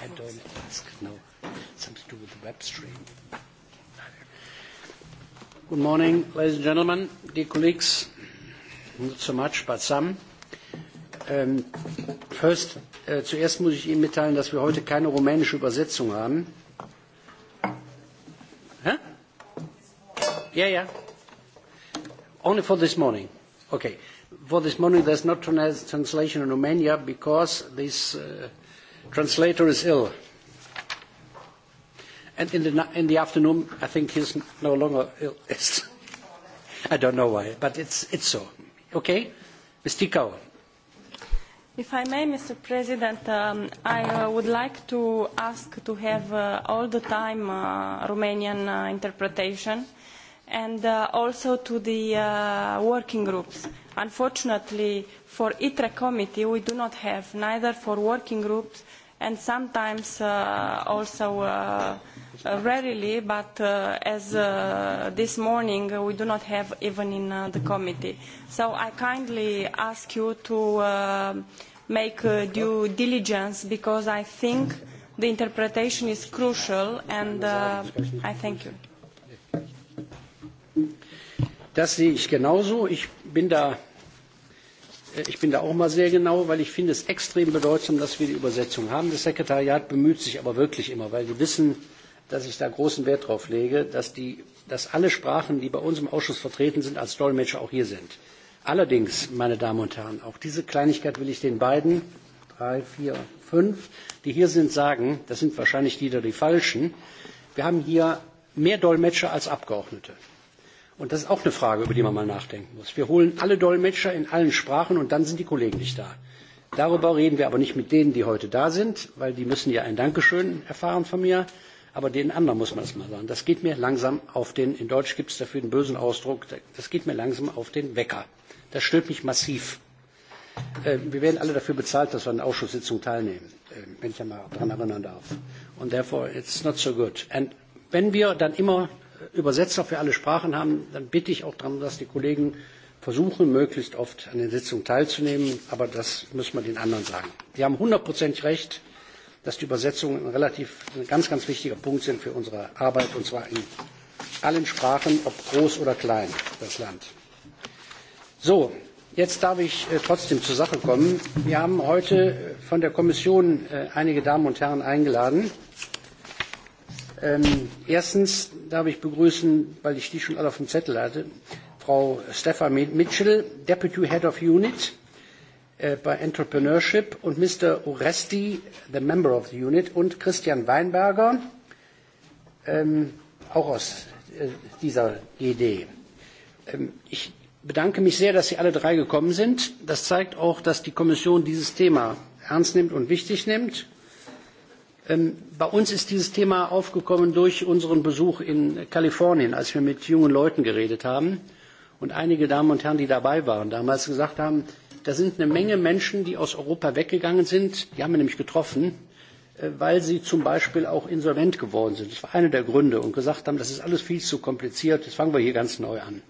I don't ask. No, something to do with the web stream. Good morning, ladies and gentlemen, dear colleagues. Not so much, but some. Ähm, first, äh, zuerst muss ich Ihnen mitteilen, dass wir heute keine rumänische Übersetzung haben. Hä? Ja, ja. Only for this morning. Okay for this morning, there's not trans translation in Romania because this uh, translator is ill. And in the, in the afternoon, I think he's no longer ill. I don't know why, but it's, it's so. Okay? Ms. Tikau. If I may, Mr. President, um, I uh, would like to ask to have uh, all the time uh, Romanian uh, interpretation and uh, also to the uh, working groups. Unfortunately, for ITRE committee, we do not have neither for working groups and sometimes uh, also uh, uh rarely, but uh, as uh, this morning, we do not have even in the committee. So I kindly ask you to make due diligence because I think the interpretation is crucial and I thank you. Das sehe ich genauso. Ich bin da, äh, ich bin da auch mal sehr genau, weil ich finde es extrem bedeutsam, dass wir die Übersetzung haben. Das Sekretariat bemüht sich aber wirklich immer, weil die wissen, dass ich da großen Wert drauf lege, dass, die, dass alle Sprachen, die bei uns im Ausschuss vertreten sind, als Dolmetscher auch hier sind. Allerdings, meine Damen und Herren, auch diese Kleinigkeit will ich den beiden, drei, vier, fünf, die hier sind, sagen, das sind wahrscheinlich die, die falschen, wir haben hier mehr Dolmetscher als Abgeordnete. Und das ist auch eine Frage, über die man mal nachdenken muss. Wir holen alle Dolmetscher in allen Sprachen und dann sind die Kollegen nicht da. Darüber reden wir aber nicht mit denen, die heute da sind, weil die müssen ja ein Dankeschön erfahren von mir. Aber den anderen muss man das mal sagen. Das geht mir langsam auf den, in Deutsch gibt es dafür den bösen Ausdruck, das geht mir langsam auf den Wecker. Das stört mich massiv. Ähm, wir werden alle dafür bezahlt, dass wir an Ausschusssitzungen teilnehmen, ähm, wenn ich einmal daran erinnern darf. Und therefore, it's not so good. And wenn wir dann immer Übersetzer für alle Sprachen haben, dann bitte ich auch darum, dass die Kollegen versuchen, möglichst oft an den Sitzungen teilzunehmen. Aber das müssen wir den anderen sagen. Sie haben hundertprozentig recht, dass die Übersetzungen ein relativ ein ganz, ganz wichtiger Punkt sind für unsere Arbeit, und zwar in allen Sprachen, ob groß oder klein, das Land. So, jetzt darf ich äh, trotzdem zur Sache kommen. Wir haben heute von der Kommission äh, einige Damen und Herren eingeladen. Äh, Ähm, erstens darf ich begrüßen, weil ich die schon alle auf dem Zettel hatte, Frau Stefan Mitchell, Deputy Head of Unit äh, bei Entrepreneurship und Mr. Oresti, the Member of the Unit und Christian Weinberger, ähm, auch aus äh, dieser GD. Ähm, ich bedanke mich sehr, dass Sie alle drei gekommen sind. Das zeigt auch, dass die Kommission dieses Thema ernst nimmt und wichtig nimmt Ähm, bei uns ist dieses Thema aufgekommen durch unseren Besuch in Kalifornien, als wir mit jungen Leuten geredet haben und einige Damen und Herren, die dabei waren, damals gesagt haben, da sind eine Menge Menschen, die aus Europa weggegangen sind, die haben wir nämlich getroffen, äh, weil sie zum Beispiel auch insolvent geworden sind. Das war einer der Gründe und gesagt haben, das ist alles viel zu kompliziert, jetzt fangen wir hier ganz neu an.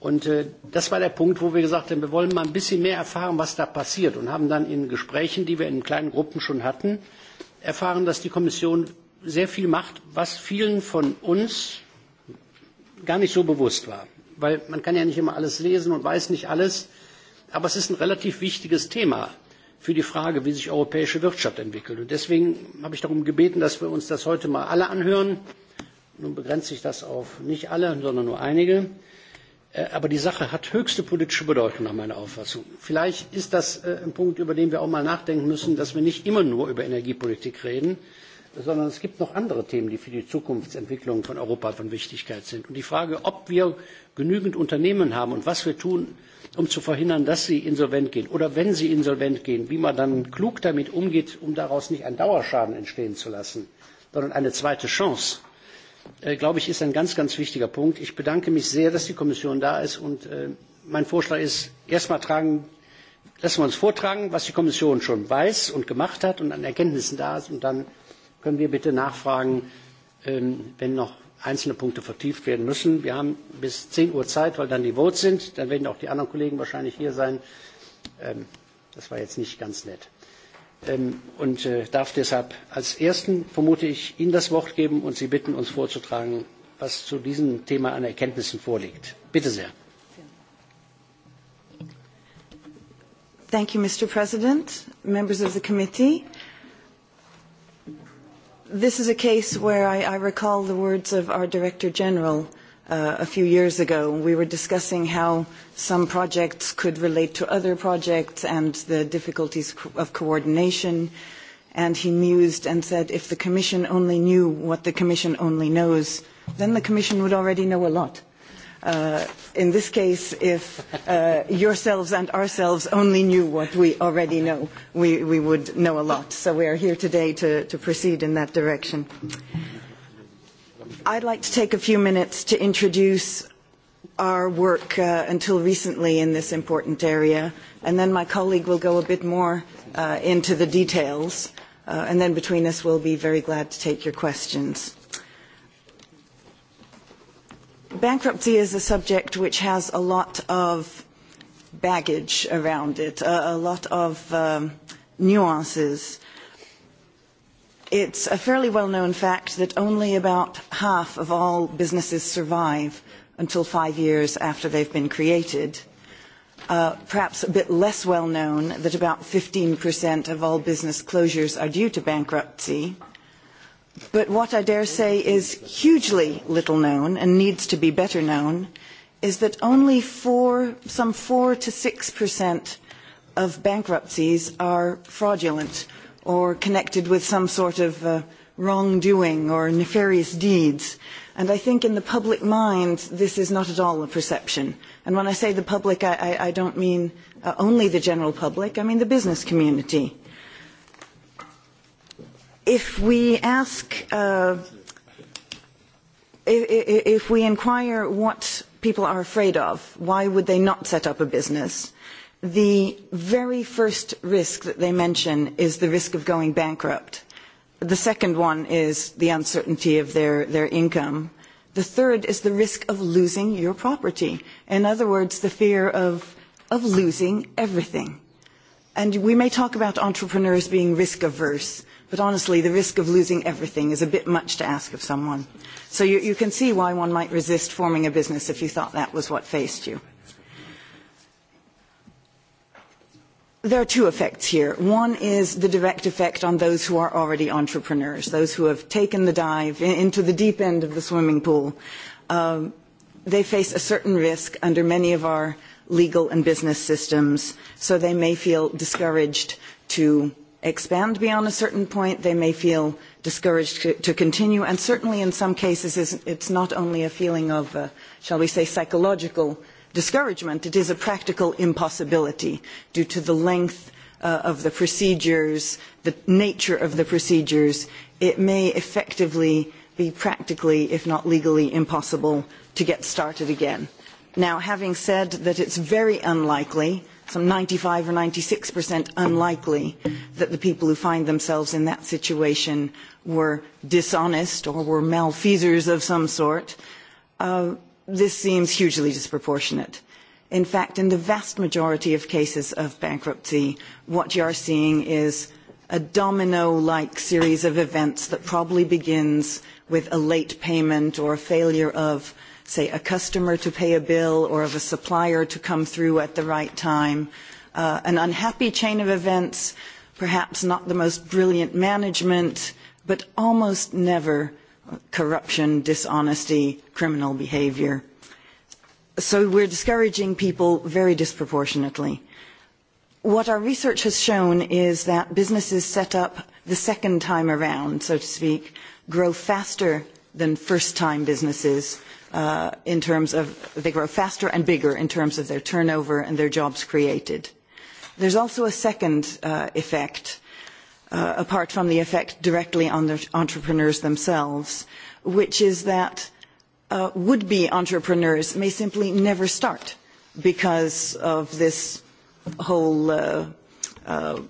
Und äh, das war der Punkt, wo wir gesagt haben, wir wollen mal ein bisschen mehr erfahren, was da passiert. Und haben dann in Gesprächen, die wir in kleinen Gruppen schon hatten, erfahren, dass die Kommission sehr viel macht, was vielen von uns gar nicht so bewusst war. Weil man kann ja nicht immer alles lesen und weiß nicht alles. Aber es ist ein relativ wichtiges Thema für die Frage, wie sich europäische Wirtschaft entwickelt. Und deswegen habe ich darum gebeten, dass wir uns das heute mal alle anhören. Nun begrenzt sich das auf nicht alle, sondern nur einige. Äh, aber die Sache hat höchste politische Bedeutung nach meiner Auffassung. Vielleicht ist das äh, ein Punkt, über den wir auch mal nachdenken müssen, dass wir nicht immer nur über Energiepolitik reden, sondern es gibt noch andere Themen, die für die Zukunftsentwicklung von Europa von Wichtigkeit sind. Und die Frage, ob wir genügend Unternehmen haben und was wir tun, um zu verhindern, dass sie insolvent gehen oder wenn sie insolvent gehen, wie man dann klug damit umgeht, um daraus nicht einen Dauerschaden entstehen zu lassen, sondern eine zweite Chance Äh, glaube ich, ist ein ganz, ganz wichtiger Punkt. Ich bedanke mich sehr, dass die Kommission da ist. Und äh, mein Vorschlag ist, erstmal tragen, lassen wir uns vortragen, was die Kommission schon weiß und gemacht hat und an Erkenntnissen da ist. Und dann können wir bitte nachfragen, ähm, wenn noch einzelne Punkte vertieft werden müssen. Wir haben bis 10 Uhr Zeit, weil dann die Votes sind. Dann werden auch die anderen Kollegen wahrscheinlich hier sein. Ähm, das war jetzt nicht ganz nett. Ähm, und äh, darf deshalb als Ersten, vermute ich, Ihnen das Wort geben und Sie bitten, uns vorzutragen, was zu diesem Thema an Erkenntnissen vorliegt. Bitte sehr. Thank you, Mr. President, members of the committee. This is a case where I, I recall the words of our Director General uh, a few years ago. We were discussing how some projects could relate to other projects and the difficulties of coordination. And he mused and said, if the Commission only knew what the Commission only knows, then the Commission would already know a lot. Uh, in this case, if uh, yourselves and ourselves only knew what we already know, we, we would know a lot. So we are here today to, to proceed in that direction. I'd like to take a few minutes to introduce our work uh, until recently in this important area, and then my colleague will go a bit more uh, into the details, uh, and then between us we'll be very glad to take your questions. Bankruptcy is a subject which has a lot of baggage around it, a, a lot of um, nuances It's a fairly well-known fact that only about half of all businesses survive until five years after they've been created. Uh, perhaps a bit less well known that about 15% of all business closures are due to bankruptcy. But what I dare say is hugely little known and needs to be better known is that only four, some 4 to 6% of bankruptcies are fraudulent or connected with some sort of uh, wrongdoing or nefarious deeds. And I think in the public mind, this is not at all a perception. And when I say the public, I, I, I don't mean uh, only the general public, I mean the business community. If we ask, uh, if, if we inquire what people are afraid of, why would they not set up a business? The very first risk that they mention is the risk of going bankrupt. The second one is the uncertainty of their, their income. The third is the risk of losing your property. In other words, the fear of, of losing everything. And we may talk about entrepreneurs being risk averse, but honestly, the risk of losing everything is a bit much to ask of someone. So you, you can see why one might resist forming a business if you thought that was what faced you. There are two effects here. One is the direct effect on those who are already entrepreneurs, those who have taken the dive into the deep end of the swimming pool. Um, they face a certain risk under many of our legal and business systems, so they may feel discouraged to expand beyond a certain point. They may feel discouraged to, continue, and certainly in some cases it's not only a feeling of, uh, shall we say, psychological discouragement, it is a practical impossibility due to the length uh, of the procedures, the nature of the procedures. It may effectively be practically, if not legally, impossible to get started again. Now, having said that it's very unlikely, some 95 or 96% unlikely, that the people who find themselves in that situation were dishonest or were malfeasers of some sort, uh, this seems hugely disproportionate. In fact, in the vast majority of cases of bankruptcy, what you are seeing is a domino-like series of events that probably begins with a late payment or a failure of, say, a customer to pay a bill or of a supplier to come through at the right time, uh, an unhappy chain of events, perhaps not the most brilliant management, but almost never corruption, dishonesty, criminal behaviour. So we're discouraging people very disproportionately. What our research has shown is that businesses set up the second time around, so to speak, grow faster than first-time businesses uh, in terms of they grow faster and bigger in terms of their turnover and their jobs created. There's also a second uh, effect uh, apart from the effect directly on the entrepreneurs themselves, which is that uh, would-be entrepreneurs may simply never start because of this whole uh, uh,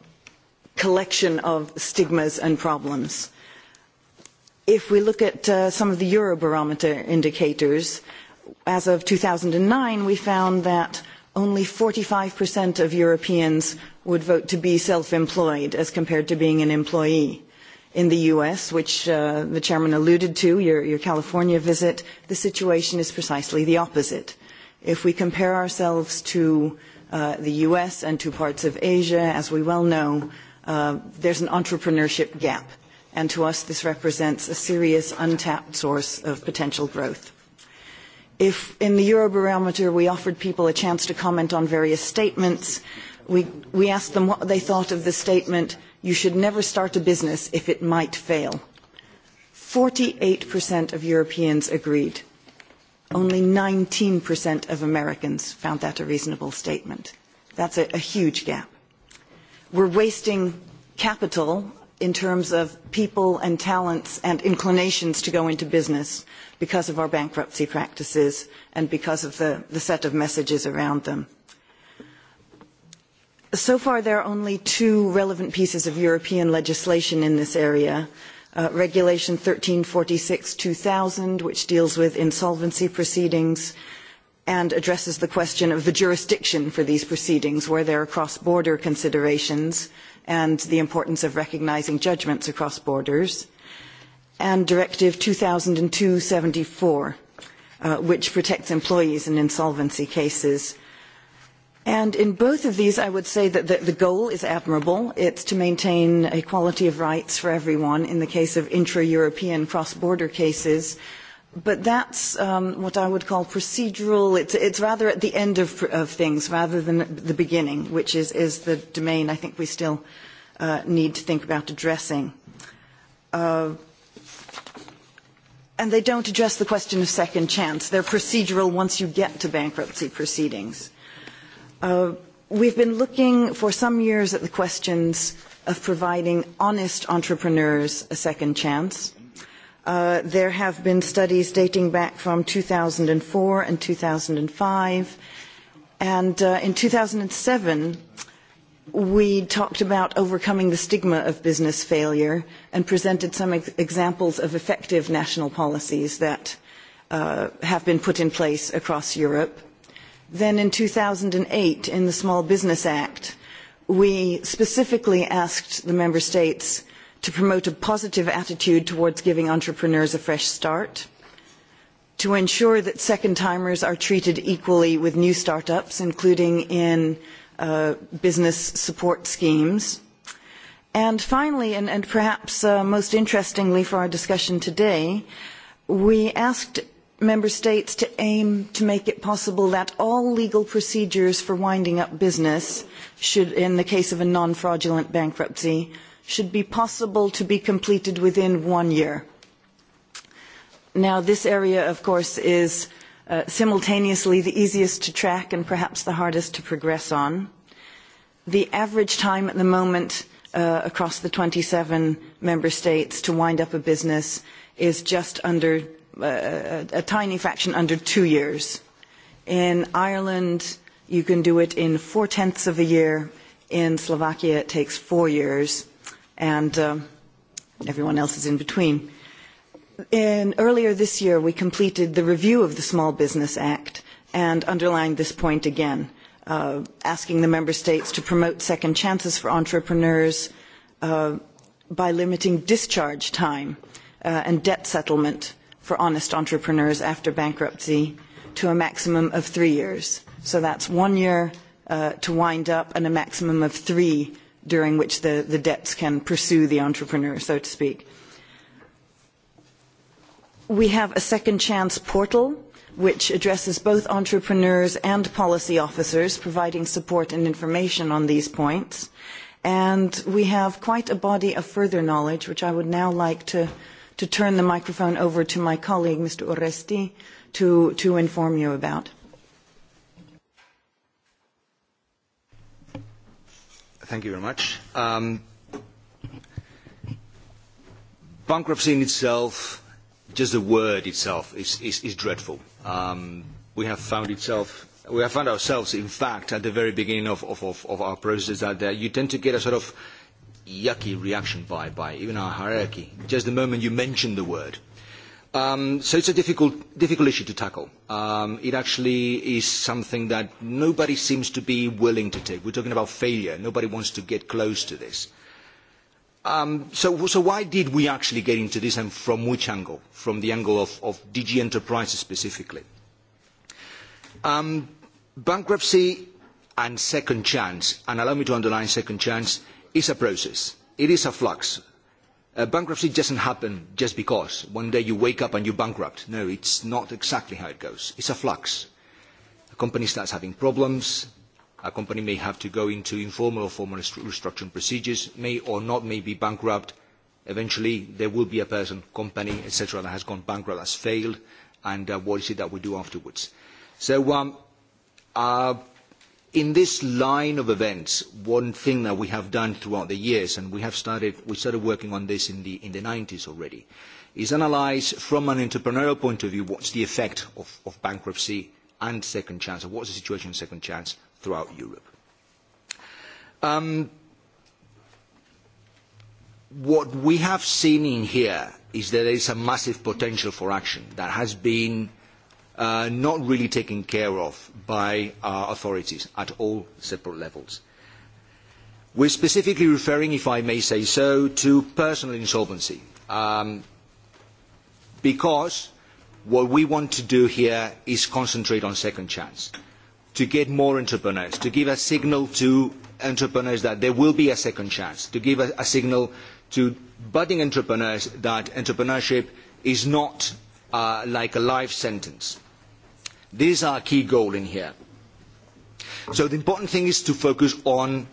collection of stigmas and problems. If we look at uh, some of the Eurobarometer indicators, as of 2009, we found that only 45% of Europeans would vote to be self-employed as compared to being an employee. In the US, which uh, the chairman alluded to, your, your California visit, the situation is precisely the opposite. If we compare ourselves to uh, the US and to parts of Asia, as we well know, uh, there's an entrepreneurship gap. And to us, this represents a serious untapped source of potential growth. If in the Eurobarometer we offered people a chance to comment on various statements, we, we asked them what they thought of the statement, you should never start a business if it might fail. 48% of Europeans agreed. Only 19% of Americans found that a reasonable statement. That's a, a huge gap. We're wasting capital in terms of people and talents and inclinations to go into business because of our bankruptcy practices and because of the, the set of messages around them. So far, there are only two relevant pieces of European legislation in this area. Uh, Regulation 1346-2000, which deals with insolvency proceedings and addresses the question of the jurisdiction for these proceedings, where there are cross-border considerations, and the importance of recognising judgments across borders, and Directive 2002-74, uh, which protects employees in insolvency cases. And in both of these, I would say that the, the goal is admirable. It's to maintain equality of rights for everyone in the case of intra-European cross-border cases, but that's um, what I would call procedural. It's, it's rather at the end of, of, things rather than the beginning, which is, is the domain I think we still uh, need to think about addressing. Uh, and they don't address the question of second chance. They're procedural once you get to bankruptcy proceedings. Uh, we've been looking for some years at the questions of providing honest entrepreneurs a second chance Uh, there have been studies dating back from 2004 and 2005. And uh, in 2007, we talked about overcoming the stigma of business failure and presented some ex examples of effective national policies that uh, have been put in place across Europe. Then in 2008, in the Small Business Act, we specifically asked the member states to promote a positive attitude towards giving entrepreneurs a fresh start, to ensure that second-timers are treated equally with new startups, including in uh, business support schemes. And finally, and, and perhaps uh, most interestingly for our discussion today, we asked member states to aim to make it possible that all legal procedures for winding up business should, in the case of a non-fraudulent bankruptcy, should be possible to be completed within one year. Now, this area, of course, is uh, simultaneously the easiest to track and perhaps the hardest to progress on. The average time at the moment uh, across the 27 member states to wind up a business is just under uh, a tiny fraction under two years. In Ireland, you can do it in four tenths of a year. In Slovakia, it takes four years and uh, everyone else is in between. In, earlier this year, we completed the review of the Small Business Act and underlined this point again, uh, asking the member states to promote second chances for entrepreneurs uh, by limiting discharge time uh, and debt settlement for honest entrepreneurs after bankruptcy to a maximum of three years. So that's one year uh, to wind up and a maximum of three during which the, the debts can pursue the entrepreneur, so to speak. We have a second chance portal which addresses both entrepreneurs and policy officers, providing support and information on these points. And we have quite a body of further knowledge, which I would now like to, to turn the microphone over to my colleague, Mr. Oresti, to, to inform you about. Thank you very much. Um, bankruptcy in itself, just the word itself, is, is, is dreadful. Um, we have found itself we have found ourselves, in fact, at the very beginning of, of, of our process, that uh, you tend to get a sort of yucky reaction by, by even our hierarchy, just the moment you mention the word. Um, so it's a difficult, difficult issue to tackle. Um, it actually is something that nobody seems to be willing to take. We're talking about failure. Nobody wants to get close to this. Um, so, so why did we actually get into this and from which angle? From the angle of, of DG Enterprises specifically. Um, bankruptcy and second chance, and allow me to underline second chance, is a process. It is a flux Uh, bankruptcy doesn't happen just because one day you wake up and you're bankrupt. No, it's not exactly how it goes. It's a flux. A company starts having problems. A company may have to go into informal or formal restructuring procedures, may or not may be bankrupt. Eventually, there will be a person, company, etc., that has gone bankrupt, has failed, and uh, what is it that we do afterwards? So um, uh, in this line of events, one thing that we have done throughout the years, and we have started, we started working on this in the, in the 90s already, is analyse from an entrepreneurial point of view what's the effect of, of bankruptcy and second chance, or what's the situation in second chance throughout Europe. Um, what we have seen in here is that there is a massive potential for action that has been uh, not really taken care of by our authorities at all separate levels. We're specifically referring, if I may say so, to personal insolvency, um, because what we want to do here is concentrate on second chance, to get more entrepreneurs, to give a signal to entrepreneurs that there will be a second chance, to give a, a signal to budding entrepreneurs that entrepreneurship is not uh, like a life sentence. These are key goal in here. So the important thing is to focus on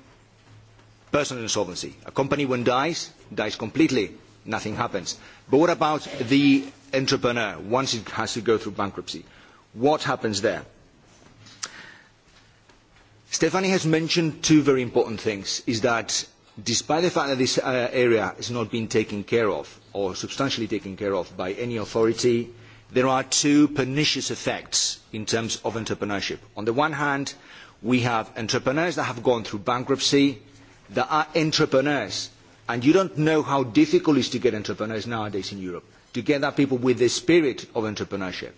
personal insolvency. A company when dies, dies completely, nothing happens. But what about the entrepreneur once it has to go through bankruptcy? What happens there? Stefani has mentioned two very important things, is that despite the fact that this uh, area is not being taken care of or substantially taken care of by any authority, there are two pernicious effects in terms of entrepreneurship. On the one hand, we have entrepreneurs that have gone through bankruptcy, that are entrepreneurs, and you don't know how difficult it is to get entrepreneurs nowadays in Europe, to get that people with the spirit of entrepreneurship.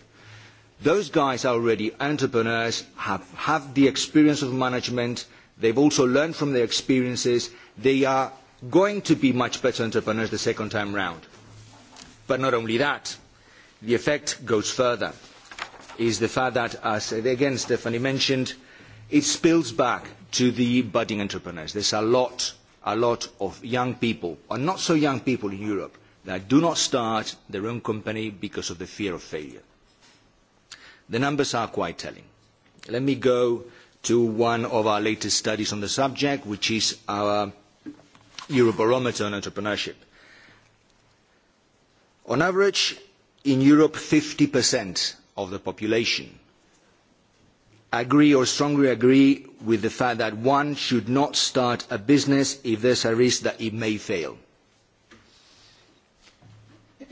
Those guys are already entrepreneurs, have, have the experience of management, they've also learned from their experiences, they are going to be much better entrepreneurs the second time round. But not only that, The effect goes further, is the fact that, as again Stephanie mentioned, it spills back to the budding entrepreneurs. There's a lot, a lot of young people, and not so young people in Europe, that do not start their own company because of the fear of failure. The numbers are quite telling. Let me go to one of our latest studies on the subject, which is our Eurobarometer on entrepreneurship. On average, in Europe fifty of the population agree or strongly agree with the fact that one should not start a business if there is a risk that it may fail.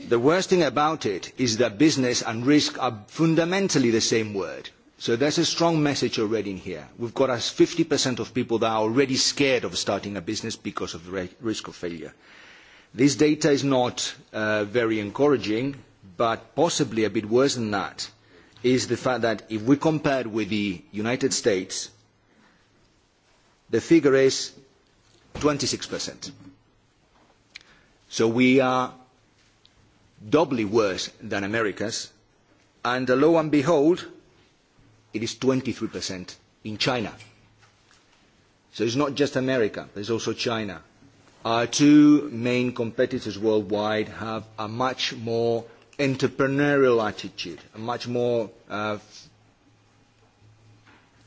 The worst thing about it is that business and risk are fundamentally the same word. So there's a strong message already in here. We've got as 50% of people that are already scared of starting a business because of the risk of failure. This data is not uh, very encouraging but possibly a bit worse than that, is the fact that if we compare with the United States, the figure is 26%. So we are doubly worse than Americas, and lo and behold, it is 23% in China. So it's not just America, there's also China. Our two main competitors worldwide have a much more entrepreneurial attitude, a much more uh,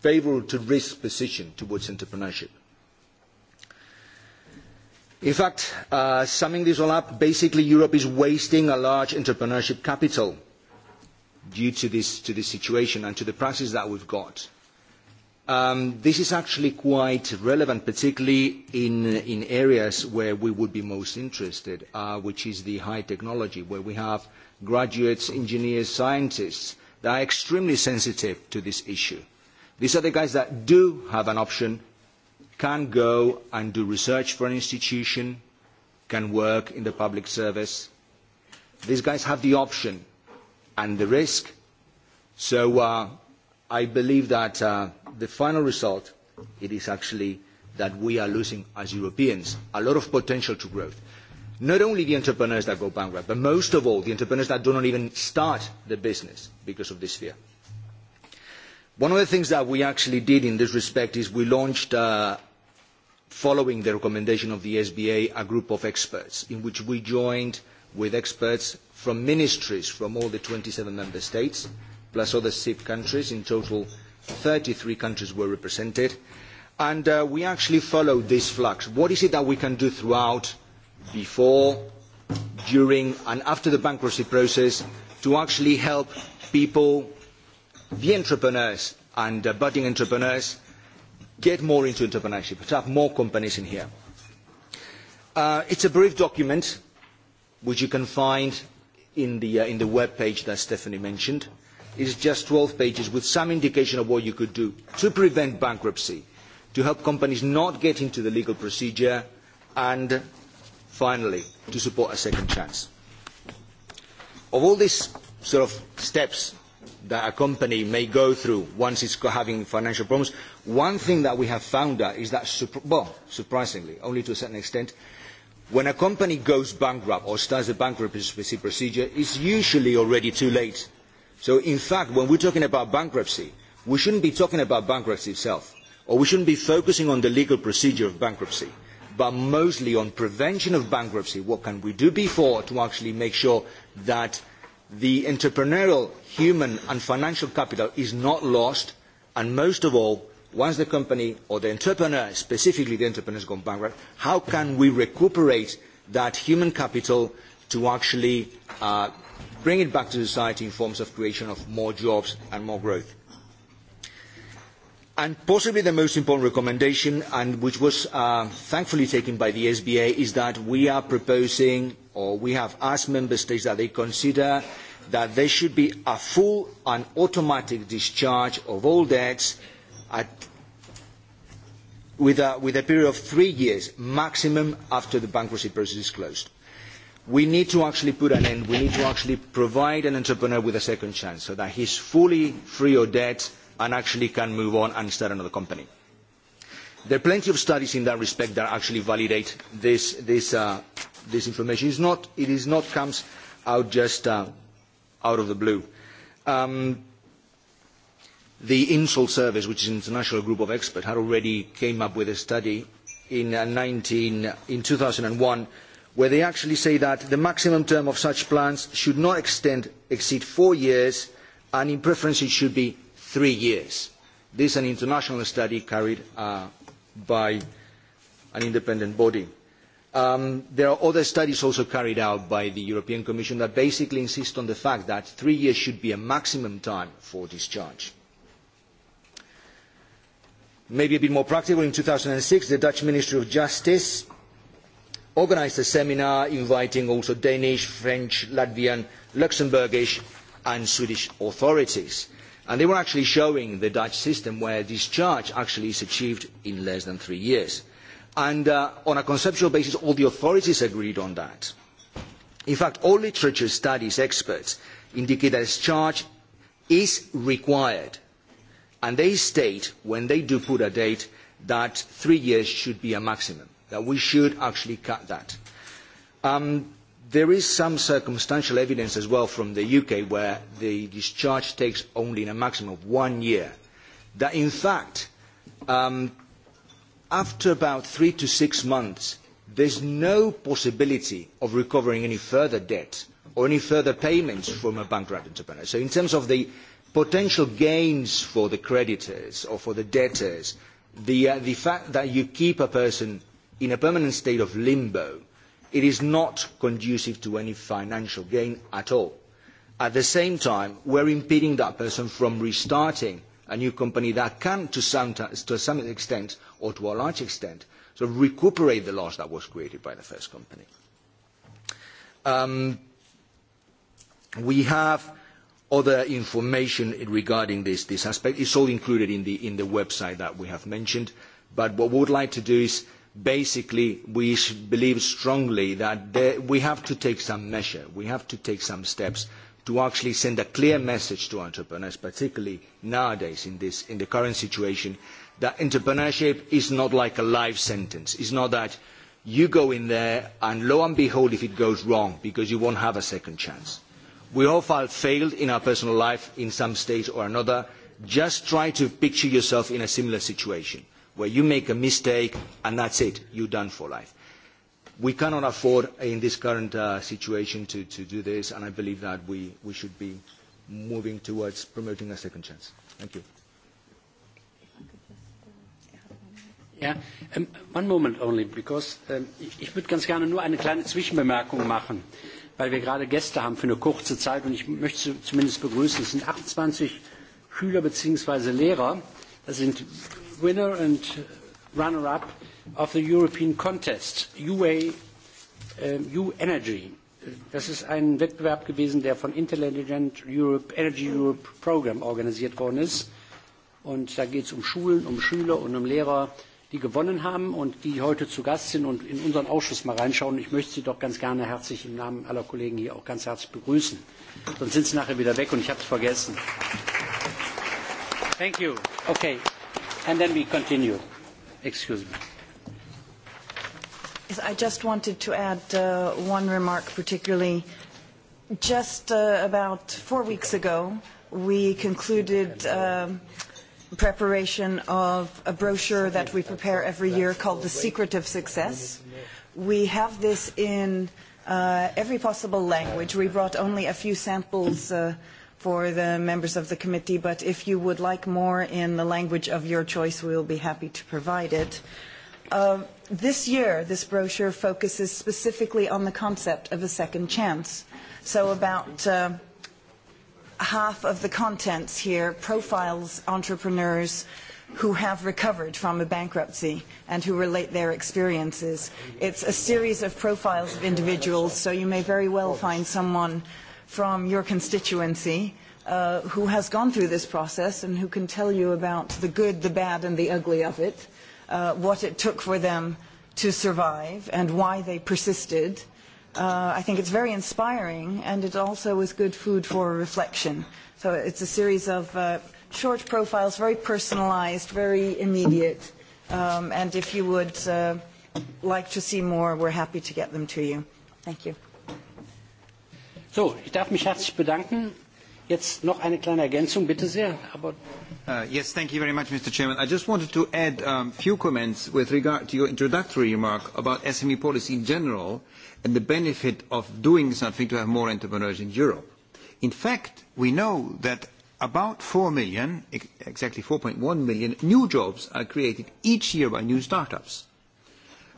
favourable to risk position towards entrepreneurship. In fact, uh, summing this all up, basically Europe is wasting a large entrepreneurship capital due to this, to this situation and to the practices that we've got. Um, this is actually quite relevant, particularly in, in areas where we would be most interested, uh, which is the high technology, where we have graduates, engineers, scientists that are extremely sensitive to this issue. These are the guys that do have an option, can go and do research for an institution, can work in the public service. These guys have the option and the risk. So uh, I believe that uh, the final result it is actually that we are losing as Europeans a lot of potential to growth. Not only the entrepreneurs that go bankrupt, but most of all the entrepreneurs that do not even start the business because of this fear. One of the things that we actually did in this respect is we launched, uh, following the recommendation of the SBA, a group of experts in which we joined with experts from ministries from all the 27 member states, plus other SIP countries. In total, 33 countries were represented. And uh, we actually followed this flux. What is it that we can do throughout, before, during and after the bankruptcy process to actually help people, the entrepreneurs and uh, budding entrepreneurs, get more into entrepreneurship, to have more companies in here. Uh, it's a brief document which you can find in the, uh, in the web page that Stephanie mentioned. Uh, is just 12 pages with some indication of what you could do to prevent bankruptcy, to help companies not get into the legal procedure, and finally, to support a second chance. Of all these sort of steps that a company may go through once it's having financial problems, one thing that we have found out is that, well, surprisingly, only to a certain extent, when a company goes bankrupt or starts a bankruptcy procedure, it's usually already too late So in fact, when we're talking about bankruptcy, we shouldn't be talking about bankruptcy itself, or we shouldn't be focusing on the legal procedure of bankruptcy, but mostly on prevention of bankruptcy. What can we do before to actually make sure that the entrepreneurial, human and financial capital is not lost, and most of all, once the company or the entrepreneur, specifically the entrepreneur has gone bankrupt, how can we recuperate that human capital to actually uh, bring it back to society in forms of creation of more jobs and more growth. And possibly the most important recommendation, and which was uh, thankfully taken by the SBA, is that we are proposing, or we have asked member states that they consider that there should be a full and automatic discharge of all debts at, with, a, with a period of three years maximum after the bankruptcy process is closed we need to actually put an end, we need to actually provide an entrepreneur with a second chance so that he's fully free of debt and actually can move on and start another company. There are plenty of studies in that respect that actually validate this, this, uh, this information. It's not, it is not comes out just uh, out of the blue. Um, the INSOL service, which is an international group of experts, had already came up with a study in, uh, 19, in 2001 where they actually say that the maximum term of such plans should not extend, exceed four years, and in preference it should be three years. This is an international study carried uh, by an independent body. Um, there are other studies also carried out by the European Commission that basically insist on the fact that three years should be a maximum time for discharge. Maybe a bit more practical, in 2006 the Dutch Ministry of Justice organised a seminar inviting also Danish, French, Latvian, Luxembourgish and Swedish authorities. And they were actually showing the Dutch system where discharge actually is achieved in less than three years. And uh, on a conceptual basis, all the authorities agreed on that. In fact, all literature studies experts indicate that discharge is required. And they state, when they do put a date, that three years should be a maximum that we should actually cut that. Um, there is some circumstantial evidence as well from the UK where the discharge takes only in a maximum of one year. That in fact, um, after about three to six months, there's no possibility of recovering any further debt or any further payments from a bankrupt entrepreneur. So in terms of the potential gains for the creditors or for the debtors, the, uh, the fact that you keep a person in a permanent state of limbo, it is not conducive to any financial gain at all. At the same time, we're impeding that person from restarting a new company that can, to some, to some extent or to a large extent, sort of recuperate the loss that was created by the first company. Um, we have other information regarding this, this aspect. It's all included in the, in the website that we have mentioned. But what we would like to do is basically we believe strongly that there, we have to take some measure, we have to take some steps to actually send a clear message to entrepreneurs, particularly nowadays in, this, in the current situation, that entrepreneurship is not like a life sentence. It's not that you go in there and lo and behold if it goes wrong because you won't have a second chance. We all have failed in our personal life in some stage or another. Just try to picture yourself in a similar situation where you make a mistake and that's it, you're done for life. We cannot afford in this current uh, situation to, to do this, and I believe that we, we should be moving towards promoting a second chance. Thank you. Ja, um, one moment only, because um, ich, ich würde ganz gerne nur eine kleine Zwischenbemerkung machen, weil wir gerade Gäste haben für eine kurze Zeit und ich möchte zumindest begrüßen, es sind 28 Schüler bzw. Lehrer, das sind winner and runner-up of the European Contest, UA, uh, um, U Energy. Das ist ein Wettbewerb gewesen, der von Intelligent Europe, Energy Europe Program organisiert worden ist. Und da geht es um Schulen, um Schüler und um Lehrer, die gewonnen haben und die heute zu Gast sind und in unseren Ausschuss mal reinschauen. Ich möchte Sie doch ganz gerne herzlich im Namen aller Kollegen hier auch ganz herzlich begrüßen. Sonst sind Sie nachher wieder weg und ich habe es vergessen. Thank you. Okay and then we continue. Excuse me. I just wanted to add uh, one remark particularly. Just uh, about four weeks ago, we concluded uh, preparation of a brochure that we prepare every year called The Secret of Success. We have this in uh, every possible language. We brought only a few samples uh, for the members of the committee, but if you would like more in the language of your choice, we will be happy to provide it. Uh, this year, this brochure focuses specifically on the concept of a second chance. So about uh, half of the contents here profiles entrepreneurs who have recovered from a bankruptcy and who relate their experiences. It's a series of profiles of individuals, so you may very well find someone from your constituency uh, who has gone through this process and who can tell you about the good, the bad, and the ugly of it, uh, what it took for them to survive, and why they persisted. Uh, I think it's very inspiring, and it also is good food for reflection. So it's a series of uh, short profiles, very personalized, very immediate. Um, and if you would uh, like to see more, we're happy to get them to you. Thank you. So, ich darf mich herzlich bedanken. Jetzt noch eine kleine Ergänzung, bitte sehr. Aber uh, yes, thank you very much, Mr. Chairman. I just wanted to add a um, few comments with regard to your introductory remark about SME policy in general and the benefit of doing something to have more entrepreneurs in Europe. In fact, we know that about 4 million, exactly 4.1 million, new jobs are created each year by new startups.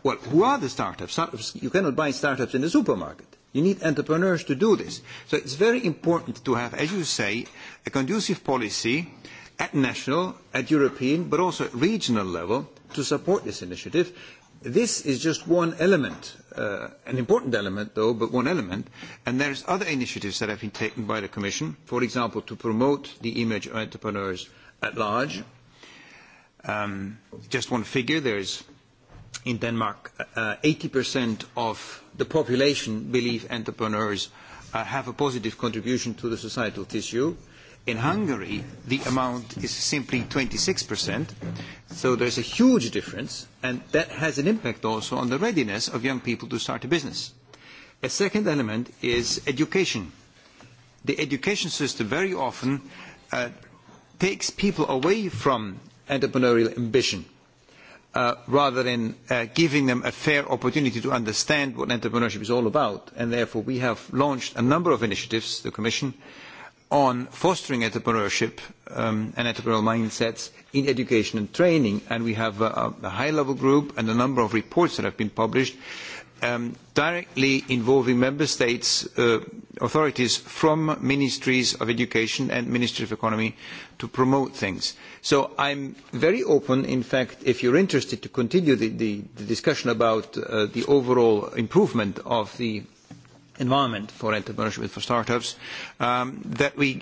Well, who are the startups? startups you cannot buy startups in the supermarket. You need entrepreneurs to do this. So it's very important to have, as you say, a conducive policy at national, at European, but also at regional level to support this initiative. This is just one element, uh, an important element though, but one element. And there's other initiatives that have been taken by the Commission, for example, to promote the image of entrepreneurs at large. Um, just one figure, there's in Denmark, uh, 80% of the population believe entrepreneurs uh, have a positive contribution to the societal tissue. In Hungary, the amount is simply 26%, so there's a huge difference, and that has an impact also on the readiness of young people to start a business. A second element is education. The education system very often uh, takes people away from entrepreneurial ambition Uh, rather than uh, giving them a fair opportunity to understand what entrepreneurship is all about. And therefore, we have launched a number of initiatives, the Commission, on fostering entrepreneurship um, and entrepreneurial mindsets in education and training. And we have a, a high-level group and a number of reports that have been published um, directly involving member states uh, authorities from ministries of education and ministry of economy to promote things. So I'm very open, in fact, if you're interested to continue the, the, the discussion about uh, the overall improvement of the environment for entrepreneurship for startups, um, that we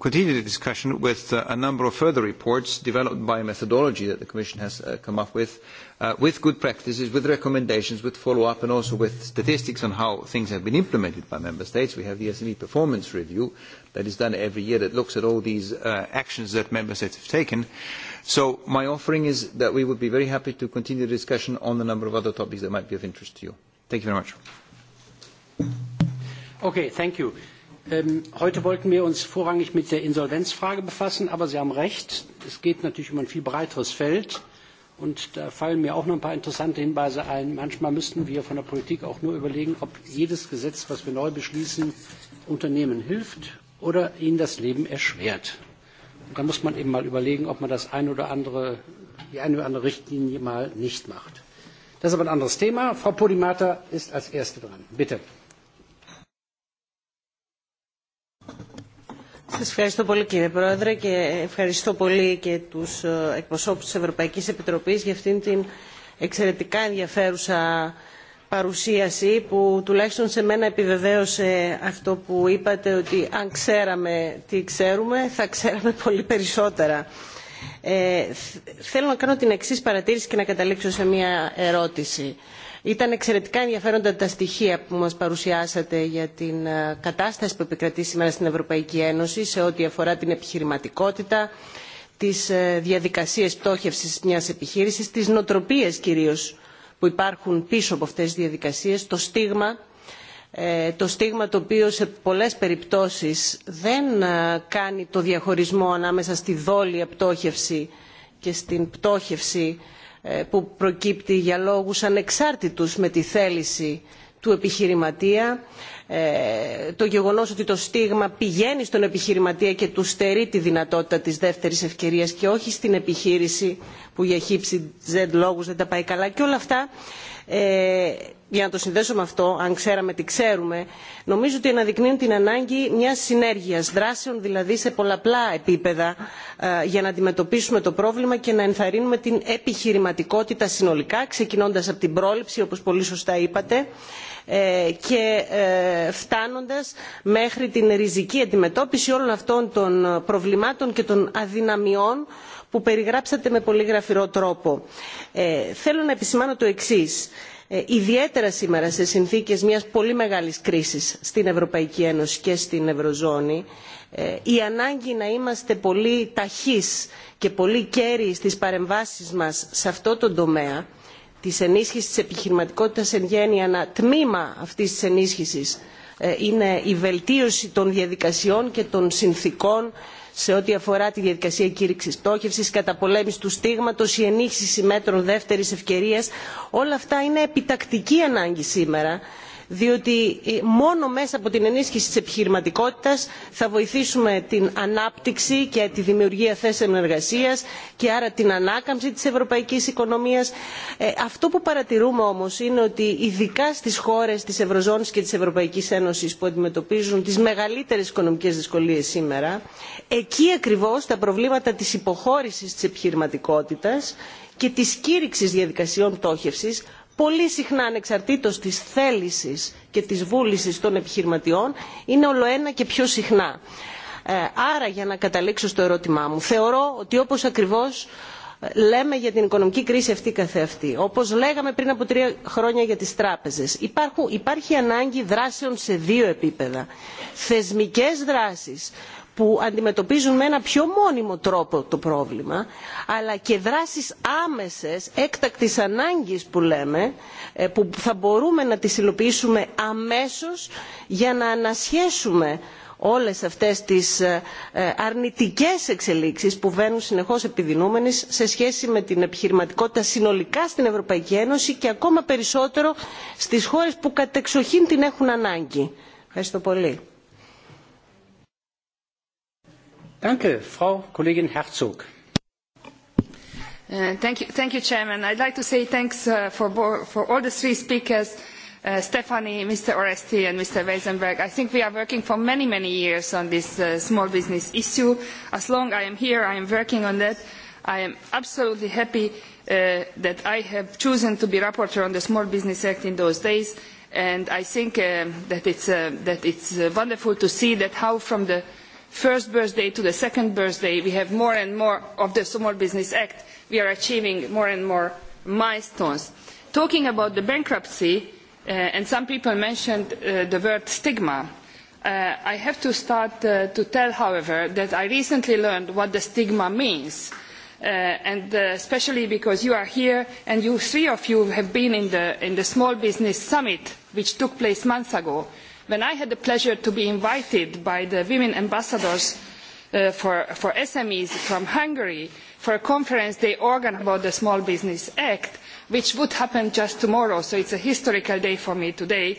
continue the discussion with uh, a number of further reports developed by a methodology that the Commission has uh, come up with Uh, with good practices, with recommendations, with follow-up, and also with statistics on how things have been implemented by member states. We have the SME performance review that is done every year that looks at all these uh, actions that member states have taken. So my offering is that we would be very happy to continue the discussion on a number of other topics that might be of interest to you. Thank you very much. Okay, thank you. Ähm, heute wollten wir uns vorrangig mit der Insolvenzfrage befassen, aber Sie haben recht, es geht natürlich um ein viel breiteres Feld. Und da fallen mir auch noch ein paar interessante Hinweise ein. Manchmal müssten wir von der Politik auch nur überlegen, ob jedes Gesetz, was wir neu beschließen, Unternehmen hilft oder ihnen das Leben erschwert. Und da muss man eben mal überlegen, ob man das ein oder andere, die eine oder andere Richtlinie mal nicht macht. Das ist aber ein anderes Thema. Frau Podimata ist als Erste dran. Bitte. ευχαριστώ πολύ κύριε Πρόεδρε και ευχαριστώ πολύ και τους εκπροσώπους της Ευρωπαϊκής Επιτροπής για αυτήν την εξαιρετικά ενδιαφέρουσα παρουσίαση που τουλάχιστον σε μένα επιβεβαίωσε αυτό που είπατε ότι αν ξέραμε τι ξέρουμε θα ξέραμε πολύ περισσότερα. Ε, θέλω να κάνω την εξής παρατήρηση και να καταλήξω σε μια ερώτηση. Ήταν εξαιρετικά ενδιαφέροντα τα στοιχεία που μας παρουσιάσατε για την κατάσταση που επικρατεί σήμερα στην Ευρωπαϊκή Ένωση σε ό,τι αφορά την επιχειρηματικότητα, τις διαδικασίες πτώχευσης μιας επιχείρησης, τις νοτροπίες κυρίως που υπάρχουν πίσω από αυτές τις διαδικασίες, το στίγμα το στίγμα το οποίο σε πολλές περιπτώσεις δεν κάνει το διαχωρισμό ανάμεσα στη δόλια πτώχευση και στην πτώχευση που προκύπτει για λόγους ανεξάρτητους με τη θέληση του επιχειρηματία το γεγονός ότι το στίγμα πηγαίνει στον επιχειρηματία και του στερεί τη δυνατότητα της δεύτερης ευκαιρίας και όχι στην επιχείρηση που για χύψη z λόγους δεν τα πάει καλά και όλα αυτά για να το συνδέσω με αυτό, αν ξέραμε τι ξέρουμε, νομίζω ότι αναδεικνύουν την ανάγκη μιας συνέργειας, δράσεων δηλαδή σε πολλαπλά επίπεδα για να αντιμετωπίσουμε το πρόβλημα και να ενθαρρύνουμε την επιχειρηματικότητα συνολικά, ξεκινώντας από την πρόληψη, όπως πολύ σωστά είπατε, και φτάνοντας μέχρι την ριζική αντιμετώπιση όλων αυτών των προβλημάτων και των αδυναμιών που περιγράψατε με πολύ γραφειρό τρόπο. Ε, θέλω να επισημάνω το εξή. Ε, ιδιαίτερα σήμερα σε συνθήκες μιας πολύ μεγάλης κρίσης στην Ευρωπαϊκή Ένωση και στην Ευρωζώνη, ε, η ανάγκη να είμαστε πολύ ταχείς και πολύ κέρυοι στις παρεμβάσεις μας σε αυτό το τομέα, της ενίσχυσης της επιχειρηματικότητας εν γέννη, ένα τμήμα αυτής της ενίσχυσης είναι η βελτίωση των διαδικασιών και των συνθήκων σε ό,τι αφορά τη διαδικασία κήρυξης στόχευσης, καταπολέμηση του στίγματο, η ενίσχυση μέτρων δεύτερη ευκαιρία. Όλα αυτά είναι επιτακτική ανάγκη σήμερα διότι μόνο μέσα από την ενίσχυση της επιχειρηματικότητας θα βοηθήσουμε την ανάπτυξη και τη δημιουργία θέσεων εργασίας και άρα την ανάκαμψη της ευρωπαϊκής οικονομίας. αυτό που παρατηρούμε όμως είναι ότι ειδικά στις χώρες της ευρωζώνης και της ευρωπαϊκής ένωσης που αντιμετωπίζουν τις μεγαλύτερες οικονομικές δυσκολίες σήμερα εκεί ακριβώς τα προβλήματα της υποχώρησης της επιχειρηματικότητας και της κήρυξης διαδικασιών πτώχευσης πολύ συχνά ανεξαρτήτως της θέλησης και της βούλησης των επιχειρηματιών είναι ολοένα και πιο συχνά. άρα για να καταλήξω στο ερώτημά μου θεωρώ ότι όπως ακριβώς λέμε για την οικονομική κρίση αυτή καθεαυτή όπως λέγαμε πριν από τρία χρόνια για τις τράπεζες υπάρχουν, υπάρχει ανάγκη δράσεων σε δύο επίπεδα θεσμικές δράσεις που αντιμετωπίζουν με ένα πιο μόνιμο τρόπο το πρόβλημα αλλά και δράσεις άμεσες έκτακτης ανάγκης που λέμε που θα μπορούμε να τις υλοποιήσουμε αμέσως για να ανασχέσουμε όλες αυτές τις αρνητικές εξελίξεις που βαίνουν συνεχώς επιδεινούμενες σε σχέση με την επιχειρηματικότητα συνολικά στην ευρωπαϊκή ένωση και ακόμα περισσότερο στις χώρες που κατεξοχήν την έχουν ανάγκη. Ευχαριστώ πολύ. Danke, Frau Kollegin Herzog. Uh, thank you, thank you, Chairman. I'd like to say thanks uh, all the three speakers. Uh, Stephanie, Mr. Oresti and Mr. Weisenberg. I think we de working for many, many years on this uh, small business issue. As long as I am here, I am working on that. I am absolutely happy uh, that I have chosen to be rapporteur on the Small Business Act in those days. And I think um, that it's, uh, that uh, wonderful to see how from the first birthday to the second birthday, we have more and more of the Small Business Act, we are achieving more and more milestones. Talking about the bankruptcy, uh, and some people mentioned uh, the word stigma, uh, I have to start uh, to tell, however, that I recently learned what the stigma means. Uh, and uh, especially because you are here and you three of you have been in the, in the small business summit which took place months ago when i had the pleasure to be invited by the women ambassadors uh, for, smes from hungary for a conference they organised about the small business act which would happen just tomorrow so it's a historical day for me today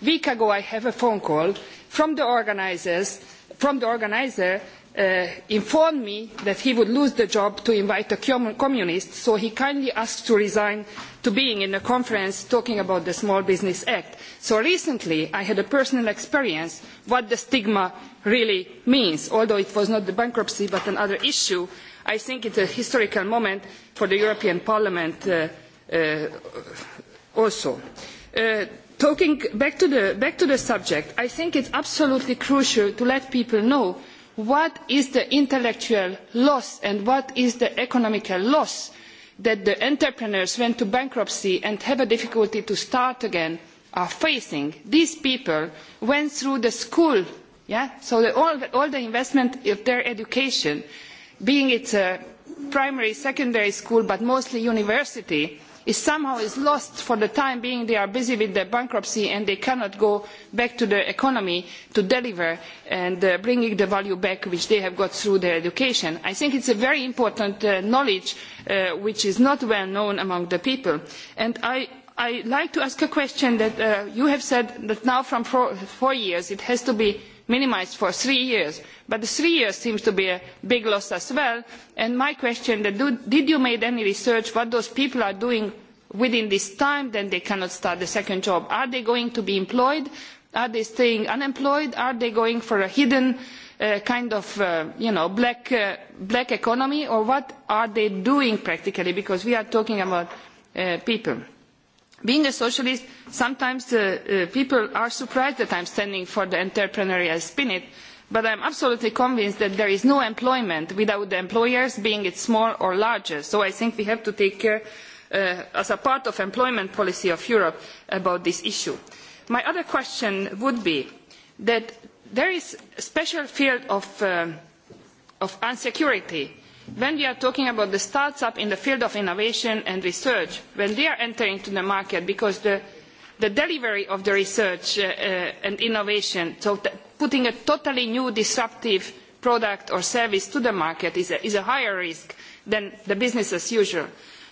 a week ago i had a phone call from the, from the organiser Uh, informed me that he would lose the job to invite a communist, so he kindly asked to resign to being in a conference talking about the Small Business Act. So recently I had a personal experience of what the stigma really means, although it was not the bankruptcy but another issue. I think it is a historical moment for the European Parliament uh, uh, also. talking back to, the, back to the subject, I think it's absolutely crucial to let people know what is the intellectual loss and what is the economic loss that the entrepreneurs who went to bankruptcy and have difficulty to start again are facing. These people went through the school, yeah? so the, all, the, all the investment of their education, being it a primary, secondary school, but mostly university, is somehow is lost for the time being they are busy with their bankruptcy and they cannot go back to the economy to deliver and bring uh, bringing the value back which they have got through their education. I think it's a very important uh, knowledge uh, which is not well known among the people. And I would like to ask a question that you have said that now from four, four years it has to be minimised for three years but the three years seems to be a big loss as well and my question is did you make any research on what those people are doing within this time when they cannot start a second job are they going to be employed are they staying unemployed are they going for a hidden uh, kind of uh, you know black, uh, black economy or what are they doing practically because we are talking about uh, people being a socialist sometimes uh, uh, people are surprised that i am standing for the entrepreneurial spirit but i am absolutely convinced that there is no employment without the employers being it small or large so i think we have to take care uh, as a part of the employment policy of europe about this issue. my other question would be that there is a special field of, uh, of insecurity when we are talking about the start up in the field of innovation and research when they are entering the market because the, the delivery of the research uh, uh and innovation so putting a totally new disruptive product or service to the market is a, is a higher risk than the business as usual.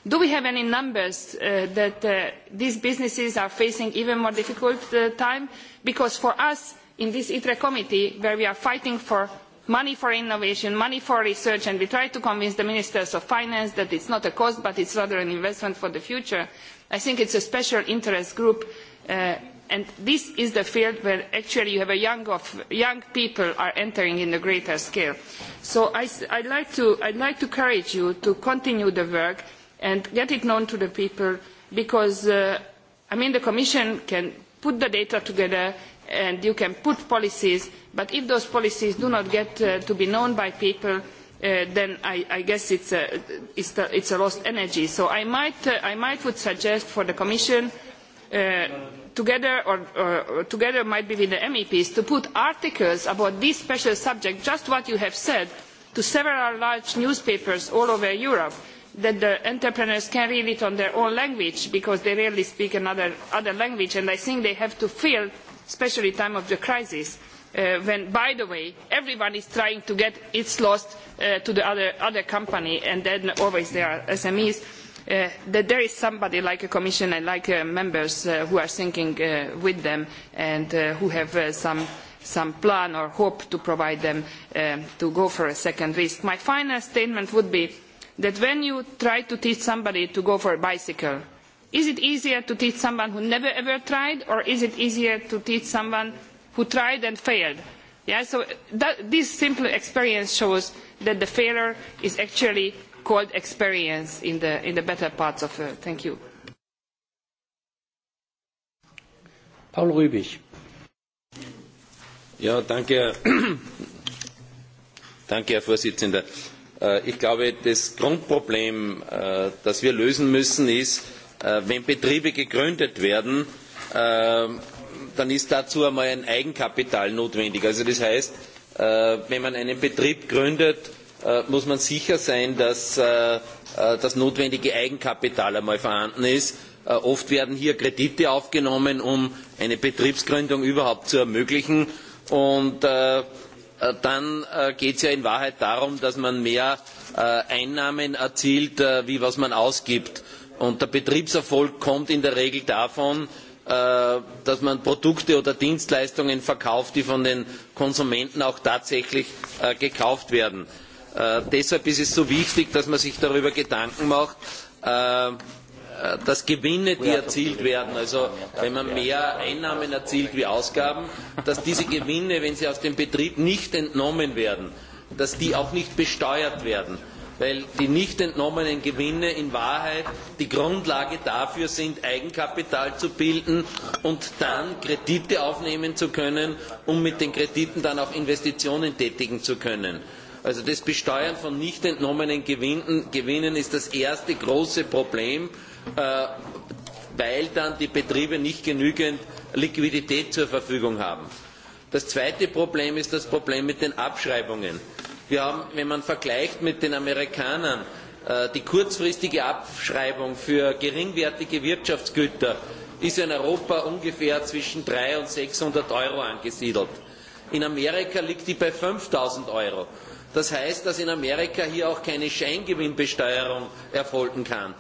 Do we have any numbers uh, that uh, these businesses are facing even more difficult uh, time? Because for us, in this ITRE committee, where we are fighting for money for innovation money for research and we try to convince the ministers of finance that it is not a cost but it is rather an investment for the future i think it is a special interest group uh, and this is the field where actually you have a young, of, young people are entering in a greater scale. So I, I'd, like to, like to encourage you to continue the work and get it known to the people because, uh, I mean, the Commission can put the data together, and you can put policies but if those policies do not get uh, to be known by people uh, then I, guess it's a, lost energy. So I might, uh, I might would suggest for the Commission, together or, or, together might be with the MEPs, to put articles about this special subject, just what you have said, to several large newspapers all over Europe, that the entrepreneurs can read it on their own language because they rarely speak another other language, and I think they have to feel especially in time of the crisis Uh, when by the way everyone is trying to get its lost uh, to the other, other company and then always there are SMEs uh, that there is somebody like a commission and like uh, members uh, who are thinking uh, with them and who have some some plan or hope to provide them to go for a second risk. My final statement would be that when you try to teach somebody to go for a bicycle is it easier to teach someone who never ever tried or is it easier to teach someone who tried and failed? Yeah, so that, this simple experience shows that the failure is actually called experience in the, in the better parts of it. Thank you. Paul Rübig. Ja, danke, danke, Herr Vorsitzender. Äh, ich glaube, das Grundproblem, äh, das wir lösen müssen, ist, Äh, wenn Betriebe gegründet werden, ähm, dann ist dazu einmal ein Eigenkapital notwendig. Also das heißt, äh, wenn man einen Betrieb gründet, äh, muss man sicher sein, dass das notwendige Eigenkapital einmal vorhanden ist. Oft werden hier Kredite aufgenommen, um eine Betriebsgründung überhaupt zu ermöglichen. Und dann geht es ja in Wahrheit darum, dass man mehr Einnahmen erzielt, wie was man ausgibt. Und der Betriebserfolg kommt in der Regel davon, äh, dass man Produkte oder Dienstleistungen verkauft, die von den Konsumenten auch tatsächlich äh, gekauft werden. Äh, deshalb ist es so wichtig, dass man sich darüber Gedanken macht, dass Gewinne, die erzielt werden, also wenn man mehr Einnahmen erzielt wie Ausgaben, dass diese Gewinne, wenn sie aus dem Betrieb nicht entnommen werden, dass die auch nicht besteuert werden weil die nicht entnommenen Gewinne in Wahrheit die Grundlage dafür sind, Eigenkapital zu bilden und dann Kredite aufnehmen zu können, um mit den Krediten dann auch Investitionen tätigen zu können. Also das Besteuern von nicht entnommenen Gewinnen, Gewinnen ist das erste große Problem, äh, weil dann die Betriebe nicht genügend Liquidität zur Verfügung haben. Das zweite Problem ist das Problem mit den Abschreibungen Wir haben, wenn man vergleicht mit den Amerikanern, äh, die kurzfristige Abschreibung für geringwertige Wirtschaftsgüter ist in Europa ungefähr zwischen drei und sechshundert Euro angesiedelt. In Amerika liegt die bei 5000 Euro. Das heißt, dass in Amerika hier auch keine Scheingewinnbesteuerung erfolgen kann.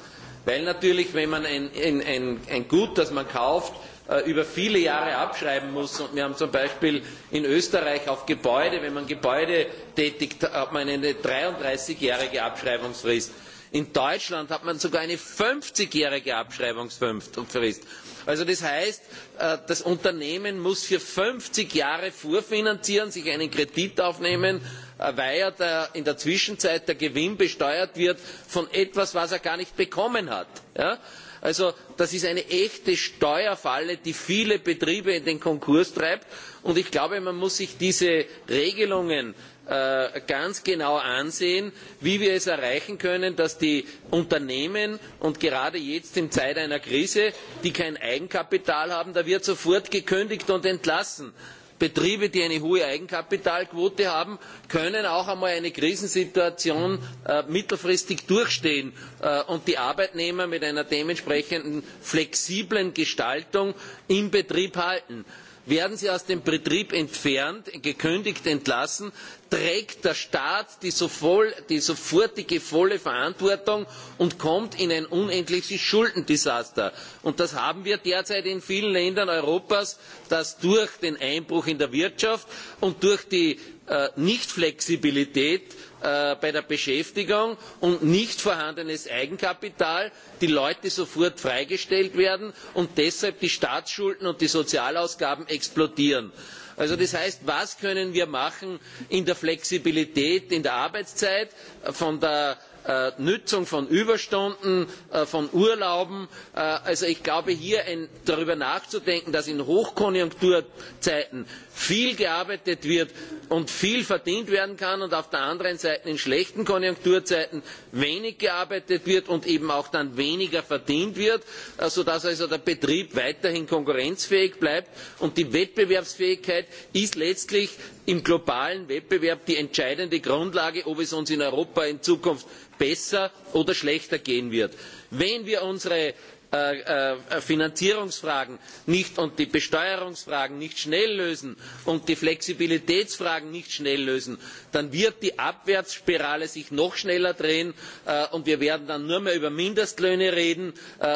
Weil natürlich, wenn man ein Gut, das man kauft, Äh, über viele Jahre abschreiben muss. Und wir haben zum Beispiel in Österreich auf Gebäude, wenn man Gebäude tätigt, hat man eine 33-jährige Abschreibungsfrist. In Deutschland hat man sogar eine 50-jährige Abschreibungsfrist. Also das heißt, äh, das Unternehmen muss für 50 Jahre vorfinanzieren, sich einen Kredit aufnehmen, äh, weil ja der, da in der Zwischenzeit der Gewinn besteuert wird von etwas, was er gar nicht bekommen hat. Ja? also das ist eine echte steuerfalle die viele betriebe in den konkurs treibt und ich glaube man muss sich diese regelungen äh, ganz genau ansehen wie wir es erreichen können dass die unternehmen und gerade jetzt in zeiten einer krise die kein eigenkapital haben da wird sofort gekündigt und entlassen. Betriebe, die eine hohe Eigenkapitalquote haben, können auch einmal eine Krisensituation äh, mittelfristig durchstehen äh, und die Arbeitnehmer mit einer dementsprechenden flexiblen Gestaltung im Betrieb halten werden sie aus dem betrieb entfernt gekündigt entlassen trägt der Staat die, sofortige volle Verantwortung und kommt in ein unendliches Schuldendesaster. das haben wir derzeit in vielen Ländern Europas, dass durch den Einbruch in der Wirtschaft und durch die äh, Nichtflexibilität äh, bei der Beschäftigung und nicht vorhandenes Eigenkapital, die Leute sofort freigestellt werden und deshalb die Staatsschulden und die Sozialausgaben explodieren. Also das heißt, was können wir machen in der Flexibilität in der Arbeitszeit von der Äh, nutzung von überstunden äh, von urlauben. Äh, also ich glaube hier darüber nachzudenken dass in hochkonjunkturzeiten viel gearbeitet wird und viel verdient werden kann und auf der anderen seite in schlechten konjunkturzeiten wenig gearbeitet wird und eben auch dann weniger verdient wird sodass also der betrieb weiterhin konkurrenzfähig bleibt. und die wettbewerbsfähigkeit ist letztlich im globalen wettbewerb die entscheidende grundlage ob es uns in europa in zukunft besser oder schlechter gehen wird. wenn wir unsere Äh, äh, finanzierungsfragen nicht, und die besteuerungsfragen nicht schnell lösen und die flexibilitätsfragen nicht schnell lösen dann wird die abwärtsspirale sich noch schneller drehen äh, und wir werden dann nur mehr über mindestlöhne reden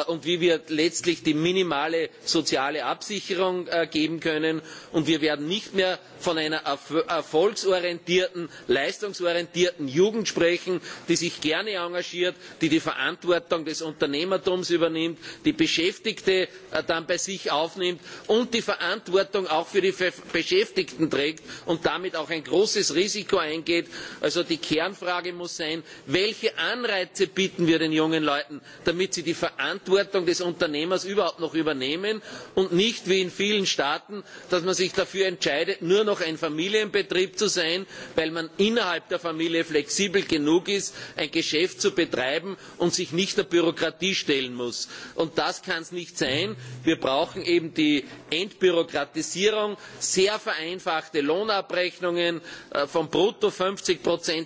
und wie wir letztlich die minimale soziale absicherung geben können und wir werden nicht mehr von einer erfolgsorientierten leistungsorientierten jugend sprechen die sich gerne engagiert die die verantwortung des unternehmertums übernimmt die beschäftigte äh, dann bei sich aufnimmt und die verantwortung auch für die beschäftigten trägt und damit auch ein großes risiko eingeht. also die kernfrage muss sein welche anreize bieten wir den jungen leuten damit sie die verantwortung des unternehmers überhaupt noch übernehmen und nicht wie in vielen staaten dass man sich dafür entscheidet nur noch ein familienbetrieb zu sein weil man innerhalb der familie flexibel genug ist ein geschäft zu betreiben und sich nicht der bürokratie stellen muss und das kann es nicht sein. wir brauchen eben die entbürokratisierung sehr vereinfachte lohnabrechnungen äh, vom brutto fünfzig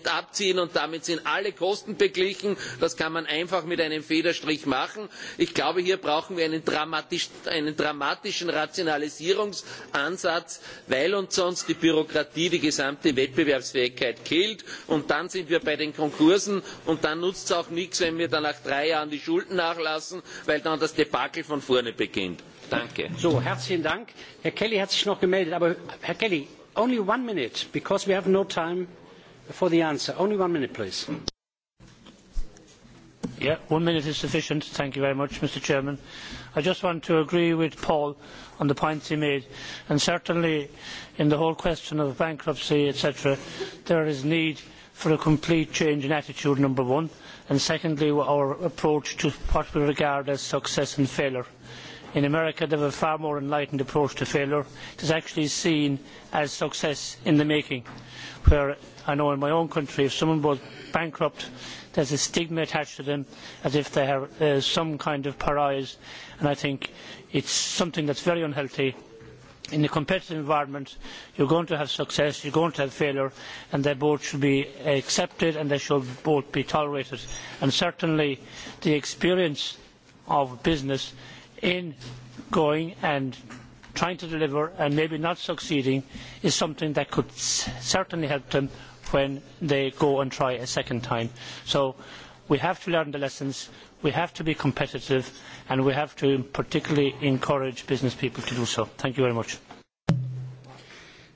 abziehen und damit sind alle kosten beglichen. das kann man einfach mit einem federstrich machen. ich glaube hier brauchen wir einen, dramatisch, dramatischen rationalisierungsansatz weil uns sonst die bürokratie die gesamte wettbewerbsfähigkeit killt und dann sind wir bei den konkursen und dann nutzt es auch nichts wenn wir dann nach drei jahren die schulden nachlassen weil dann das Debakel von vorne beginnt. Danke. So, herzlichen Dank. Herr Kelly hat sich noch gemeldet, aber Herr Kelly, only one minute, because we have no time for the answer. Only one minute, please. Yeah, one minute is sufficient. Thank you very much, Mr. Chairman. I just want to agree with Paul on the points he made, and certainly in the whole question of bankruptcy, etc., there is need for a complete change in attitude, number one and secondly our approach to what we regard as success and failure. in america they have a far more enlightened approach to failure. it is actually seen as success in the making where i know in my own country if someone goes bankrupt there is a stigma attached to them as if they are uh, some kind of pariahs and i think it is something that is very unhealthy in a competitive environment you are going to have success you are going to have failure and they both should be accepted and they should both be tolerated. And certainly the experience of business in going and trying to deliver and maybe not succeeding is something that could certainly help them when they go and try a second time. so we have to learn the lessons we have to be competitive and we have to particularly encourage business people to do so. Thank you very much.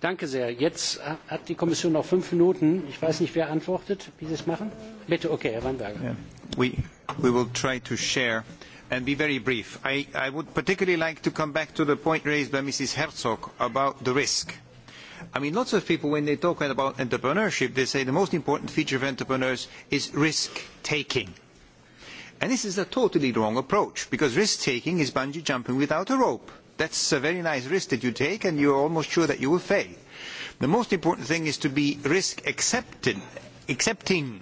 Danke sehr. Jetzt äh, hat die Kommission noch fünf Minuten. Ich weiß nicht, wer antwortet, wie Sie es machen. Bitte, okay, Herr Weinberger. Yeah. We, we will try to share and be very brief. I, I would particularly like to come back to the point raised by Mrs. Herzog about the risk. I mean, lots of people, when they talk about entrepreneurship, they say the most important feature of entrepreneurs is risk-taking And this is a totally wrong approach because risk taking is bungee jumping without a rope. That's a very nice risk that you take and you're almost sure that you will fail. The most important thing is to be risk accepted, accepting.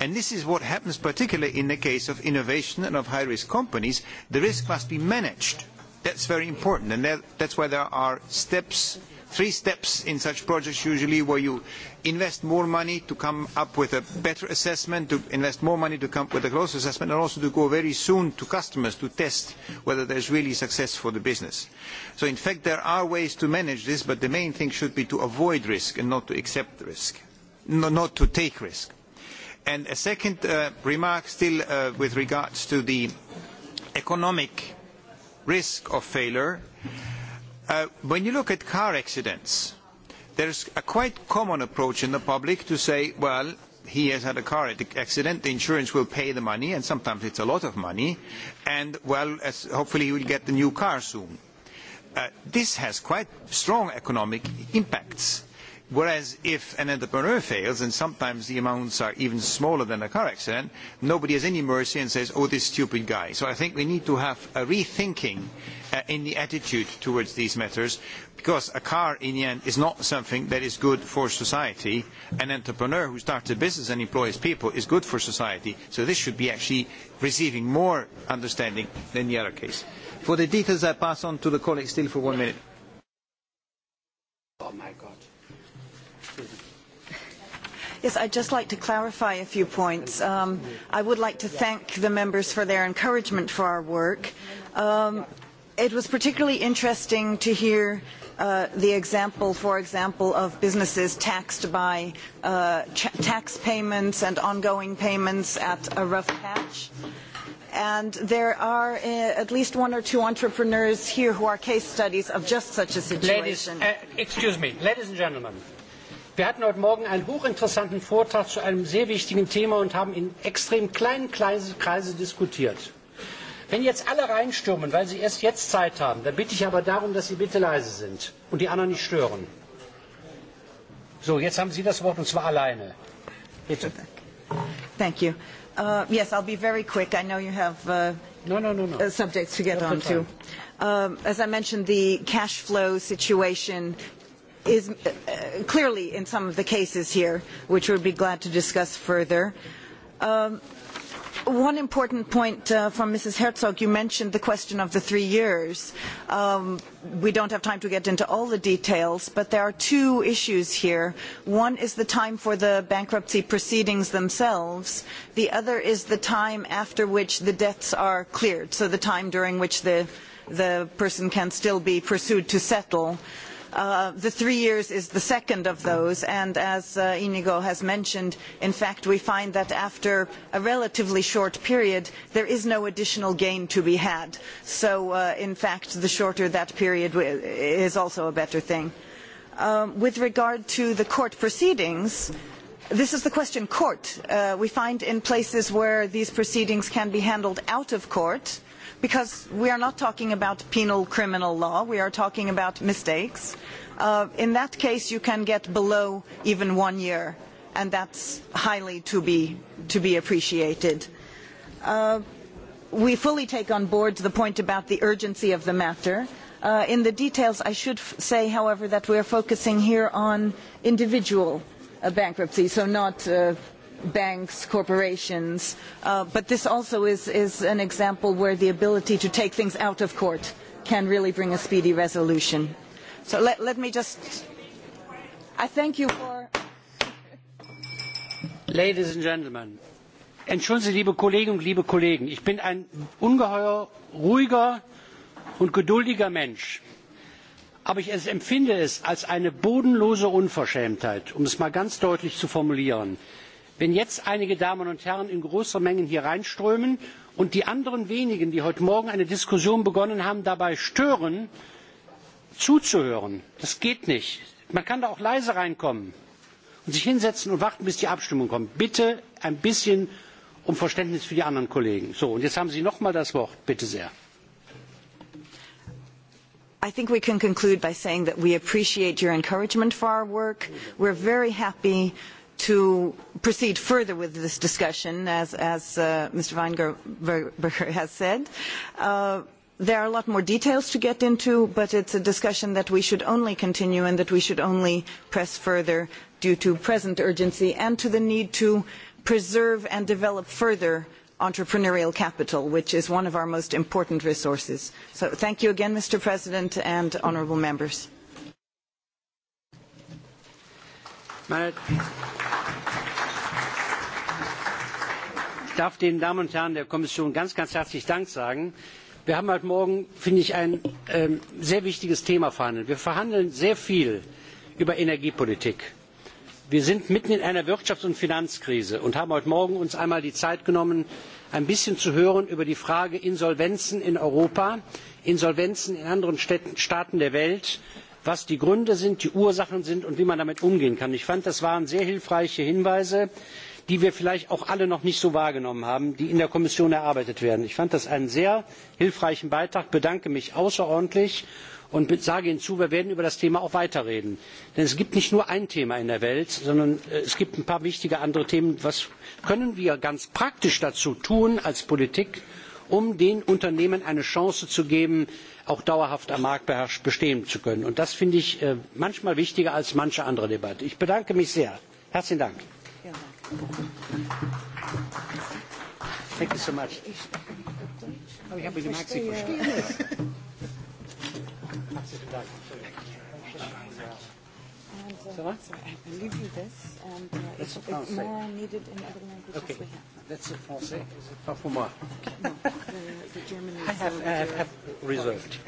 And this is what happens particularly in the case of innovation and of high-risk companies. The risk must be managed. That's very important and that, that's why there are steps three steps in such projects usually where you invest more money to come up with a better assessment, to invest more money to come up with a closer assessment, and also to go very soon to customers to test whether there is really success for the business. So in fact, there are ways to manage this, but the main thing should be to avoid risk and not to accept risk, no, not to take risk. And a second uh, remark still uh, with regards to the economic risk of failure. Uh, when you look at car accidents, there is a quite common approach in the public to say, well, he has had a car accident, the insurance will pay the money, and sometimes it's a lot of money, and well, as hopefully he will get the new car soon. Uh, this has quite strong economic impacts Whereas if an entrepreneur fails, and sometimes the amounts are even smaller than a car accident, nobody has any mercy and says, oh, this stupid guy. So I think we need to have a rethinking uh, in the attitude towards these matters, because a car, in the end, is not something that is good for society. An entrepreneur who starts a business and employs people is good for society. So this should be actually receiving more understanding than the other case. For the details, I pass on to the colleague still for one minute. Oh, my God. Yes, I'd just like to clarify a few points. Um, I would like to thank the members for their encouragement for our work. Um, it was particularly interesting to hear uh, the example, for example, of businesses taxed by uh, tax payments and ongoing payments at a rough patch. And there are uh, at least one or two entrepreneurs here who are case studies of just such a situation. Ladies, uh, excuse me, ladies and gentlemen wir hatten heute morgen einen hochinteressanten vortrag zu einem sehr wichtigen thema und haben in extrem kleinen Kreise diskutiert. wenn jetzt alle reinstürmen weil sie erst jetzt zeit haben dann bitte ich aber darum dass sie bitte leise sind und die anderen nicht stören. so jetzt haben sie das wort und zwar alleine. bitte. Thank you. Uh, yes, I'll be very quick. I know you have uh, no, no, no, no. Uh, subjects to get on to. Um, as I mentioned, the cash flow situation is uh, clearly in some of the cases here, which we'd be glad to discuss further. Um, one important point uh, from Mrs. Herzog, you mentioned the question of the three years. Um, we don't have time to get into all the details, but there are two issues here. One is the time for the bankruptcy proceedings themselves. The other is the time after which the debts are cleared, so the time during which the, the person can still be pursued to settle. Uh, Uh, the three years is the second of those, and as uh, Inigo has mentioned, in fact, we find that after a relatively short period, there is no additional gain to be had. So, uh, in fact, the shorter that period is also a better thing. Um, with regard to the court proceedings, this is the question court. Uh, we find in places where these proceedings can be handled out of court, because we are not talking about penal criminal law, we are talking about mistakes. Uh, in that case, you can get below even one year, and that's highly to be, to be appreciated. Uh, we fully take on board the point about the urgency of the matter. Uh, in the details, I should say, however, that we are focusing here on individual uh, bankruptcy, so not uh, banks, corporations, uh, but this also is, is an example where the ability to take things out of court can really bring a speedy resolution. So let, let me just... I thank you for... Ladies and gentlemen, entschuldigen Sie, liebe Kolleginnen und liebe Kollegen, ich bin ein ungeheuer ruhiger und geduldiger Mensch aber ich empfinde es als eine bodenlose unverschämtheit um es mal ganz deutlich zu formulieren wenn jetzt einige damen und herren in größeren mengen hier hereinströmen und die anderen wenigen die heute morgen eine diskussion begonnen haben dabei stören zuzuhören das geht nicht. man kann da auch leise hereinkommen und sich hinsetzen und warten bis die abstimmung kommt. bitte ein bisschen um verständnis für die anderen kollegen. So, und jetzt haben sie noch einmal das wort bitte sehr. I think we can conclude by saying that we appreciate your encouragement for our work. We're very happy to proceed further with this discussion, as, as uh, Mr. Weinberger has said. Uh, there are a lot more details to get into, but it's a discussion that we should only continue and that we should only press further due to present urgency and to the need to preserve and develop further entrepreneurial capital, which is one of our most important resources. So thank you again, Mr. President and honourable members. Ich darf den Damen und Herren der Kommission ganz, ganz herzlich Dank sagen. Wir haben heute Morgen, finde ich, ein ähm, sehr wichtiges Thema verhandelt. Wir verhandeln sehr viel über Energiepolitik. Wir sind mitten in einer Wirtschafts- und Finanzkrise und haben uns heute Morgen einmal die Zeit genommen, ein bisschen zu hören über die Frage Insolvenzen in Europa, Insolvenzen in anderen Staaten der Welt, was die gründe und die ursachen sind und wie man damit umgehen kann. ich fand das waren sehr hilfreiche hinweise die wir vielleicht auch alle noch nicht so wahrgenommen haben die in der kommission erarbeitet werden. ich fand das einen sehr hilfreichen beitrag bedanke mich außerordentlich und sage hinzu wir werden über das thema auch weiterreden denn es gibt nicht nur ein thema in der welt sondern äh, es gibt ein paar wichtige andere themen. was können wir ganz praktisch dazu tun als politik um den Unternehmen eine Chance zu geben, auch dauerhaft am Markt bestehen zu können. Und das finde ich manchmal wichtiger als manche andere Debatte. Ich bedanke mich sehr. Herzlichen Dank. Thank you so much. Aber ich habe gemerkt, Sie verstehen es. Herzlichen Dank. And uh, so I leave you this, and uh, it's, it's more needed in other languages okay. we have. That's le français, pas pour moi. the, German is I have, I have, have reserved.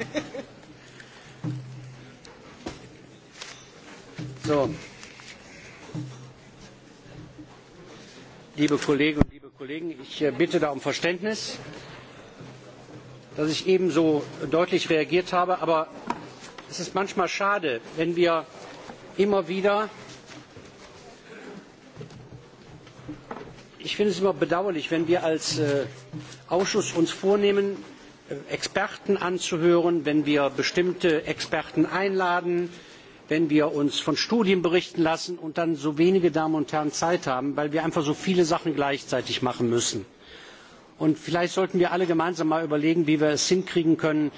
so. Liebe Kolleginnen und liebe Kollegen, ich äh, bitte da um Verständnis, dass ich eben so deutlich reagiert habe. Aber es ist manchmal schade, wenn wir immer wieder ich finde es immer bedauerlich wenn wir äh, uns als ausschuss vornehmen äh, experten anzuhören wenn wir bestimmte experten einladen wenn wir uns von studien berichten lassen und dann so wenige damen und herren zeit haben weil wir einfach so viele sachen gleichzeitig machen müssen. vielleicht sollten wir alle gemeinsam einmal überlegen wie wir es hinkriegen können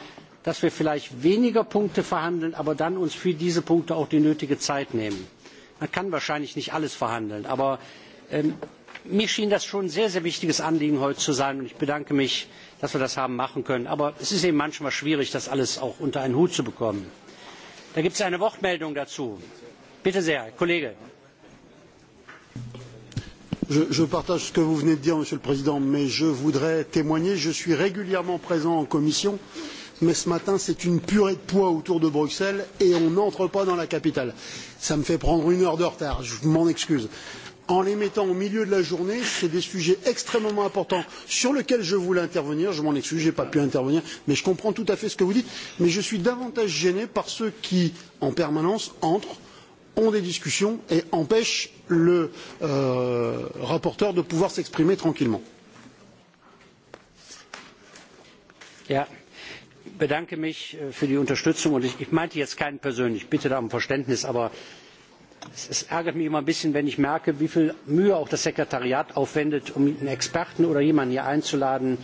dass wir vielleicht weniger Punkte verhandeln, aber uns dann für diese Punkte auch die nötige Zeit nehmen. Man kann wahrscheinlich nicht alles verhandeln, aber ähm, mir schien das schon ein sehr, sehr wichtiges Anliegen heute zu sein und ich bedanke mich, dass wir das haben machen können. Aber es ist eben manchmal schwierig, das alles auch unter einen Hut zu bekommen. Da gibt es eine Wortmeldung dazu. Bitte sehr, Herr Kollege. Je, je partage ce que vous venez de dire, Monsieur le Président, mais je voudrais témoigner. Je suis régulièrement présent en commission. Euh, mais ce matin c'est une purée de poids autour de Bruxelles et on n'entre pas dans la capitale. Ça me fait prendre une heure de retard, je m'en excuse. En les mettant au milieu de la journée, c'est des sujets extrêmement importants sur lesquels je voulais intervenir. Je m'en excuse, je n'ai pas pu intervenir, mais je comprends tout à fait ce que vous dites. Mais je suis davantage gêné par ceux qui, en permanence, entrent, ont des discussions et empêchent le euh, rapporteur de pouvoir s'exprimer tranquillement. Yeah bedanke mich äh, für die unterstützung und ich, meinte jetzt keinen persönlich ich bitte da um verständnis aber es, ärgert mich immer ein bisschen wenn ich merke wie viel mühe auch das sekretariat aufwendet um einen experten oder jemanden hier einzuladen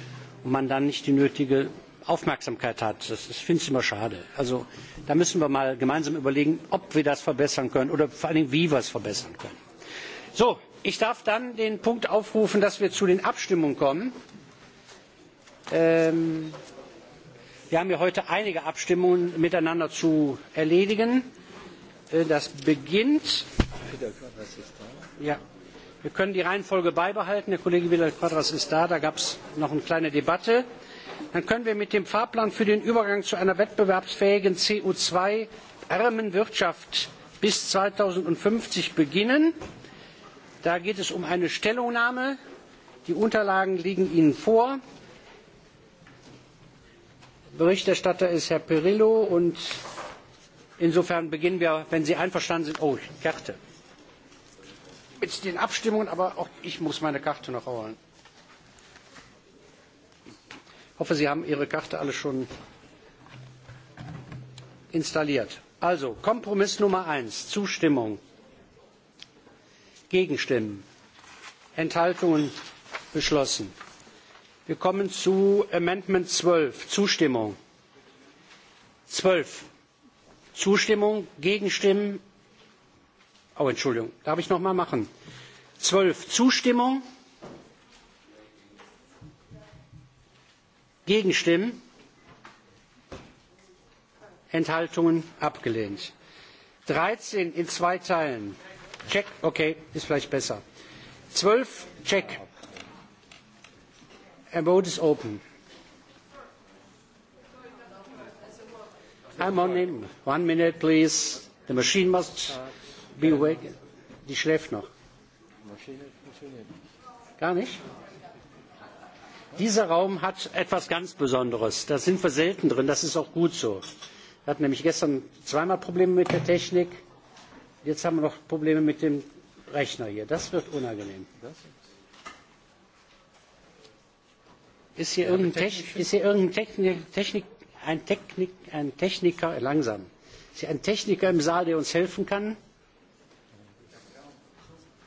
und man dann nicht die nötige aufmerksamkeit hat. ich finde es immer schade. also da müssen wir mal gemeinsam überlegen ob wir das verbessern können oder vor allen dingen wie wir es verbessern können. So, ich darf dann den punkt aufrufen dass wir zu den abstimmungen kommen. Ähm wir haben ja heute einige abstimmungen miteinander zu erledigen. Äh, das beginnt ja, wir können die reihenfolge beibehalten der kollege vidal quadras ist da da gab es noch eine kleine debatte dann können wir mit dem fahrplan für den übergang zu einer wettbewerbsfähigen co zwei ärmen wirtschaft bis zweitausendfünfzig beginnen. da geht es um eine stellungnahme die unterlagen liegen ihnen vor. Berichterstatter ist Herr Pirillo und insofern beginnen wir, wenn Sie einverstanden sind. Oh, Karte. Mit den Abstimmungen, aber auch ich muss meine Karte noch holen. Ich hoffe, Sie haben Ihre Karte alle schon installiert. Also, Kompromiss Nummer eins Zustimmung. Gegenstimmen. Enthaltungen beschlossen wir kommen zu amendment zwölf zustimmung zwölf zustimmung gegenstimmen oh entschuldigung darf ich noch mal machen zwölf zustimmung gegenstimmen enthaltungen abgelehnt dreizehn in zwei teilen check okay ist vielleicht besser zwölf check a vote is open. I'm on him. One minute, please. The machine must be awake. Die schläft noch. Gar nicht? Dieser Raum hat etwas ganz Besonderes. Da sind wir selten drin. Das ist auch gut so. Wir hatten nämlich gestern zweimal Probleme mit der Technik. Jetzt haben wir noch Probleme mit dem Rechner hier. Das wird unangenehm. Das ist Ist hier ja, irgendein, Techn ist hier irgendein Technik, Technik, ein, Technik, ein Techniker, langsam, ist hier ein Techniker im Saal, der uns helfen kann?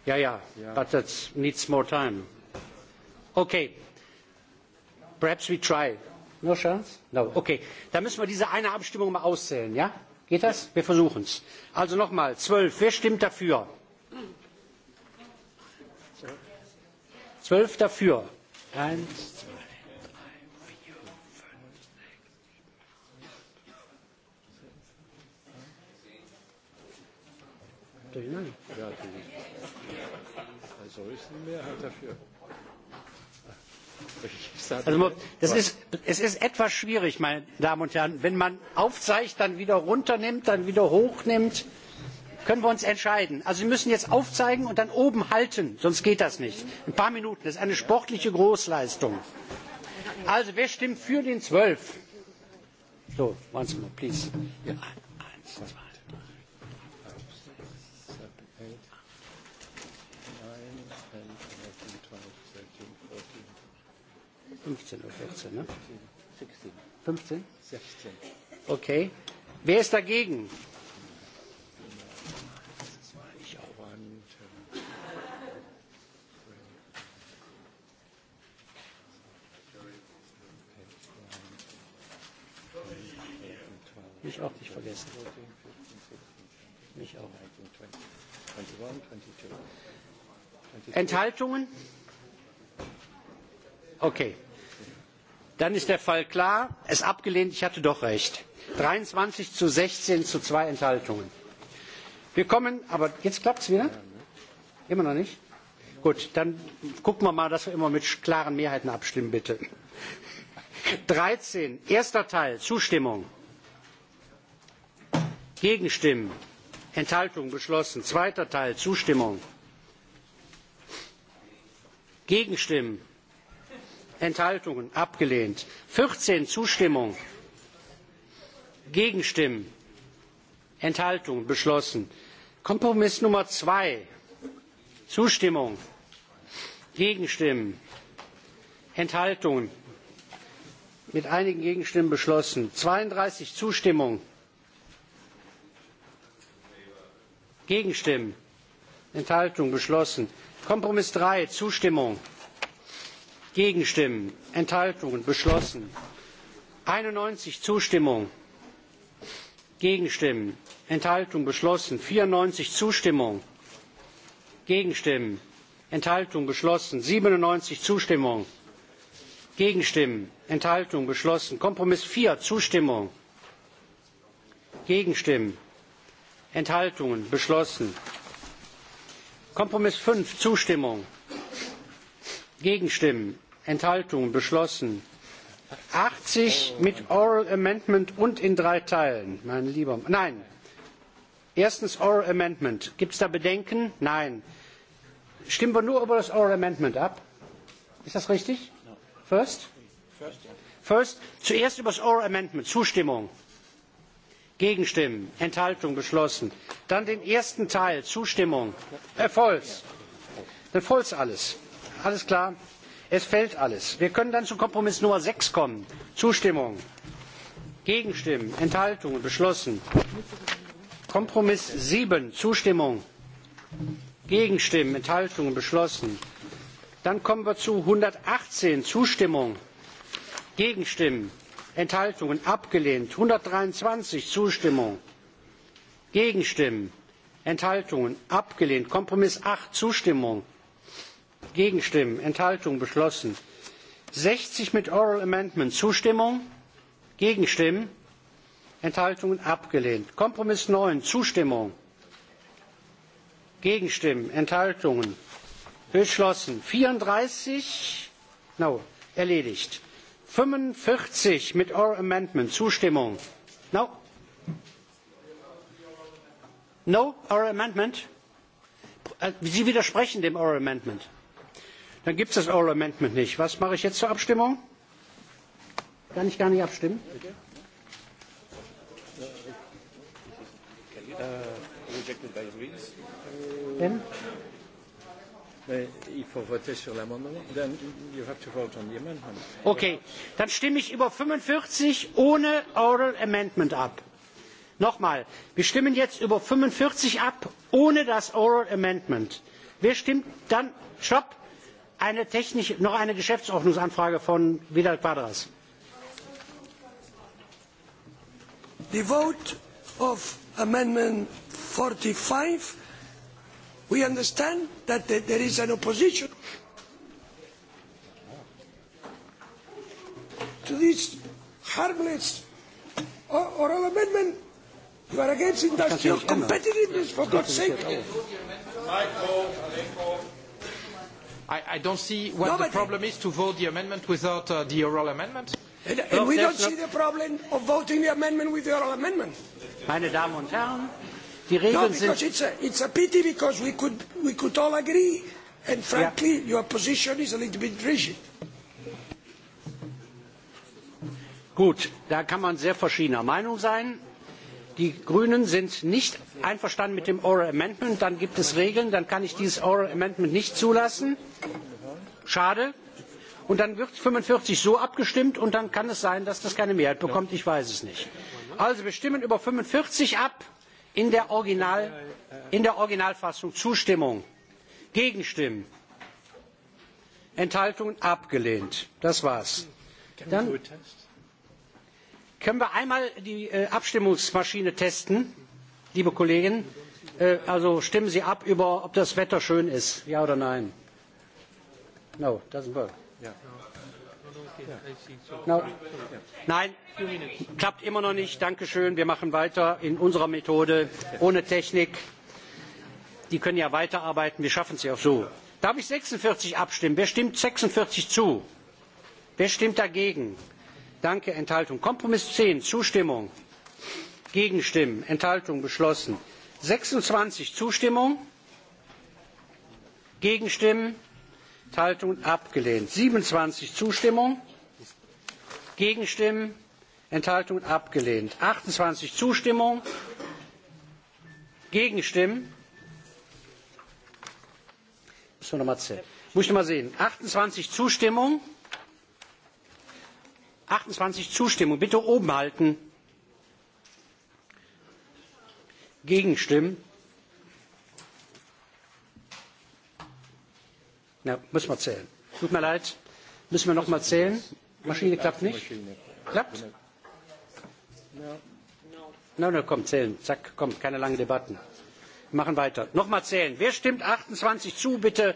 Ja, ja, ja. but that needs more time. Okay, perhaps we try. No chance? No, okay. Dann müssen wir diese eine Abstimmung mal auszählen, ja? Geht das? Wir versuchen es. Also nochmal, zwölf. Wer stimmt dafür? Zwölf dafür. Eins, Beate hinein. Beate hinein. Also ist die er Mehrheit dafür. Also, das ist, es ist etwas schwierig, meine Damen und Herren. Wenn man aufzeigt, dann wieder runternimmt, dann wieder hochnimmt, können wir uns entscheiden. Also Sie müssen jetzt aufzeigen und dann oben halten, sonst geht das nicht. Ein paar Minuten, das ist eine sportliche Großleistung. Also, wer stimmt für den 12? So, once more, please. Ja, eins, zwei. 15 oder 14, ne? 16. 15? 16. Okay. Wer ist dagegen? Mich auch nicht vergessen. Mich auch. Enthaltungen? Okay dann ist der fall klar es abgelehnt ich hatte doch recht dreiundzwanzig zu sechzehn zu zwei enthaltungen. wir kommen aber jetzt klappt es wieder immer noch nicht gut dann gucken wir mal dass wir immer mit klaren mehrheiten abstimmen bitte. dreizehn erster teil zustimmung gegenstimmen enthaltung beschlossen zweiter teil zustimmung gegenstimmen enthaltungen abgelehnt; vierzehn zustimmung gegenstimmen enthaltungen beschlossen; kompromiss nummer zwei zustimmung gegenstimmen enthaltungen mit einigen gegenstimmen beschlossen; zweiunddreißig zustimmung gegenstimmen enthaltungen beschlossen; kompromiss drei zustimmung gegenstimmen enthaltungen beschlossen; einundneunzig zustimmung gegenstimmen enthaltungen beschlossen; vierundneunzig zustimmung gegenstimmen enthaltungen beschlossen; siebenundneunzig zustimmung gegenstimmen enthaltungen beschlossen; kompromiss vier zustimmung gegenstimmen enthaltungen beschlossen; kompromiss fünf zustimmung gegenstimmen enthaltungen beschlossen achtzig mit oral amendment und in drei teilen mein lieber nein erstens oral amendment gibt es da bedenken? nein. stimmen wir nur über das oral amendment ab? ist das richtig? first? first zuerst über das oral amendment zustimmung gegenstimmen enthaltung beschlossen dann den ersten teil zustimmung äh, falls alles alles klar es fällt alles. wir können dann zu kompromiss nummer sechs kommen zustimmung gegenstimmen enthaltungen beschlossen; kompromiss sieben zustimmung gegenstimmen enthaltungen beschlossen; dann kommen wir zu einhundertachtzehn zustimmung gegenstimmen enthaltungen abgelehnt; einhundertdreiundzwanzig zustimmung gegenstimmen enthaltungen abgelehnt; kompromiss acht zustimmung gegenstimmen enthaltungen beschlossen sechzig mit oral amendment zustimmung gegenstimmen enthaltungen abgelehnt; kompromiss neun zustimmung gegenstimmen enthaltungen beschlossen; vierunddreißig no, erledigt; fünfundvierzig mit oral amendment zustimmung no no oral amendment? Äh, sie widersprechen dem oral amendment. Dann gibt es das Oral Amendment nicht. Was mache ich jetzt zur Abstimmung? Kann ich gar nicht abstimmen? Äh, okay. Then? Okay, dann stimme ich über 45 ohne Oral Amendment ab. Nochmal, wir stimmen jetzt über 45 ab ohne das Oral Amendment. Wer stimmt dann? Stopp! eine Technik, noch eine Geschäftsordnungsanfrage von Vidal Quadras. The vote of amendment 45, we understand that there is an opposition to this harmless oral amendment. You are against industrial competitiveness, for God's sake. Michael, Michael. I, don't see what the uh, problem is to vote the amendment without uh, the oral amendment. And, and we don't see the problem of voting the amendment with the oral amendment. Meine Damen und Herren, die Regeln no, because sind... It's a, it's a pity because we could, we could all agree and frankly yeah. your position is a little bit rigid. Gut, da kann man sehr verschiedener Meinung sein die grünen sind nicht einverstanden mit dem oral amendment dann gibt es regeln dann kann ich dieses oral amendment nicht zulassen schade und dann wird fünfundvierzig so abgestimmt und dann kann es sein dass das keine mehrheit bekommt ich weiß es nicht. also wir stimmen über fünfundvierzig ab in der, Original, in der originalfassung zustimmung gegenstimmen enthaltungen abgelehnt das war's. dann können wir einmal die äh, abstimmungsmaschine testen liebe kollegen? Äh, also stimmen sie ab über, ob das wetter schön ist ja oder nein? no doesn't work. No. Nein, klappt immer noch nicht. danke schön Wir machen weiter in unserer Methode ohne Technik. Die können ja weiterarbeiten. Wir schaffen es ja auch so. Darf ich sechsundvierzig abstimmen? Wer stimmt sechsundvierzig zu? Wer stimmt dagegen? danke enthaltung kompromiss zehn zustimmung gegenstimmen enthaltung beschlossen sechsundzwanzig zustimmung gegenstimmen enthaltung abgelehnt siebenundzwanzig zustimmung gegenstimmen enthaltung abgelehnt achtundzwanzig zustimmung gegenstimmen muss ich noch mal sehen achtundzwanzig zustimmung achtundzwanzig zustimmung bitte oben halten gegenstimmen na muss man zählen tut mir leid müssen wir noch mal zählen maschine klappt nicht klappt na na komm zählen zack komm keine langen debatten machen weiter noch mal zählen wer stimmt achtundzwanzig zu bitte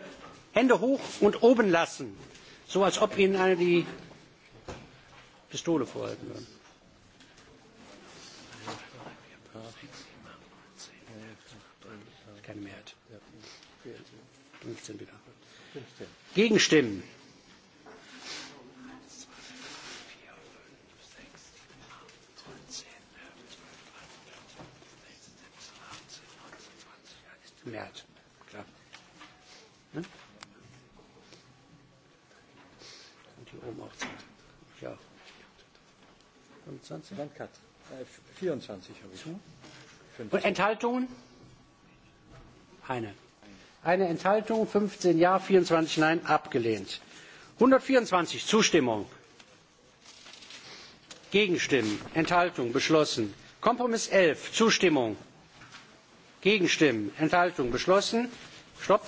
hände hoch und oben lassen so als ob ihnen einer die Pistole vorhalten werden. Keine Mehrheit. 15 wieder. Gegenstimmen. 20, nein, Kat, äh, 24 habe ich. Zu? Und Enthaltungen? Eine. Eine Enthaltung, 15 Ja, 24 Nein, abgelehnt. 124 Zustimmung. Gegenstimmen, Enthaltung, beschlossen. Kompromiss 11, Zustimmung. Gegenstimmen, Enthaltung, beschlossen. Stopp.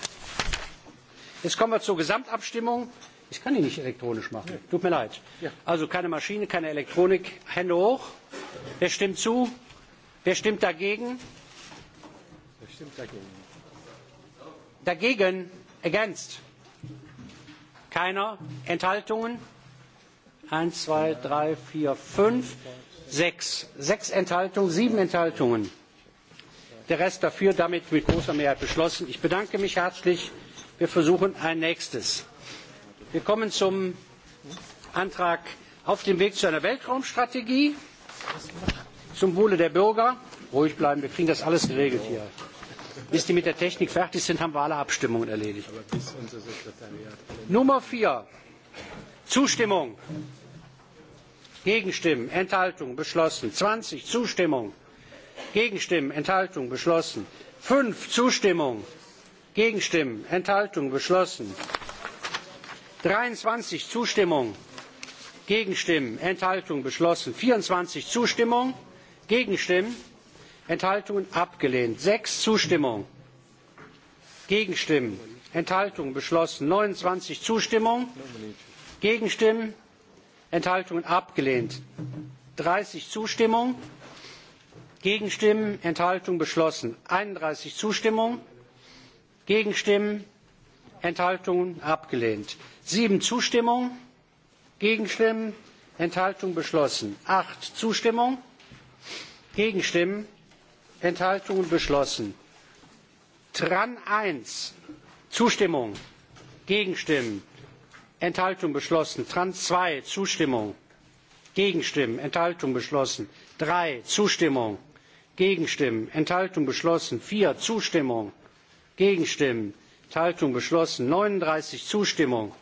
Jetzt kommen wir zur Gesamtabstimmung. Ich kann ihn nicht elektronisch machen. Nee. Tut mir leid. Ja. Also keine Maschine, keine Elektronik. Hände hoch. Wer stimmt zu? Wer stimmt dagegen? Wer stimmt dagegen? Dagegen? Ergänzt? Keiner? Enthaltungen? Eins, zwei, drei, vier, fünf, sechs. Sechs Enthaltungen, sieben Enthaltungen. Der Rest dafür, damit mit großer Mehrheit beschlossen. Ich bedanke mich herzlich. Wir versuchen ein nächstes wir kommen zum antrag auf dem weg zu einer weltraumstrategie zum wohle der bürger ruhig bleiben wir kriegen das alles geregelt hier bis die mit der technik fertig sind haben wir alle abstimmungen erledigt nummer vier zustimmung gegenstimmen enthaltung beschlossen zwanzig zustimmung gegenstimmen enthaltung beschlossen fünf zustimmung gegenstimmen enthaltung beschlossen dreiundzwanzig zustimmung gegenstimmen enthaltungen beschlossen vierundzwanzig zustimmung gegenstimmen enthaltungen abgelehnt sechs zustimmung gegenstimmen enthaltungen beschlossen neunundzwanzig zustimmung gegenstimmen enthaltungen abgelehnt dreißig zustimmung gegenstimmen enthaltungen beschlossen einunddreißig zustimmung gegenstimmen Enthaltungen abgelehnt. sieben Zustimmung, Gegenstimmen, Enthaltung beschlossen. acht Zustimmung, Gegenstimmen, Enthaltungen beschlossen. Tran eins Zustimmung, Gegenstimmen, Enthaltung beschlossen. Tran zwei Zustimmung, Gegenstimmen, Enthaltung beschlossen. drei Zustimmung, Gegenstimmen, Enthaltung beschlossen. vier Zustimmung, Gegenstimmen, enthaltung beschlossen neununddreißig zustimmung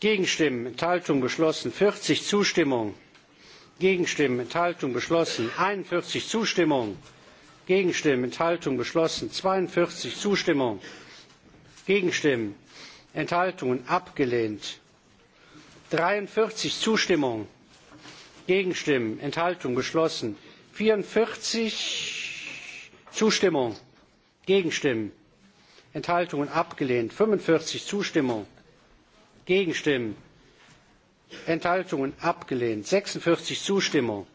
gegenstimmen enthaltung beschlossen vierzig zustimmung gegenstimmen enthaltung beschlossen einundvierzig zustimmung gegenstimmen enthaltung beschlossen zweiundvierzig zustimmung gegenstimmen enthaltungen abgelehnt dreiundvierzig zustimmung gegenstimmen enthaltung beschlossen vierundvierzig zustimmung gegenstimmen enthaltungen abgelehnt; fünfundvierzig zustimmung gegenstimmen enthaltungen abgelehnt; sechsundvierzig zustimmung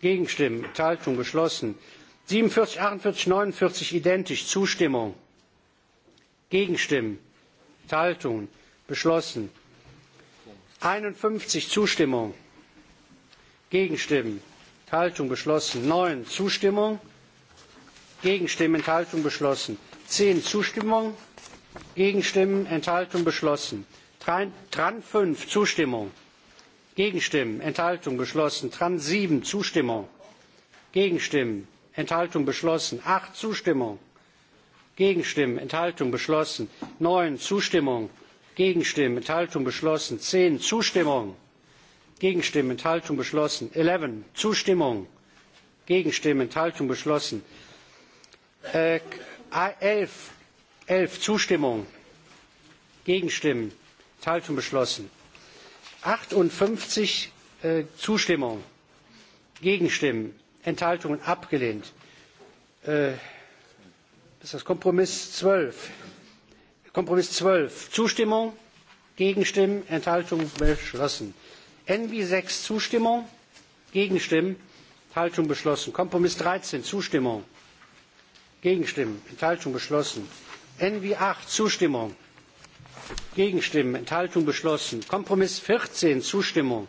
gegenstimmen enthaltungen beschlossen; siebenundvierzig achtundvierzig neunundvierzig identisch zustimmung gegenstimmen enthaltungen beschlossen; einundfünfzig zustimmung gegenstimmen enthaltungen beschlossen; neun zustimmung gegenstimmen enthaltungen beschlossen; zehn zustimmung gegenstimmen enthaltung beschlossen; tran fünf zustimmung gegenstimmen enthaltung beschlossen; tran sieben zustimmung gegenstimmen enthaltung beschlossen; acht zustimmung gegenstimmen enthaltung beschlossen; neun zustimmung gegenstimmen enthaltung beschlossen; zehn zustimmung gegenstimmen enthaltung beschlossen; elf zustimmung gegenstimmen enthaltung beschlossen; äh, Ah, elf, elf Zustimmung, Gegenstimmen, Enthaltung beschlossen. 58 äh, Zustimmung, Gegenstimmen, Enthaltungen abgelehnt. Äh, ist das Kompromiss 12? Kompromiss 12. Zustimmung, Gegenstimmen, Enthaltungen beschlossen. NB 6 Zustimmung, Gegenstimmen, Enthaltungen beschlossen. Kompromiss 13 Zustimmung, Gegenstimmen. Enthaltung beschlossen. NV 8 Zustimmung. Gegenstimmen. Enthaltung beschlossen. Kompromiss 14 Zustimmung.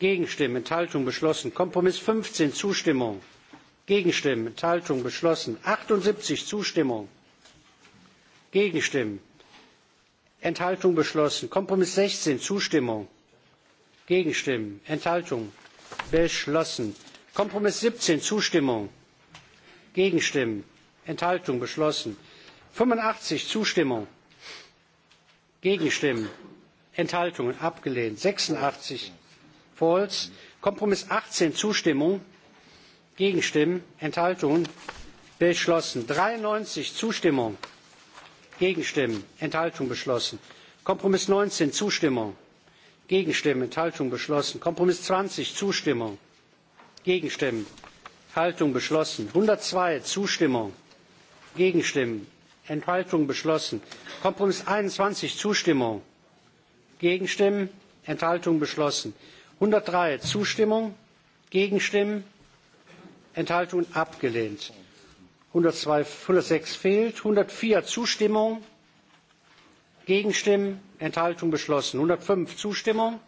Gegenstimmen. Enthaltung beschlossen. Kompromiss 15 Zustimmung. Gegenstimmen. Enthaltung beschlossen. 78 Zustimmung. Gegenstimmen. Enthaltung beschlossen. Kompromiss 16 Zustimmung. Gegenstimmen. Enthaltung beschlossen. Kompromiss 17 Zustimmung. Gegenstimmen. Enthaltung beschlossen. fünfundachtzig Zustimmung, Gegenstimmen, Enthaltungen abgelehnt. sechsundachtzig Falls. Kompromiss achtzehn Zustimmung, Gegenstimmen, Enthaltungen beschlossen. dreiundneunzig Zustimmung, Gegenstimmen, Enthaltung beschlossen. Kompromiss neunzehn Zustimmung, Gegenstimmen, Enthaltung beschlossen. Kompromiss zwanzig Zustimmung, Gegenstimmen, Enthaltung beschlossen. einhundertzwei Zustimmung, gegenstimmen enthaltungen beschlossen kompromiss einundzwanzig zustimmung gegenstimmen enthaltungen beschlossen einhundertdrei zustimmung gegenstimmen enthaltungen abgelehnt; einhundertsechs fehlt; einhundertvier zustimmung gegenstimmen enthaltungen beschlossen; einhundertfünf zustimmung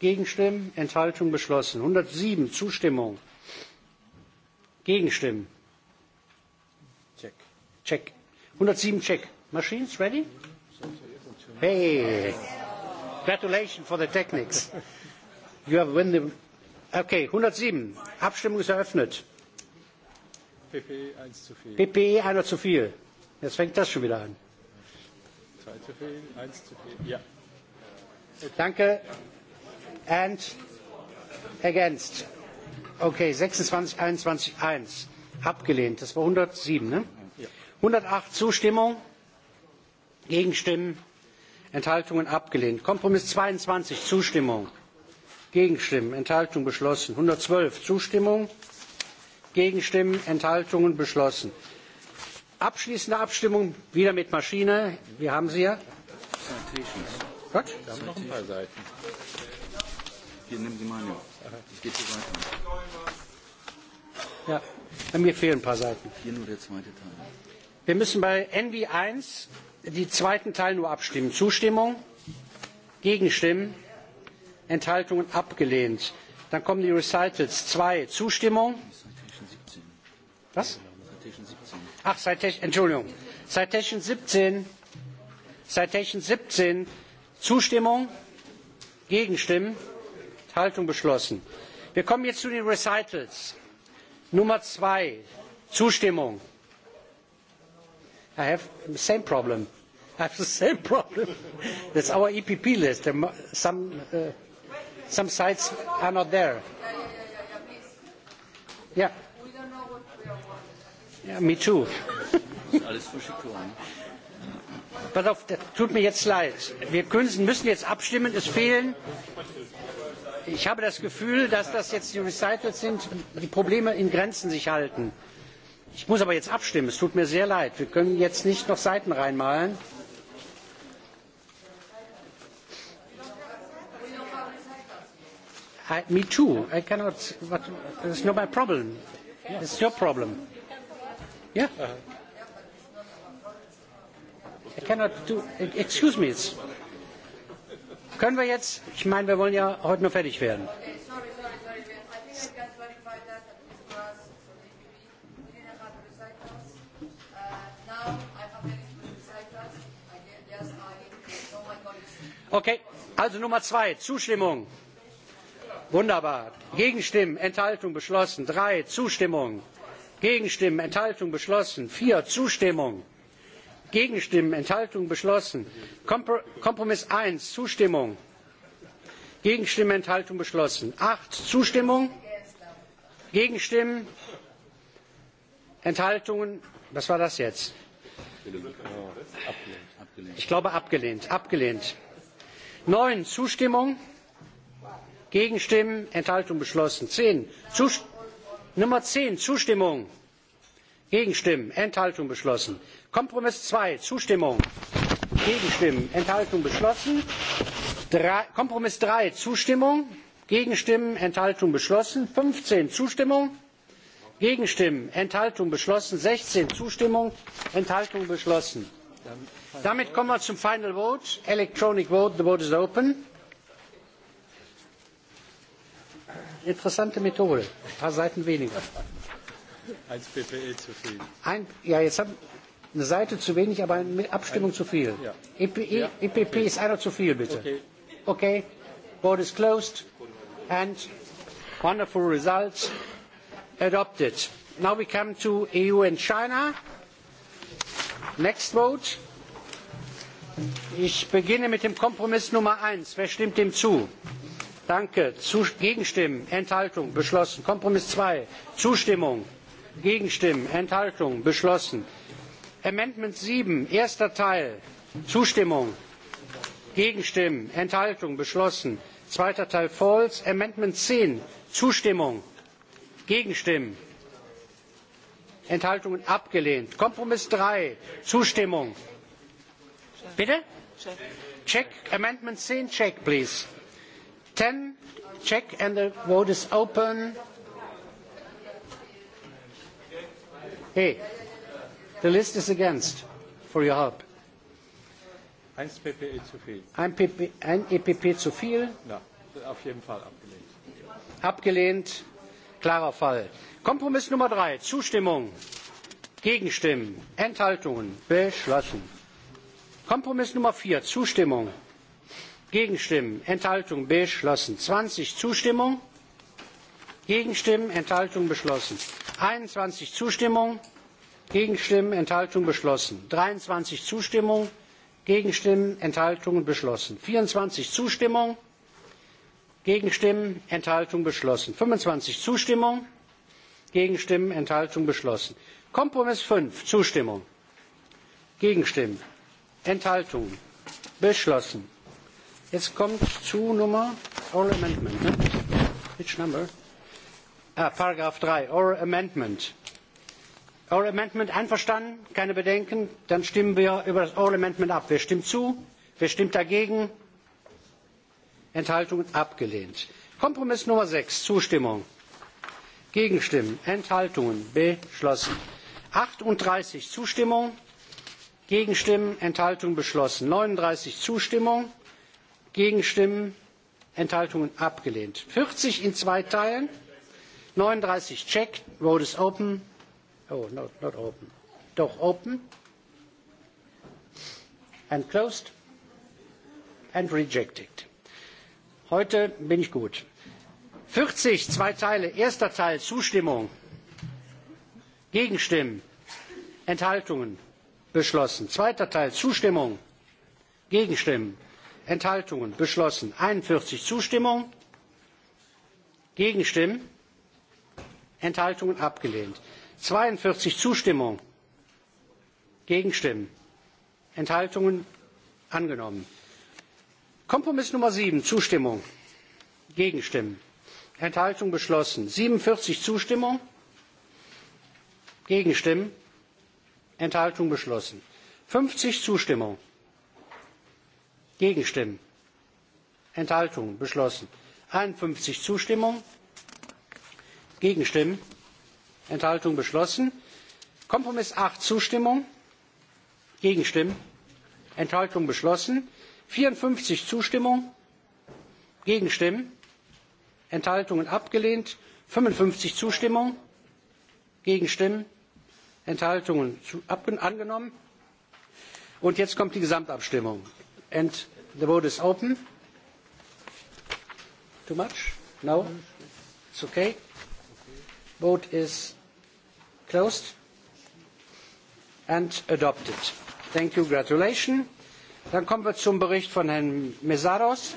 gegenstimmen enthaltungen beschlossen; einhundertsieben zustimmung gegenstimmen Check. 107 check. Machines ready? Hey. Congratulations for the technics. You have win the... Okay, 107. Abstimmung ist eröffnet. PPE 1 zu viel. PPE einer zu viel. Jetzt fängt das schon wieder an. 2 zu viel, 1 zu viel. Ja. Danke. And against. Okay, 26, 21, 1. Abgelehnt. Das war 107, ne? einhundertacht zustimmung gegenstimmen enthaltungen abgelehnt; kompromiss zweiundzwanzig zustimmung gegenstimmen enthaltungen beschlossen; einhundertzwölf zustimmung gegenstimmen enthaltungen beschlossen; abschließende abstimmung wieder mit maschine wir haben sie ja. Ja, bei mir fehlen ein paar Seiten. Hier nur der zweite Teil wir müssen bei envi 1 den zweiten teil nur abstimmen zustimmung gegenstimmen enthaltungen abgelehnt. dann kommen die recitals 2. zustimmung was? ach citation, entschuldigung citation 17 citation 17 zustimmung gegenstimmen enthaltung beschlossen. wir kommen jetzt zu den recitals nummer 2. zustimmung I have the same problem. I have the same problem. That's our EPP list. Some, uh, some sites are not there. Yeah. Yeah, me too. Pass auf, das tut mir jetzt leid. Wir können, müssen jetzt abstimmen. Es fehlen. Ich habe das Gefühl, dass das jetzt die Recitals sind, die Probleme in Grenzen sich halten. Ich muss aber jetzt abstimmen. Es tut mir sehr leid. Wir können jetzt nicht noch Seiten reinmalen. I, me too. I cannot. But it's not my problem. It's your problem. Yeah. I cannot do. Excuse me. können wir jetzt? Ich meine, wir wollen ja heute noch fertig werden. Okay. also nummer zwei zustimmung wunderbar gegenstimmen enthaltung beschlossen drei zustimmung gegenstimmen enthaltung beschlossen vier zustimmung gegenstimmen enthaltung beschlossen kompromiss eins zustimmung gegenstimmen enthaltung beschlossen acht zustimmung gegenstimmen enthaltungen was war das jetzt? ich glaube abgelehnt abgelehnt neun zustimmung gegenstimmen enthaltung beschlossen; zehn nummer zehn zustimmung gegenstimmen enthaltung beschlossen; kompromiss zwei zustimmung gegenstimmen enthaltung beschlossen; kompromiss drei zustimmung gegenstimmen enthaltung beschlossen; fünfzehn zustimmung gegenstimmen enthaltung beschlossen; sechzehn zustimmung enthaltung beschlossen. Damit kommen wir zum Final Vote. Electronic Vote. The vote is open. Interessante Methode. Ein paar Seiten weniger. Als PPE zu viel. Ein, ja, jetzt haben eine Seite zu wenig, aber eine Abstimmung zu viel. Ja. EP, ja. EPP okay. ist einer zu viel, bitte. Okay. okay. Vote is closed. And wonderful results. Adopted. Now we come to EU and China. Next vote. Ich beginne mit dem Kompromiss Nummer 1. Wer stimmt dem zu? Danke. Zu, Gegenstimmen, Enthaltung, beschlossen. Kompromiss 2. Zustimmung, Gegenstimmen, Enthaltung, beschlossen. Amendment 7, erster Teil, Zustimmung, Gegenstimmen, Enthaltung, beschlossen. Zweiter Teil False. Amendment 10, Zustimmung, Gegenstimmen, enthaltungen abgelehnt. kompromiss drei zustimmung bitte check amendment zehn check please ten check and the vote is open hey the list is against for your help ein PPE zu viel ein, PP, ein EPP zu viel ja auf jeden Fall abgelehnt abgelehnt klarer fall. kompromiss nummer drei zustimmung gegenstimmen enthaltungen beschlossen. kompromiss nummer vier zustimmung gegenstimmen enthaltungen beschlossen. zwanzig zustimmung gegenstimmen enthaltungen beschlossen. einundzwanzig zustimmung gegenstimmen enthaltungen beschlossen. dreiundzwanzig zustimmung gegenstimmen enthaltungen beschlossen. vierundzwanzig zustimmung Gegenstimmen, Enthaltung beschlossen. 25 Zustimmung, Gegenstimmen, Enthaltung beschlossen. Kompromiss 5 Zustimmung, Gegenstimmen, Enthaltung beschlossen. Jetzt kommt zu Nummer Oral Amendment. Ne? Which number? Ah, Paragraph 3 Oral Amendment. Oral Amendment einverstanden? Keine Bedenken? Dann stimmen wir über das Oral Amendment ab. Wer stimmt zu? Wer stimmt dagegen? Enthaltungen abgelehnt. Kompromiss Nummer 6, Zustimmung. Gegenstimmen, Enthaltungen beschlossen. 38 Zustimmung, Gegenstimmen, Enthaltungen beschlossen. 39 Zustimmung, Gegenstimmen, Enthaltungen abgelehnt. 40 in zwei Teilen, 39 check, road is open. Oh, no, not open. Doch open and closed and rejected. Heute bin ich gut. 40, zwei Teile. Erster Teil, Zustimmung. Gegenstimmen. Enthaltungen. Beschlossen. Zweiter Teil, Zustimmung. Gegenstimmen. Enthaltungen. Beschlossen. 41, Zustimmung. Gegenstimmen. Enthaltungen abgelehnt. 42 Zustimmung. Gegenstimmen. Enthaltungen angenommen kompromiss nummer sieben zustimmung gegenstimmen enthaltung beschlossen siebenundvierzig zustimmung gegenstimmen enthaltung beschlossen fünfzig zustimmung gegenstimmen enthaltung beschlossen einundfünfzig zustimmung gegenstimmen enthaltung beschlossen kompromiss acht zustimmung gegenstimmen enthaltung beschlossen vierundfünfzig zustimmung gegenstimmen enthaltungen abgelehnt fünfundfünfzig zustimmung gegenstimmen enthaltungen angenommen. und jetzt kommt die gesamtabstimmung. And the vote is open. too much? no? it's okay. vote is closed and adopted. thank you. congratulations Dann kommen wir zum Bericht von Herrn Mesaros.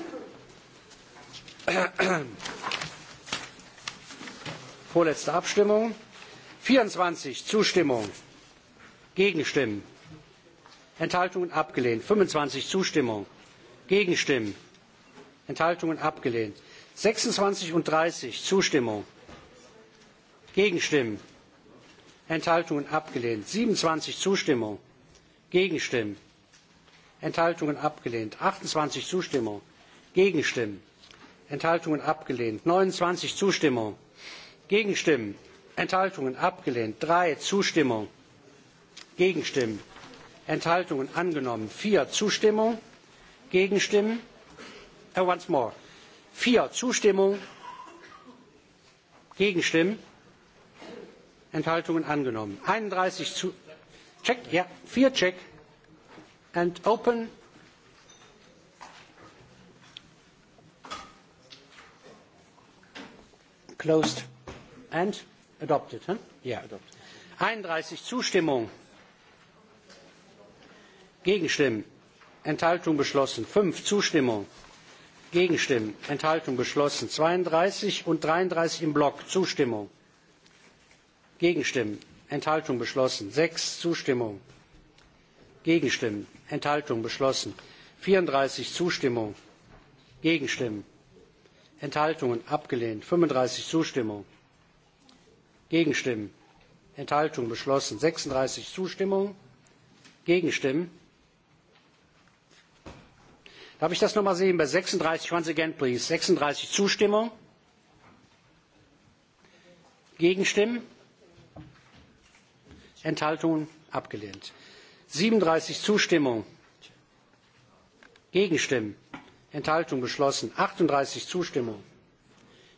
Vorletzte Abstimmung. 24 Zustimmung, Gegenstimmen, Enthaltungen abgelehnt. 25 Zustimmung, Gegenstimmen, Enthaltungen abgelehnt. 26 und 30 Zustimmung, Gegenstimmen, Enthaltungen abgelehnt. 27 Zustimmung, Gegenstimmen, Enthaltungen abgelehnt. 28 Zustimmung, Gegenstimmen, Enthaltungen abgelehnt. 29 Zustimmung, Gegenstimmen, Enthaltungen abgelehnt. 3 Zustimmung, Gegenstimmen, Enthaltungen angenommen. 4 Zustimmung, Gegenstimmen, And oh, once more. 4 Zustimmung, Gegenstimmen, Enthaltungen angenommen. 31 zu Check, ja, vier Check and open. Closed and adopted. Huh? Yeah. Adopted. 31 Zustimmung. Gegenstimmen. Enthaltung beschlossen. 5 Zustimmung. Gegenstimmen. Enthaltung beschlossen. 32 und 33 im Block. Zustimmung. Gegenstimmen. Enthaltung beschlossen. 6 Zustimmung. Gegenstimmen enthaltungen beschlossen; vierunddreißig zustimmung gegenstimmen enthaltungen abgelehnt; fünfunddreißig zustimmung gegenstimmen enthaltungen beschlossen; sechsunddreißig zustimmung gegenstimmen darf ich das noch mal sehen bei sechsunddreißig once again please sechsunddreißig zustimmung gegenstimmen enthaltungen abgelehnt; siebenunddreißig zustimmung gegenstimmen enthaltung beschlossen achtunddreißig zustimmung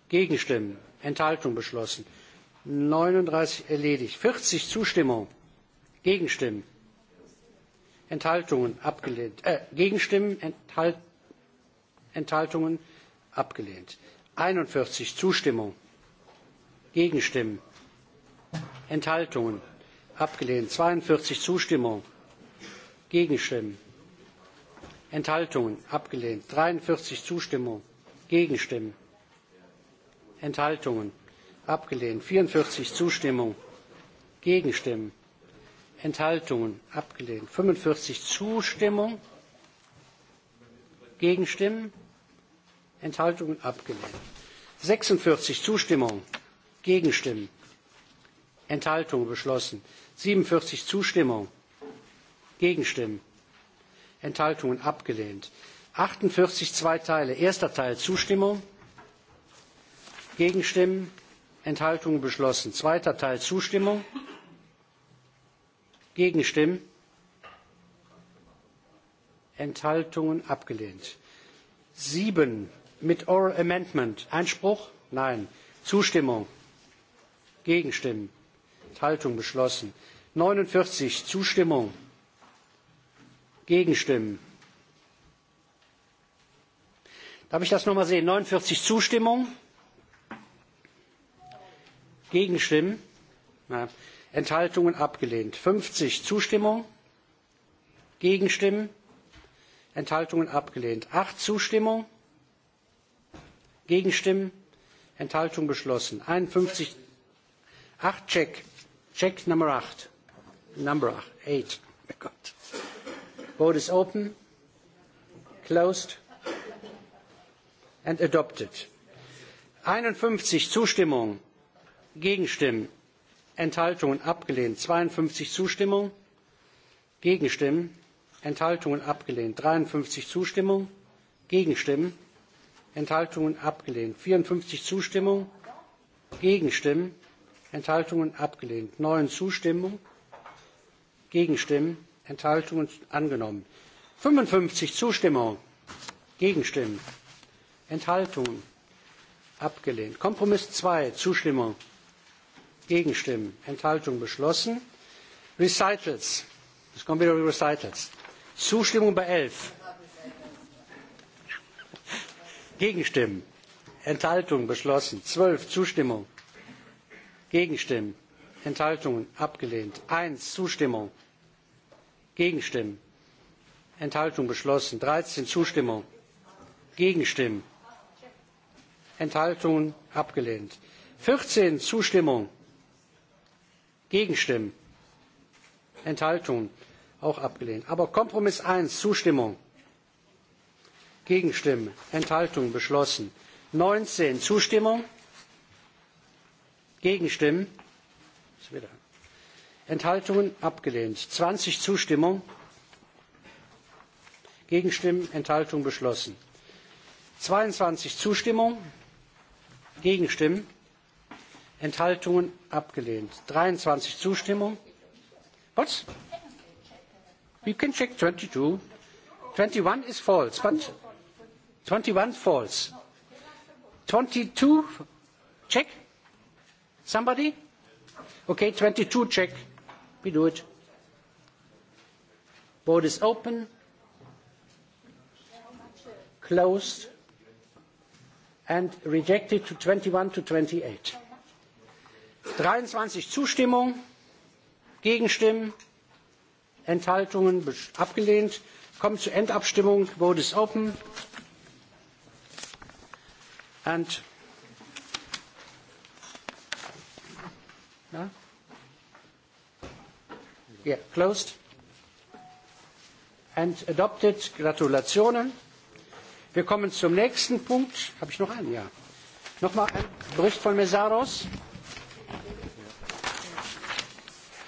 gegenstimmen enthaltung beschlossen neununddreißig erledigt vierzig zustimmung gegenstimmen enthaltungen abgelehnt äh, gegenstimmen enthaltungen abgelehnt einundvierzig zustimmung gegenstimmen enthaltungen abgelehnt zweiundvierzig zustimmung gegenstimmen enthaltungen abgelehnt dreiundvierzig zustimmung gegenstimmen enthaltungen abgelehnt vierundvierzig zustimmung gegenstimmen enthaltungen abgelehnt fünfundvierzig zustimmung gegenstimmen enthaltungen abgelehnt sechsundvierzig zustimmung gegenstimmen enthaltungen beschlossen siebenundvierzig zustimmung gegenstimmen enthaltungen abgelehnt achtundvierzig zwei teile erster teil zustimmung gegenstimmen enthaltungen beschlossen zweiter teil zustimmung gegenstimmen enthaltungen abgelehnt sieben mit oral amendment einspruch nein zustimmung gegenstimmen Enthaltung beschlossen neunundvierzig zustimmung Gegenstimmen. Darf ich das nochmal sehen? 49 Zustimmung. Gegenstimmen. Na, Enthaltungen abgelehnt. 50 Zustimmung. Gegenstimmen. Enthaltungen abgelehnt. 8 Zustimmung. Gegenstimmen. Enthaltung beschlossen. 51. 8 Check. Check Nummer 8. Number 8. Oh Gott. Vote is open. Closed. And adopted. 51 Zustimmung, Gegenstimmen, Enthaltungen abgelehnt. 52 Zustimmung, Gegenstimmen, Enthaltungen abgelehnt. 53 Zustimmung, Gegenstimmen, Enthaltungen abgelehnt. 54 Zustimmung, Gegenstimmen, Enthaltungen abgelehnt. 9 Zustimmung, Gegenstimmen, Enthaltungen angenommen. 55 Zustimmung, Gegenstimmen, Enthaltungen abgelehnt. Kompromiss 2 Zustimmung, Gegenstimmen, Enthaltungen beschlossen. Recitals, es kommen wieder Recitals. Zustimmung bei 11. Gegenstimmen, Enthaltungen beschlossen. 12 Zustimmung, Gegenstimmen, Enthaltungen abgelehnt. 1 Zustimmung, gegenstimmen enthaltung beschlossen dreizehn zustimmung gegenstimmen enthaltungen abgelehnt vierzehn zustimmung gegenstimmen enthaltungen auch abgelehnt aber kompromiss eins zustimmung gegenstimmen enthaltungen beschlossen neunzehn zustimmung gegenstimmen Enthaltungen abgelehnt. 20 Zustimmung, Gegenstimmen, Enthaltung beschlossen. 22 Zustimmung, Gegenstimmen, Enthaltungen abgelehnt. 23 Zustimmung. What? We can check 22. 21 is false, but 21 false. 22 check? Somebody? Okay, 22 check. We do it. Vote is open. Closed. And rejected to 21 to 28. 23 Zustimmung, Gegenstimmen, Enthaltungen abgelehnt. Kommt zur Endabstimmung. Vote is open. And Yeah. Yeah, closed. And adopted. Gratulationen. Wir kommen zum nächsten Punkt. Habe ich noch einen? Ja. Nochmal ein Bericht von Mesaros.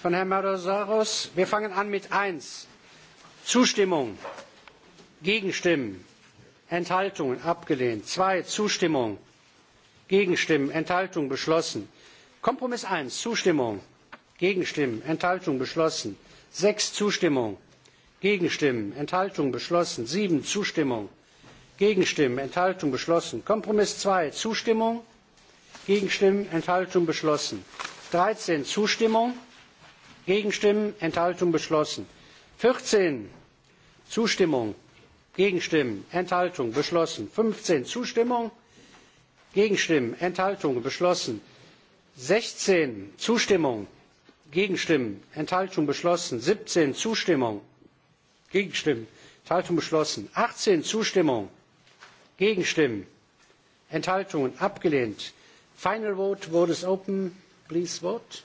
Von Herrn Mesaros. Wir fangen an mit 1. Zustimmung. Gegenstimmen. Enthaltungen abgelehnt. 2. Zustimmung. Gegenstimmen. Enthaltungen beschlossen. Kompromiss 1. Zustimmung gegenstimmen enthaltung beschlossen sechs zustimmung gegenstimmen enthaltung beschlossen sieben zustimmung gegenstimmen enthaltung beschlossen kompromiss zwei zustimmung gegenstimmen enthaltung beschlossen dreizehn zustimmung gegenstimmen enthaltung beschlossen vierzehn zustimmung gegenstimmen enthaltung beschlossen fünfzehn zustimmung gegenstimmen enthaltung beschlossen sechzehn zustimmung gegenstimmen enthaltung beschlossen; siebzehn zustimmung gegenstimmen enthaltung beschlossen; achtzehn zustimmung gegenstimmen enthaltungen abgelehnt. final vote vote is open please vote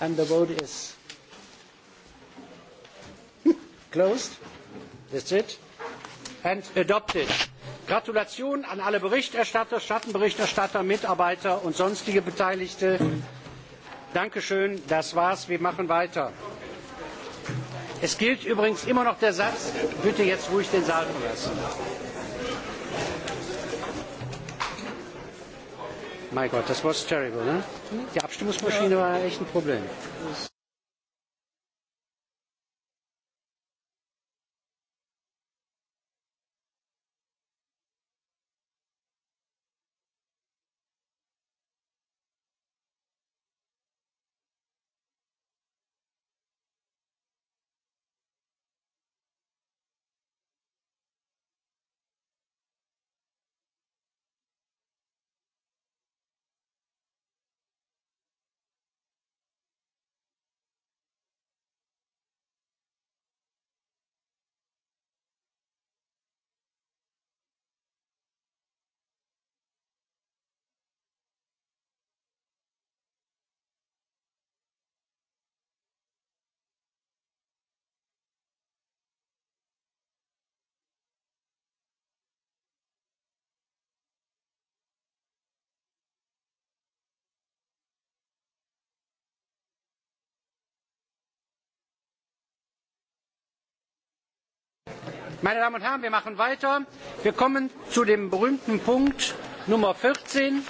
and the vote is closed that's it and adopted Gratulation an alle Berichterstatter, Schattenberichterstatter, Mitarbeiter und sonstige Beteiligte. Dankeschön, das war's, wir machen weiter. Es gilt übrigens immer noch der Satz, bitte jetzt ruhig den Saal verlassen. Mein Gott, das war terrible, ne? Die Abstimmungsmaschine war echt ein Problem. meine damen und herren wir machen weiter wir kommen zu dem berühmten punkt nummer vierzehn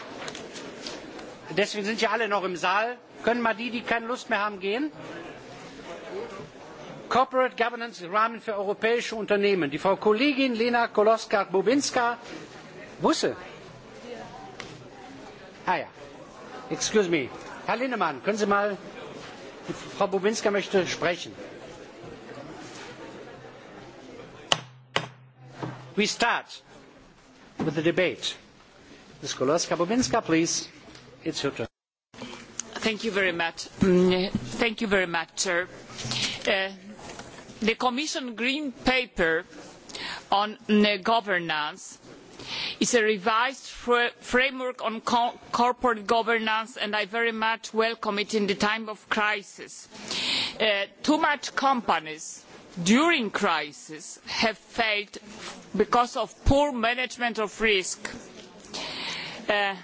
deswegen sind ja alle noch im saal können mal die die keine lust mehr haben gehen corporate governance rahmen für europäische unternehmen die frau kollegin lena kolowska bobinska busse ah ja excuse me herr linnemann können sie mal frau bobinska möchte sprechen. we start with the debate. Ms. Koloska-Bobinska, please. It's your turn. Thank you very much. Mm, thank you very much, sir. Uh, the Commission Green Paper on uh, governance is a revised fr framework on co corporate governance and i very much welcome it in the time of crisis. Uh, too much companies during crisis have failed because of poor management of risk. Uh,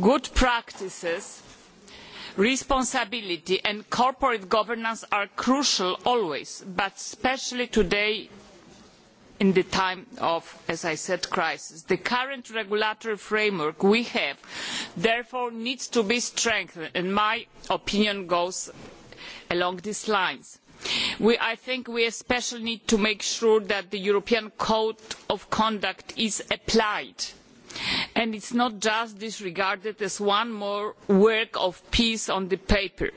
good practices responsibility and corporate governance are crucial always but especially today in the time of as i said crisis. the current regulatory framework we have therefore needs to be strengthened and my opinion goes along these lines I think we especially need to make sure that the European Code of Conduct is applied and is not just disregarded as one more work of peace on the paper.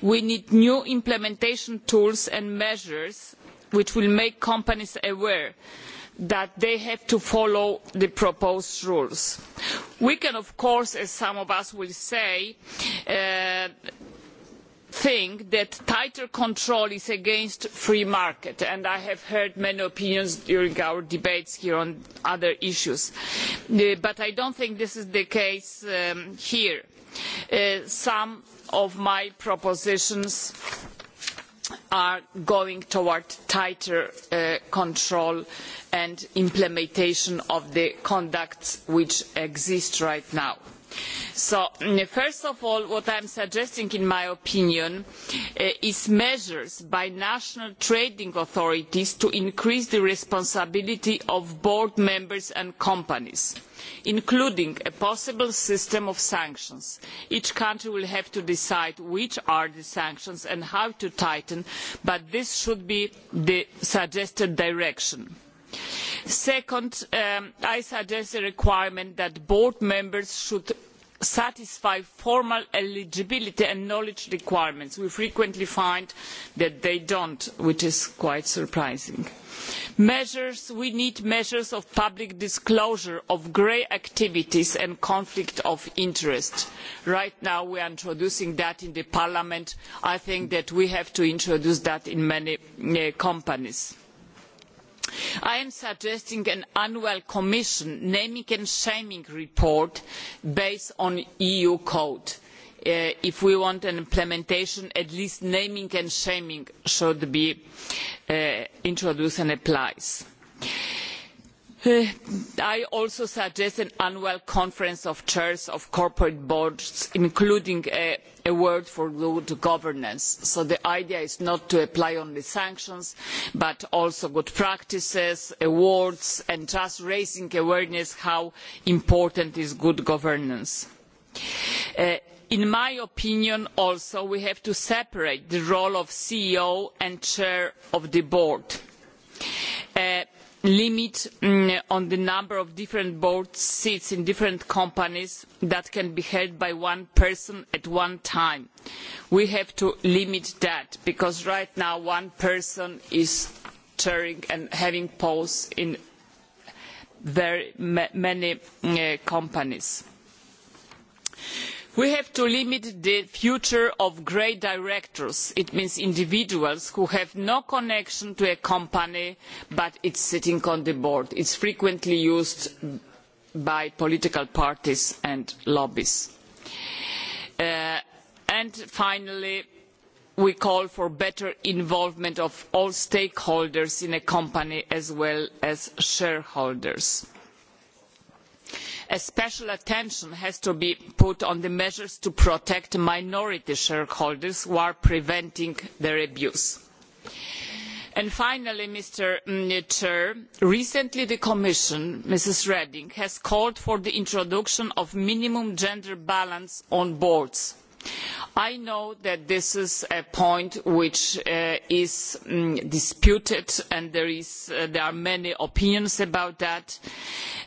We need new implementation tools and measures which will make companies aware that they have to follow the proposed rules. We can, of course, as some of us will say, uh, think that tighter control is against the free market and i have heard many opinions during our debates here on other issues uh, but i do not think this is the case um, here. Uh, some of my propositions are going toward tighter uh, control and implementation of the conducts which exist right now. So, first of all what i am suggesting in my opinion eh, is measures by national trading authorities to increase the responsibility of board members and companies including a possible system of sanctions. each country will have to decide which are the sanctions and how to tighten them but this should be the suggested direction second um, i suggest a requirement that board members should satisfy formal eligibility and knowledge requirements. we frequently find that they do not which is quite surprising. Measures, we need measures of public disclosure of grey activities and conflict of interest. right now we are introducing that in parliament. i think that we have to introduce that in many companies i am suggesting an annual commission naming and shaming report based on eu code. Uh, if we want an implementation at least naming and shaming should be uh, introduced and applied. Eh, i also suggest an annual conference of chairs of corporate boards including a award for good governance so the idea is not to apply only sanctions but also good practices awards and just raising awareness how important is good governance is. Eh, in my opinion also we have to separate the role of ceo and chair of the board. Eh, limit mm, on the number of different board seats in different companies that can be held by one person at one time. We have to limit that because right now one person is chairing and having posts in very many mm, uh, companies we have to limit the future of grey directors it means individuals who have no connection to a company but are sitting on the board. it is frequently used by political parties and lobbies. Uh, and finally we call for better involvement of all stakeholders in a company as well as shareholders special attention has to be put on the measures to protect minority shareholders who are preventing their abuse. And finally Mr. Mm, Chair, recently the commission ms reding has called for the introduction of minimum gender balance on boards i know that this is a point which uh, is mm, disputed and uh, there, are many opinions about that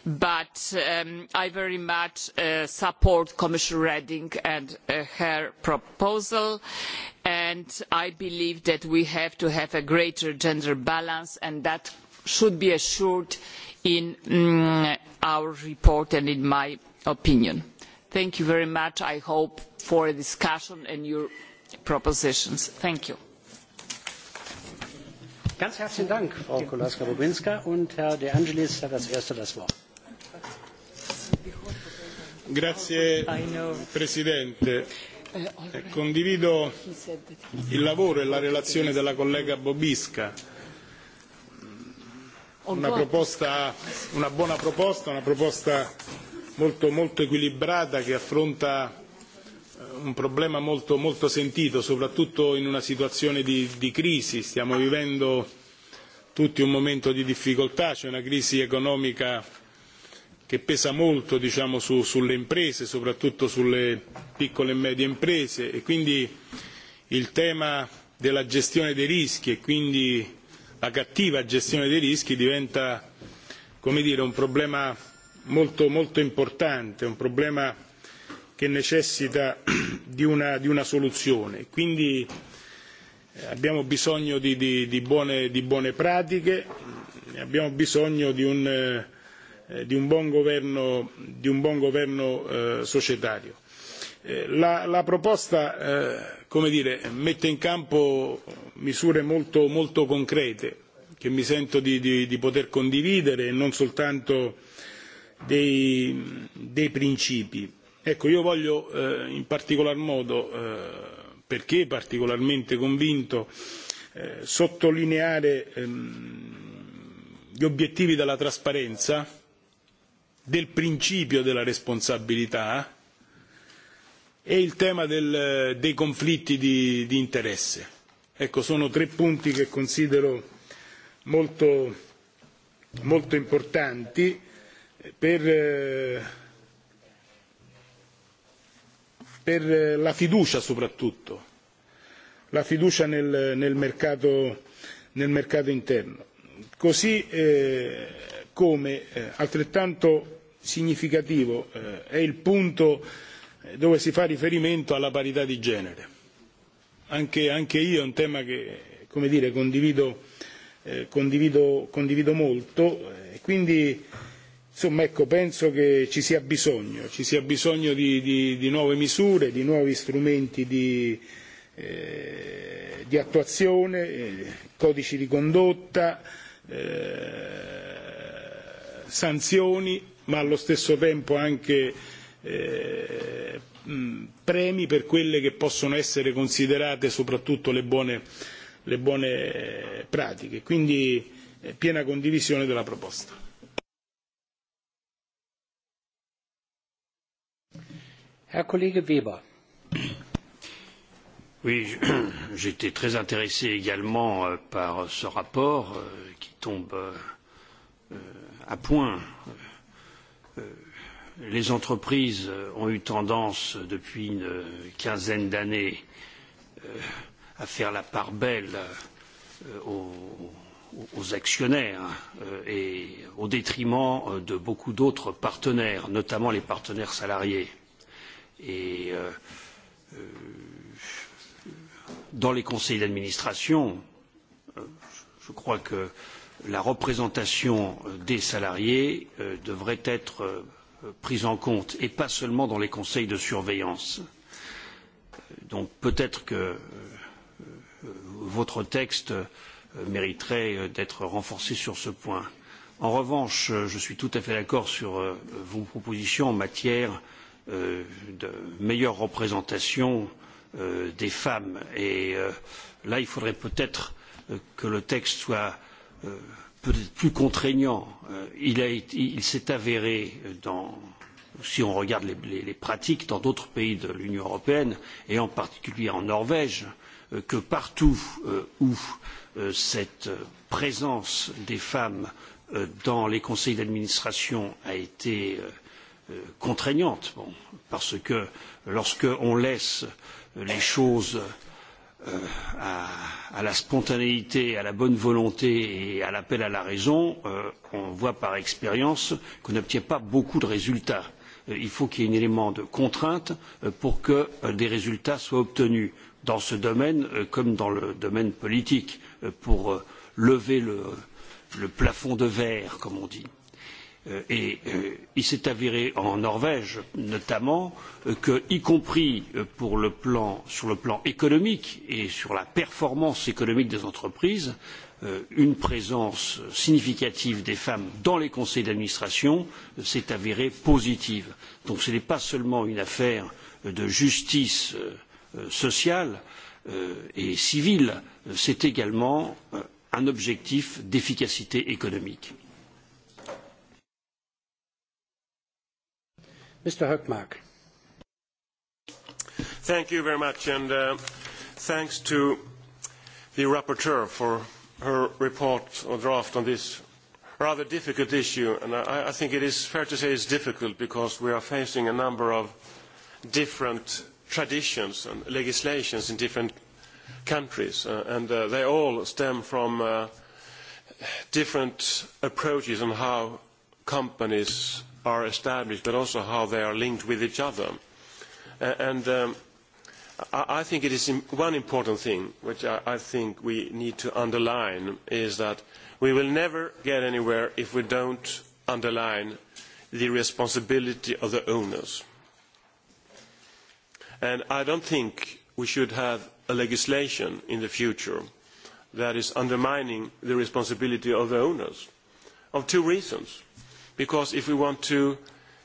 but um, i very much uh, support commissioner reding and her proposal and i believe that we have to have a greater gender balance and that should be assured in mm, our report and in my opinion thank you very much i hope for a discussion and your propositions. thank you. Ganz herzlichen Dank, Frau Kolaska-Bobinska. Und Herr De Angelis hat als Erster das Wort. Grazie Presidente. Condivido il lavoro e la relazione della collega Bobisca. Una, proposta, una buona proposta, una proposta molto, molto equilibrata che affronta eh, un problema molto, molto sentito, soprattutto in una situazione di, di crisi. Stiamo vivendo tutti un momento di difficoltà, c'è una crisi economica che pesa molto diciamo, su, sulle imprese, soprattutto sulle piccole e medie imprese e quindi il tema della gestione dei rischi e quindi la cattiva gestione dei rischi diventa come dire, un problema molto, molto importante, un problema che necessita di una, di una soluzione. Quindi eh, abbiamo bisogno di, di, di, buone, di buone pratiche, abbiamo bisogno di un, eh, di un buon governo, di un buon governo eh, societario. Eh, la, la proposta eh, come dire, mette in campo misure molto, molto concrete che mi sento di, di, di poter condividere e non soltanto dei, dei principi. Ecco, io voglio eh, in particolar modo, eh, perché particolarmente convinto, eh, sottolineare ehm, gli obiettivi della trasparenza, del principio della responsabilità e il tema del, dei conflitti di, di interesse. Ecco, sono tre punti che considero molto, molto importanti per, eh, per eh, la fiducia soprattutto, la fiducia nel, nel, mercato, nel mercato interno. Così eh, come eh, altrettanto significativo eh, è il punto eh, dove si fa riferimento alla parità di genere. Anche, anche io è un tema che come dire, condivido, eh, condivido, condivido molto e eh, quindi insomma ecco penso che ci sia bisogno, ci sia bisogno di, di, di nuove misure, di nuovi strumenti di, eh, di attuazione, eh, codici di condotta, eh, sanzioni, ma allo stesso tempo anche eh, premi per quelle che possono essere considerate soprattutto le buone, le buone pratiche. Quindi eh, piena condivisione della proposta. j'ai été très intéressé également euh, par ce rapport euh, qui tombe euh, à point. Les entreprises ont eu tendance depuis une quinzaine d'années à faire la part belle aux, aux actionnaires et au détriment de beaucoup d'autres partenaires, notamment les partenaires salariés et euh, euh, dans les conseils d'administration, euh, je crois que la représentation des salariés devrait être prise en compte et pas seulement dans les conseils de surveillance. Donc peut-être que votre texte mériterait d'être renforcé sur ce point. En revanche, je suis tout à fait d'accord sur vos propositions en matière euh, Euh, de meilleure représentation euh, des femmes. Et euh, là, il faudrait peut-être que le texte soit peut-être plus contraignant. Il s'est avéré dans si on regarde les, les, les pratiques dans d'autres pays de l'Union européenne, et en particulier en Norvège, que partout où cette présence des femmes dans les conseils d'administration a été euh, contraignante, bon, parce que lorsqu'on laisse les choses euh, à, à la spontanéité, à la bonne volonté et à l'appel à la raison, euh, on voit par expérience qu'on n'obtient pas beaucoup de résultats. Euh, il faut qu'il y ait un élément de contrainte euh, pour que euh, des résultats soient obtenus dans ce domaine comme dans le domaine politique, pour lever le, le plafond de verre, comme on dit Euh, et euh, il s'est avéré en Norvège notamment euh, que, y compris pour le plan, sur le plan économique et sur la performance économique des entreprises, une présence significative des femmes dans les conseils d'administration s'est avérée positive. Donc ce n'est pas seulement une affaire de justice sociale et civile, c'est également un objectif d'efficacité économique Thank you very much, and uh, thanks to the rapporteur for her report or draft on this rather difficult issue. And I, I think it is fair to say it's difficult because we are facing a number of different traditions and legislations in different countries, uh, and uh, they all stem from uh, different approaches on how companies are established, but also how they are linked with each other. and um, I, I think it is one important thing, which I, I think we need to underline, is that we will never get anywhere if we don't underline the responsibility of the owners. And I don't think we should have a legislation in the future that is undermining the responsibility of the owners, of two reasons because if we want to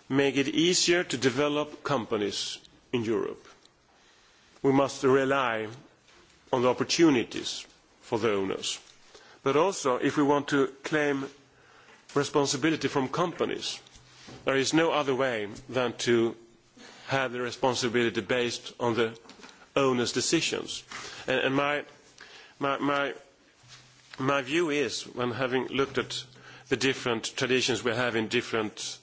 make it easier to develop companies in Europe, we must rely on the opportunities for the owners. But also, if we want to claim responsibility from companies, there is no other way than to have the responsibility based on the owner's decisions. And, and my, my, my, my view is, when having looked at the different traditions we have in different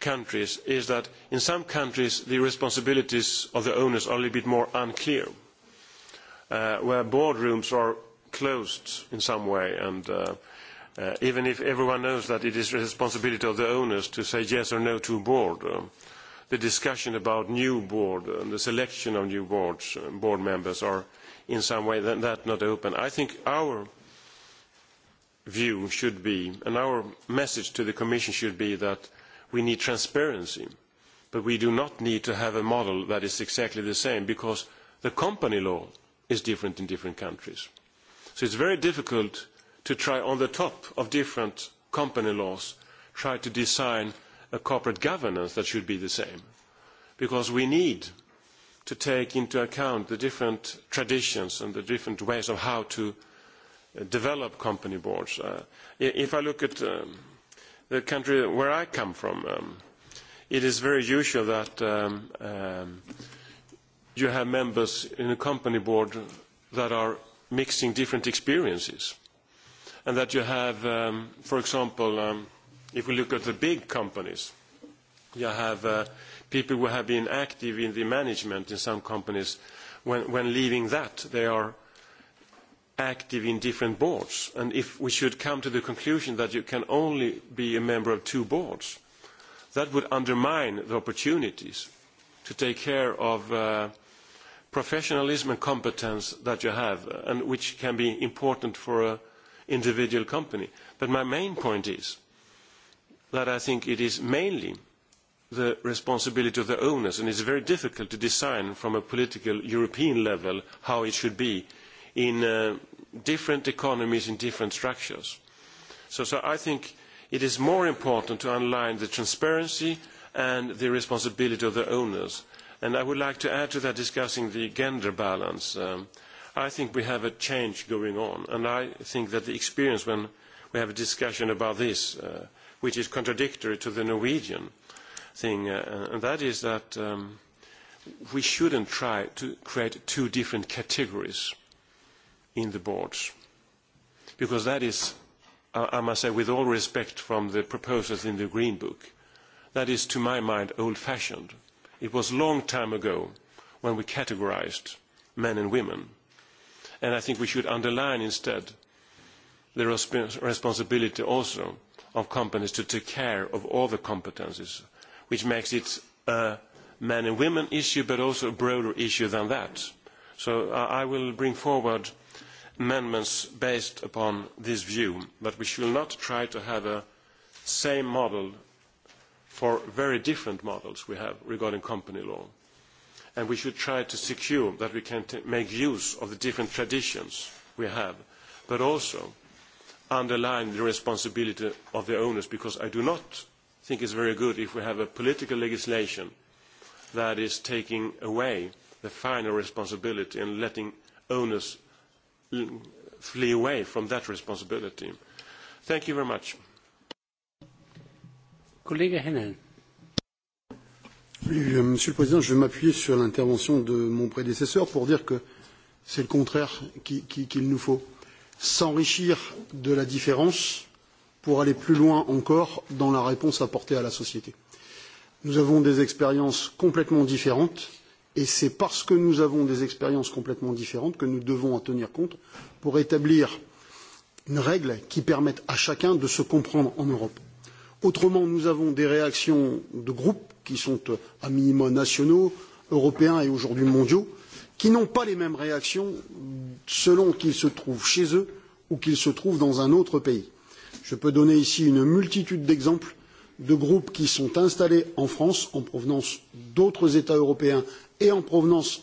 countries is that in some countries the responsibilities of the owners are a little bit more unclear, uh, where boardrooms are closed in some way and uh, uh, even if everyone knows that it is the responsibility of the owners to say yes or no to a board, um, the discussion about new board and um, the selection of new boards, um, board members are in some way that, that not open. I think our view should be, and our message to the Commission should be that we need transparency, but we do not need to have a model that is exactly the same because the company law is different in different countries. So it's very difficult to try on the top of different company laws, try to design a corporate governance that should be the same. Because we need to take into account the different traditions and the different ways of how to develop company boards. Uh, if I look at um, the country where I come from, um, it is very usual that um, um, you have members in a company board that are mixing different experiences. And that you have, um, for example, um, if we look at the big companies, you have uh, people who have been active in the management in some companies. When, when leaving that, they are active in different boards and if we should come to the conclusion that you can only be a member of two boards that would undermine the opportunities to take care of uh, professionalism and competence that you have uh, and which can be important for an individual company. But my main point is that I think it is mainly the responsibility of the owners and it's very difficult to design from a political European level how it should be in uh, different economies in different structures. So, so I think it is more important to underline the transparency and the responsibility of the owners. And I would like to add to that discussing the gender balance. Um, I think we have a change going on, and I think that the experience when we have a discussion about this, uh, which is contradictory to the Norwegian thing, uh, and that is that um, we shouldn't try to create two different categories in the boards. Because that is, I must say, with all respect from the proposals in the Green Book, that is, to my mind, old-fashioned. It was a long time ago when we categorized men and women. And I think we should underline instead the responsibility also of companies to take care of all the competences, which makes it a men and women issue, but also a broader issue than that So uh, I will bring forward amendments based upon this view, but we should not try to have a same model for very different models we have regarding company law. And we should try to secure that we can make use of the different traditions we have, but also underline the responsibility of the owners, because I do not think it's very good if we have a political legislation that is taking away the final responsibility and letting owners flee away from that responsibility. Thank you very much. Collègue Hennen. Oui, euh, Monsieur le Président, je vais m'appuyer sur l'intervention de mon prédécesseur pour dire que c'est le contraire qu'il qui, qu nous faut. S'enrichir de la différence pour aller plus loin encore dans la réponse apportée à la société. Nous avons des expériences complètement différentes Et c'est parce que nous avons des expériences complètement différentes que nous devons en tenir compte pour établir une règle qui permette à chacun de se comprendre en Europe. Autrement, nous avons des réactions de groupes qui sont à minima nationaux, européens et aujourd'hui mondiaux, qui n'ont pas les mêmes réactions selon qu'ils se trouvent chez eux ou qu'ils se trouvent dans un autre pays. Je peux donner ici une multitude d'exemples de groupes qui sont installés en France en provenance d'autres États européens et en provenance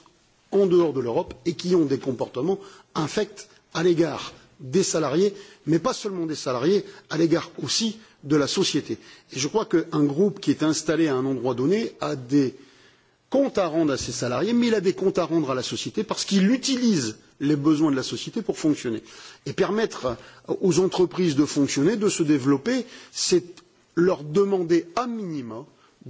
en dehors de l'Europe et qui ont des comportements infects à l'égard des salariés, mais pas seulement des salariés, à l'égard aussi de la société. Et je crois qu'un groupe qui est installé à un endroit donné a des comptes à rendre à ses salariés, mais il a des comptes à rendre à la société parce qu'il utilise les besoins de la société pour fonctionner. Et permettre aux entreprises de fonctionner, de se développer, c'est leur demander à minima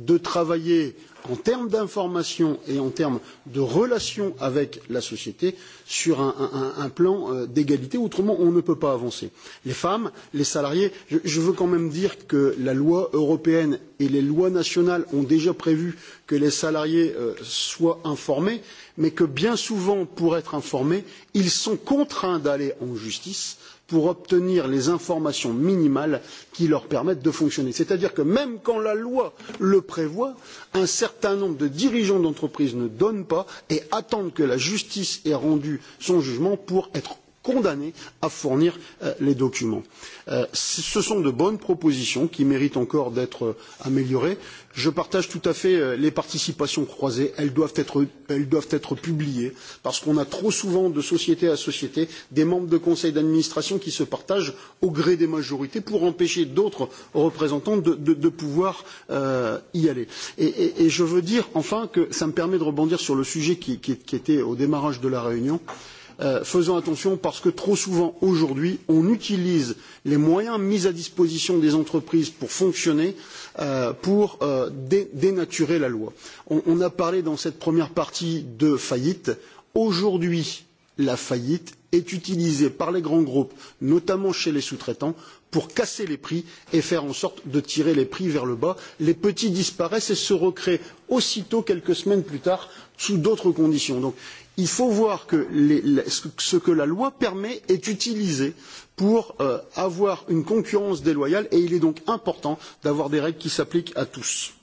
de travailler en termes d'information et en termes de relations avec la société sur un, un, un plan euh, d'égalité. Autrement, on ne peut pas avancer. Les femmes, les salariés, je, je veux quand même dire que la loi européenne et les lois nationales ont déjà prévu que les salariés euh, soient informés, mais que bien souvent, pour être informés, ils sont contraints d'aller en justice pour obtenir les informations minimales qui leur permettent de fonctionner. C'est-à-dire que même quand la loi le prévoit, un certain nombre de dirigeants d'entreprises ne donnent pas et attendent que la justice ait rendu son jugement pour être condamnés à fournir euh, les documents. Euh, ce sont de bonnes propositions qui méritent encore d'être euh, améliorées. Je partage tout à fait euh, les participations croisées. Elles doivent être, elles doivent être publiées parce qu'on a trop souvent de société à société des membres de conseils d'administration qui se partagent au gré des majorités pour empêcher d'autres représentants de, de, de pouvoir euh, y aller. Et, et, et je veux dire enfin que ça me permet de rebondir sur le sujet qui, qui, qui était au démarrage de la réunion. Euh, Euh, faisons attention parce que trop souvent aujourd'hui, on utilise les moyens mis à disposition des entreprises pour fonctionner euh, pour euh, dé dénaturer la loi. On, on a parlé dans cette première partie de faillite. Aujourd'hui, la faillite est utilisée par les grands groupes, notamment chez les sous-traitants, pour casser les prix et faire en sorte de tirer les prix vers le bas. Les petits disparaissent et se recréent aussitôt quelques semaines plus tard sous d'autres conditions. Donc il faut voir que les, ce que la loi permet est utilisé pour euh, avoir une concurrence déloyale et il est donc important d'avoir des règles qui s'appliquent à tous.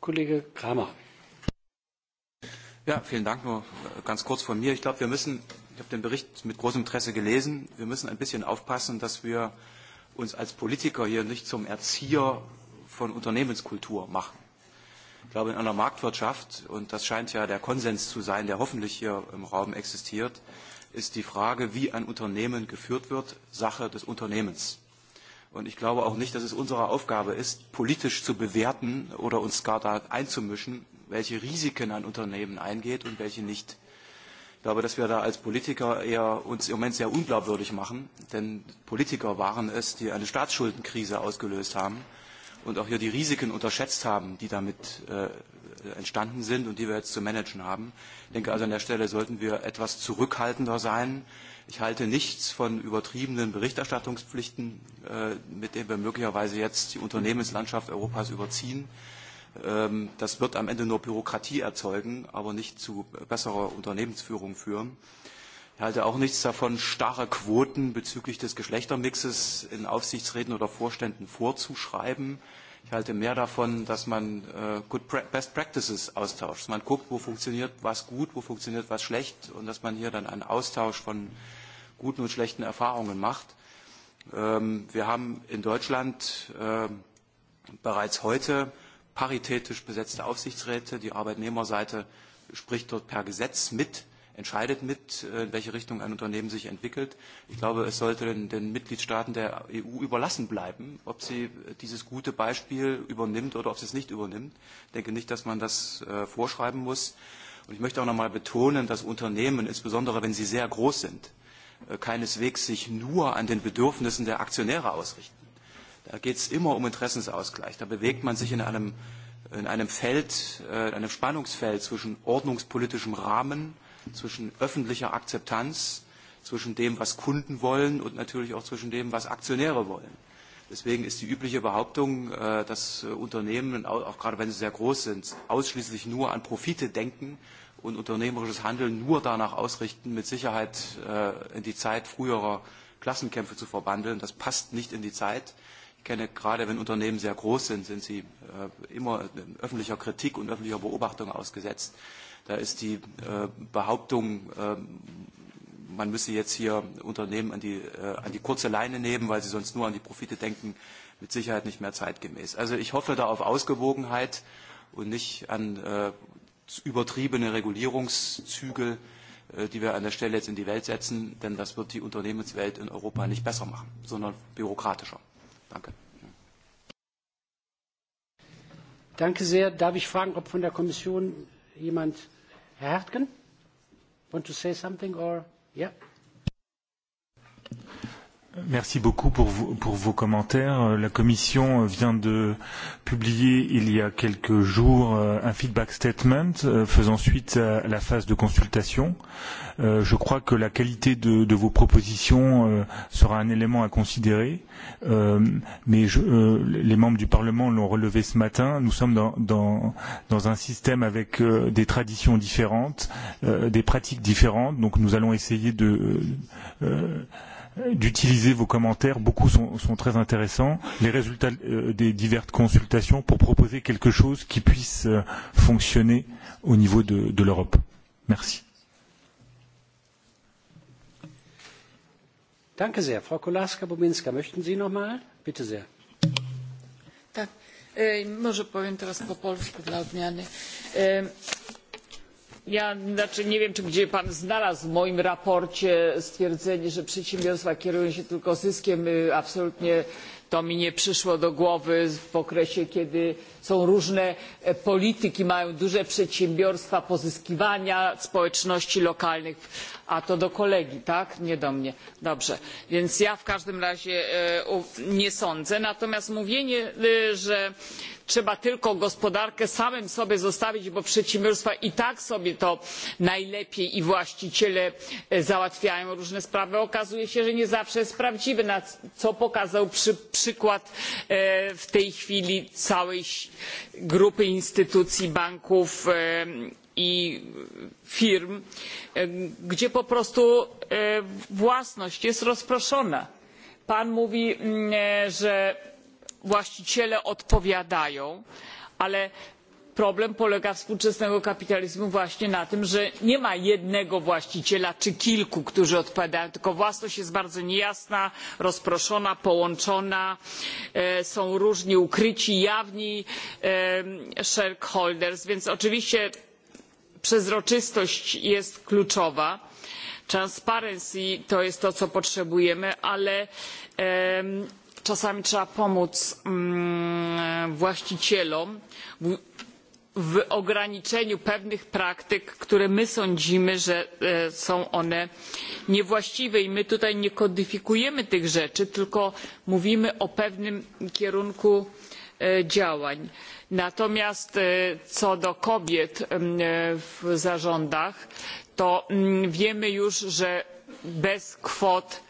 Kollege Kramer. Ja, vielen Dank. Nur äh, ganz kurz von mir. Ich glaube, wir müssen, ich habe den Bericht mit großem Interesse gelesen, wir müssen ein bisschen aufpassen, dass wir uns als Politiker hier nicht zum Erzieher von Unternehmenskultur machen. Ich glaube, in einer Marktwirtschaft, und das scheint ja der Konsens zu sein, der hoffentlich hier im Raum existiert, ist die Frage, wie ein Unternehmen geführt wird, Sache des Unternehmens. Und ich glaube auch nicht, dass es unsere Aufgabe ist, politisch zu bewerten oder uns gar da einzumischen, welche Risiken ein Unternehmen eingeht und welche nicht. Ich glaube, dass wir da als Politiker eher uns im Moment sehr unglaubwürdig machen, denn Politiker waren es, die eine Staatsschuldenkrise ausgelöst haben und auch hier die Risiken unterschätzt haben, die damit äh, entstanden sind und die wir jetzt zu managen haben. Ich denke also an der Stelle sollten wir etwas zurückhaltender sein. Ich halte nichts von übertriebenen Berichterstattungspflichten, äh, mit denen wir möglicherweise jetzt die Unternehmenslandschaft Europas überziehen. Ähm, das wird am Ende nur Bürokratie erzeugen, aber nicht zu besserer Unternehmensführung führen. Äh, Ich halte auch nichts davon, starre Quoten bezüglich des Geschlechtermixes in Aufsichtsräten oder Vorständen vorzuschreiben. Ich halte mehr davon, dass man äh, good Best Practices austauscht, dass man guckt, wo funktioniert was gut, wo funktioniert was schlecht und dass man hier dann einen Austausch von guten und schlechten Erfahrungen macht. Ähm, wir haben in Deutschland äh, bereits heute paritätisch besetzte Aufsichtsräte. Die Arbeitnehmerseite spricht dort per Gesetz mit. Äh, entscheidet mit, äh, in welche Richtung ein Unternehmen sich entwickelt. Ich glaube, es sollte den, den Mitgliedstaaten der EU überlassen bleiben, ob sie äh, dieses gute Beispiel übernimmt oder ob sie es nicht übernimmt. Ich denke nicht, dass man das äh, vorschreiben muss. Und ich möchte auch noch einmal betonen, dass Unternehmen, insbesondere wenn sie sehr groß sind, äh, keineswegs sich nur an den Bedürfnissen der Aktionäre ausrichten. Da geht es immer um Interessensausgleich. Da bewegt man sich in einem, in einem Feld, äh, in einem Spannungsfeld zwischen ordnungspolitischem Rahmen zwischen öffentlicher Akzeptanz, zwischen dem, was Kunden wollen und natürlich auch zwischen dem, was Aktionäre wollen. Deswegen ist die übliche Behauptung, äh, dass äh, Unternehmen, auch gerade wenn sie sehr groß sind, ausschließlich nur an Profite denken und unternehmerisches Handeln nur danach ausrichten, mit Sicherheit äh, in die Zeit früherer Klassenkämpfe zu verwandeln. Das passt nicht in die Zeit. Ich kenne gerade, wenn Unternehmen sehr groß sind, sind sie immer öffentlicher Kritik und öffentlicher Beobachtung ausgesetzt. Da ist die äh, Behauptung, ähm, man müsse jetzt hier Unternehmen an die, äh, an die kurze Leine nehmen, weil sie sonst nur an die Profite denken, mit Sicherheit nicht mehr zeitgemäß. Also ich hoffe da auf Ausgewogenheit und nicht an äh, übertriebene Regulierungszüge, äh, die wir an der Stelle jetzt in die Welt setzen, denn das wird die Unternehmenswelt in Europa nicht besser machen, sondern bürokratischer. Danke. Danke sehr. Darf ich fragen, ob von der Kommission jemand Hertgen, want to say something or yeah? Merci beaucoup pour, pour vos commentaires. Euh, la Commission euh, vient de publier il y a quelques jours euh, un feedback statement faisant suite à la phase de consultation. Je crois que la qualité de, de vos propositions sera un élément à considérer, mais je, les membres du Parlement l'ont relevé ce matin. Nous sommes dans, dans, dans un système avec des traditions différentes, des pratiques différentes, donc nous allons essayer de. Euh, d'utiliser vos commentaires. Beaucoup sont, sont très intéressants. Les résultats euh, des diverses consultations pour proposer quelque chose qui puisse euh, fonctionner au niveau de, de l'Europe. Merci. Danke sehr. Frau kolaska bominska möchten Sie noch mal? Bitte sehr. Tak, e, może powiem teraz po polsku dla odmiany. E, ja znaczy nie wiem czy gdzie pan znalazł w moim sprawozdaniu stwierdzenie że przedsiębiorstwa kierują się tylko zyskiem absolutnie to mi nie przyszło do głowy w okresie kiedy są różne polityki mają duże przedsiębiorstwa pozyskiwania społeczności lokalnych a to do kolegi tak nie do mnie dobrze więc ja w każdym razie nie sądzę natomiast mówienie że trzeba tylko gospodarkę samym sobie zostawić bo przedsiębiorstwa i tak sobie to najlepiej i właściciele załatwiają różne sprawy okazuje się że nie zawsze jest prawdziwe na co pokazał przykład w tej chwili całej grupy instytucji banków i firm gdzie po prostu własność jest rozproszona. pan mówi mm, że właściciele odpowiadają ale problem polega współczesnego kapitalizmu właśnie na tym że nie ma jednego właściciela czy kilku którzy odpowiadają tylko własność jest bardzo niejasna rozproszona połączona są różni ukryci jawni shareholders więc oczywiście przezroczystość jest kluczowa transparency to jest to co potrzebujemy ale czasami trzeba pomóc mm, właścicielom w ograniczeniu pewnych praktyk które my sądzimy że są one niewłaściwe i my tutaj nie kodyfikujemy tych rzeczy tylko mówimy o pewnym kierunku działań. natomiast co do kobiet w zarządach to wiemy już że bez kwot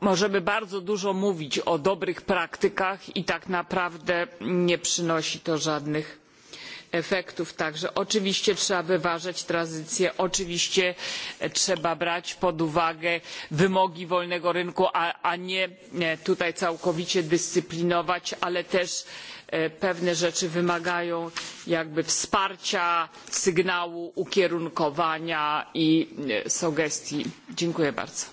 możemy bardzo dużo mówić o dobrych praktykach i tak naprawdę nie przynosi to żadnych efektów. Także oczywiście trzeba wyważać tranzycję, oczywiście trzeba brać pod uwagę wymogi wolnego rynku, a, nie tutaj całkowicie dyscyplinować, ale też pewne rzeczy wymagają jakby wsparcia, sygnału, ukierunkowania i sugestii. Dziękuję bardzo.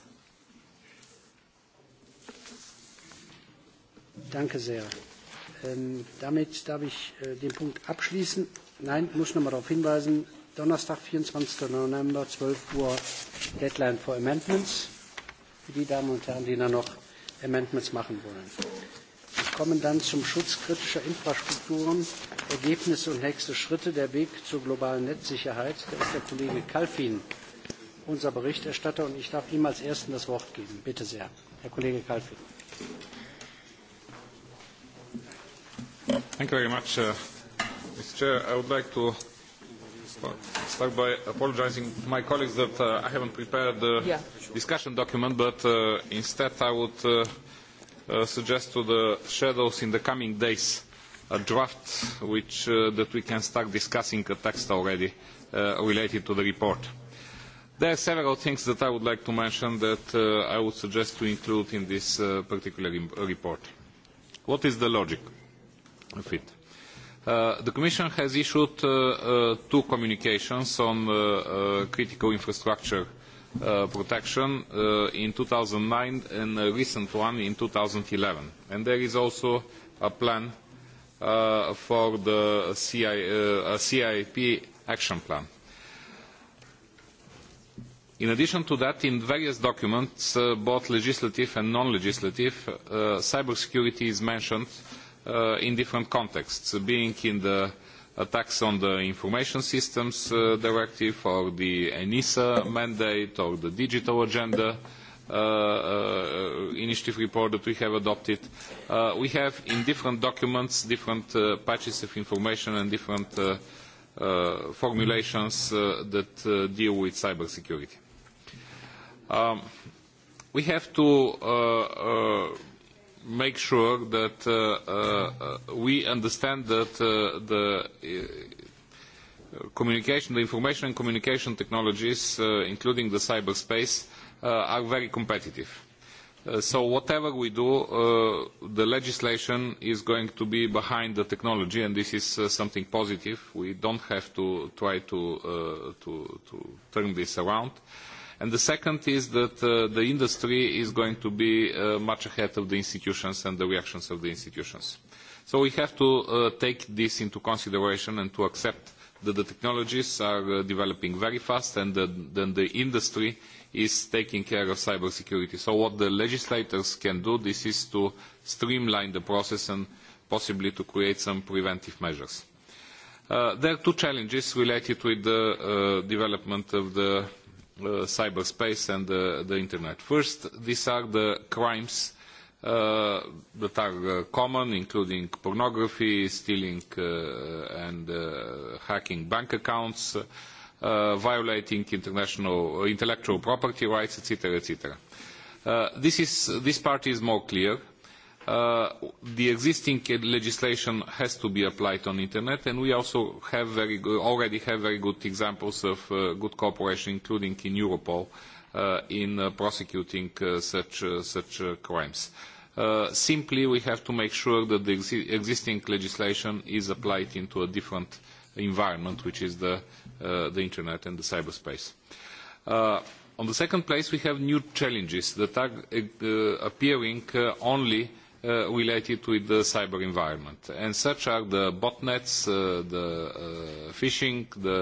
Ähm, damit darf ich äh, den Punkt abschließen. Nein, muss nochmal darauf hinweisen, Donnerstag, 24. November, 12 Uhr, Deadline for Amendments, für die Damen und Herren, die da noch Amendments machen wollen. Wir kommen dann zum Schutz kritischer Infrastrukturen, Ergebnisse und nächste Schritte, der Weg zur globalen Netzsicherheit. Da ist der Kollege Kalfin, unser Berichterstatter, und ich darf ihm als Ersten das Wort geben. Bitte sehr, Herr Kollege Kalfin. Thank you very much, uh, Mr. Chair. I would like to start by apologizing to my colleagues that uh, I haven't prepared the yeah. discussion document, but uh, instead I would uh, uh, suggest to the shadows in the coming days a draft which uh, that we can start discussing a text already uh, related to the report. There are several things that I would like to mention that uh, I would suggest to include in this uh, particular report. What is the logic? fit. Uh, the Commission has issued uh, uh two communications on uh, uh, critical infrastructure protection in 2009 and a recent one in 2011. And there is also a plan for the CI, CIP action plan. In addition to that, in various documents, uh, both legislative and non-legislative, uh, cybersecurity is mentioned Uh, in different contexts, being in the attacks on the Information Systems uh, Directive or the ENISA mandate or the Digital Agenda uh, uh, initiative report that we have adopted. Uh, we have in different documents different uh, patches of information and different formulations that deal with cybersecurity. Um, we have to make sure that uh, uh, uh, we understand that uh, the uh, communication, the information and communication technologies, uh, including the cyberspace, are very competitive. so whatever we do, the legislation is going to be behind the technology, and this is something positive. We don't have to try to, to, to turn this around. Uh, And the second is that uh, the industry is going to be uh, much ahead of the institutions and the reactions of the institutions. So we have to uh, take this into consideration and to accept that the technologies are uh, developing very fast and that, the industry is taking care of cybersecurity. So what the legislators can do, this is to streamline the process and possibly to create some preventive measures. Uh, there are two challenges related with the uh, development of the Uh, cyberspace and the internet. First, these are the crimes Uh, that are uh, common, including pornography, stealing uh, and uh, hacking bank accounts, uh, violating international intellectual property rights, etc., etc. this is this part is more clear Uh, the existing legislation has to be applied on internet and we also have very good, already have very good examples of uh, good cooperation including in Europol uh, in uh, prosecuting uh, such, such crimes. simply we have to make sure that the exi existing legislation is applied into a different environment which is the, the internet and the cyberspace. on the second place we have new challenges that are appearing only Uh, related with the cyber environment. And such are the botnets, uh, the uh, phishing, the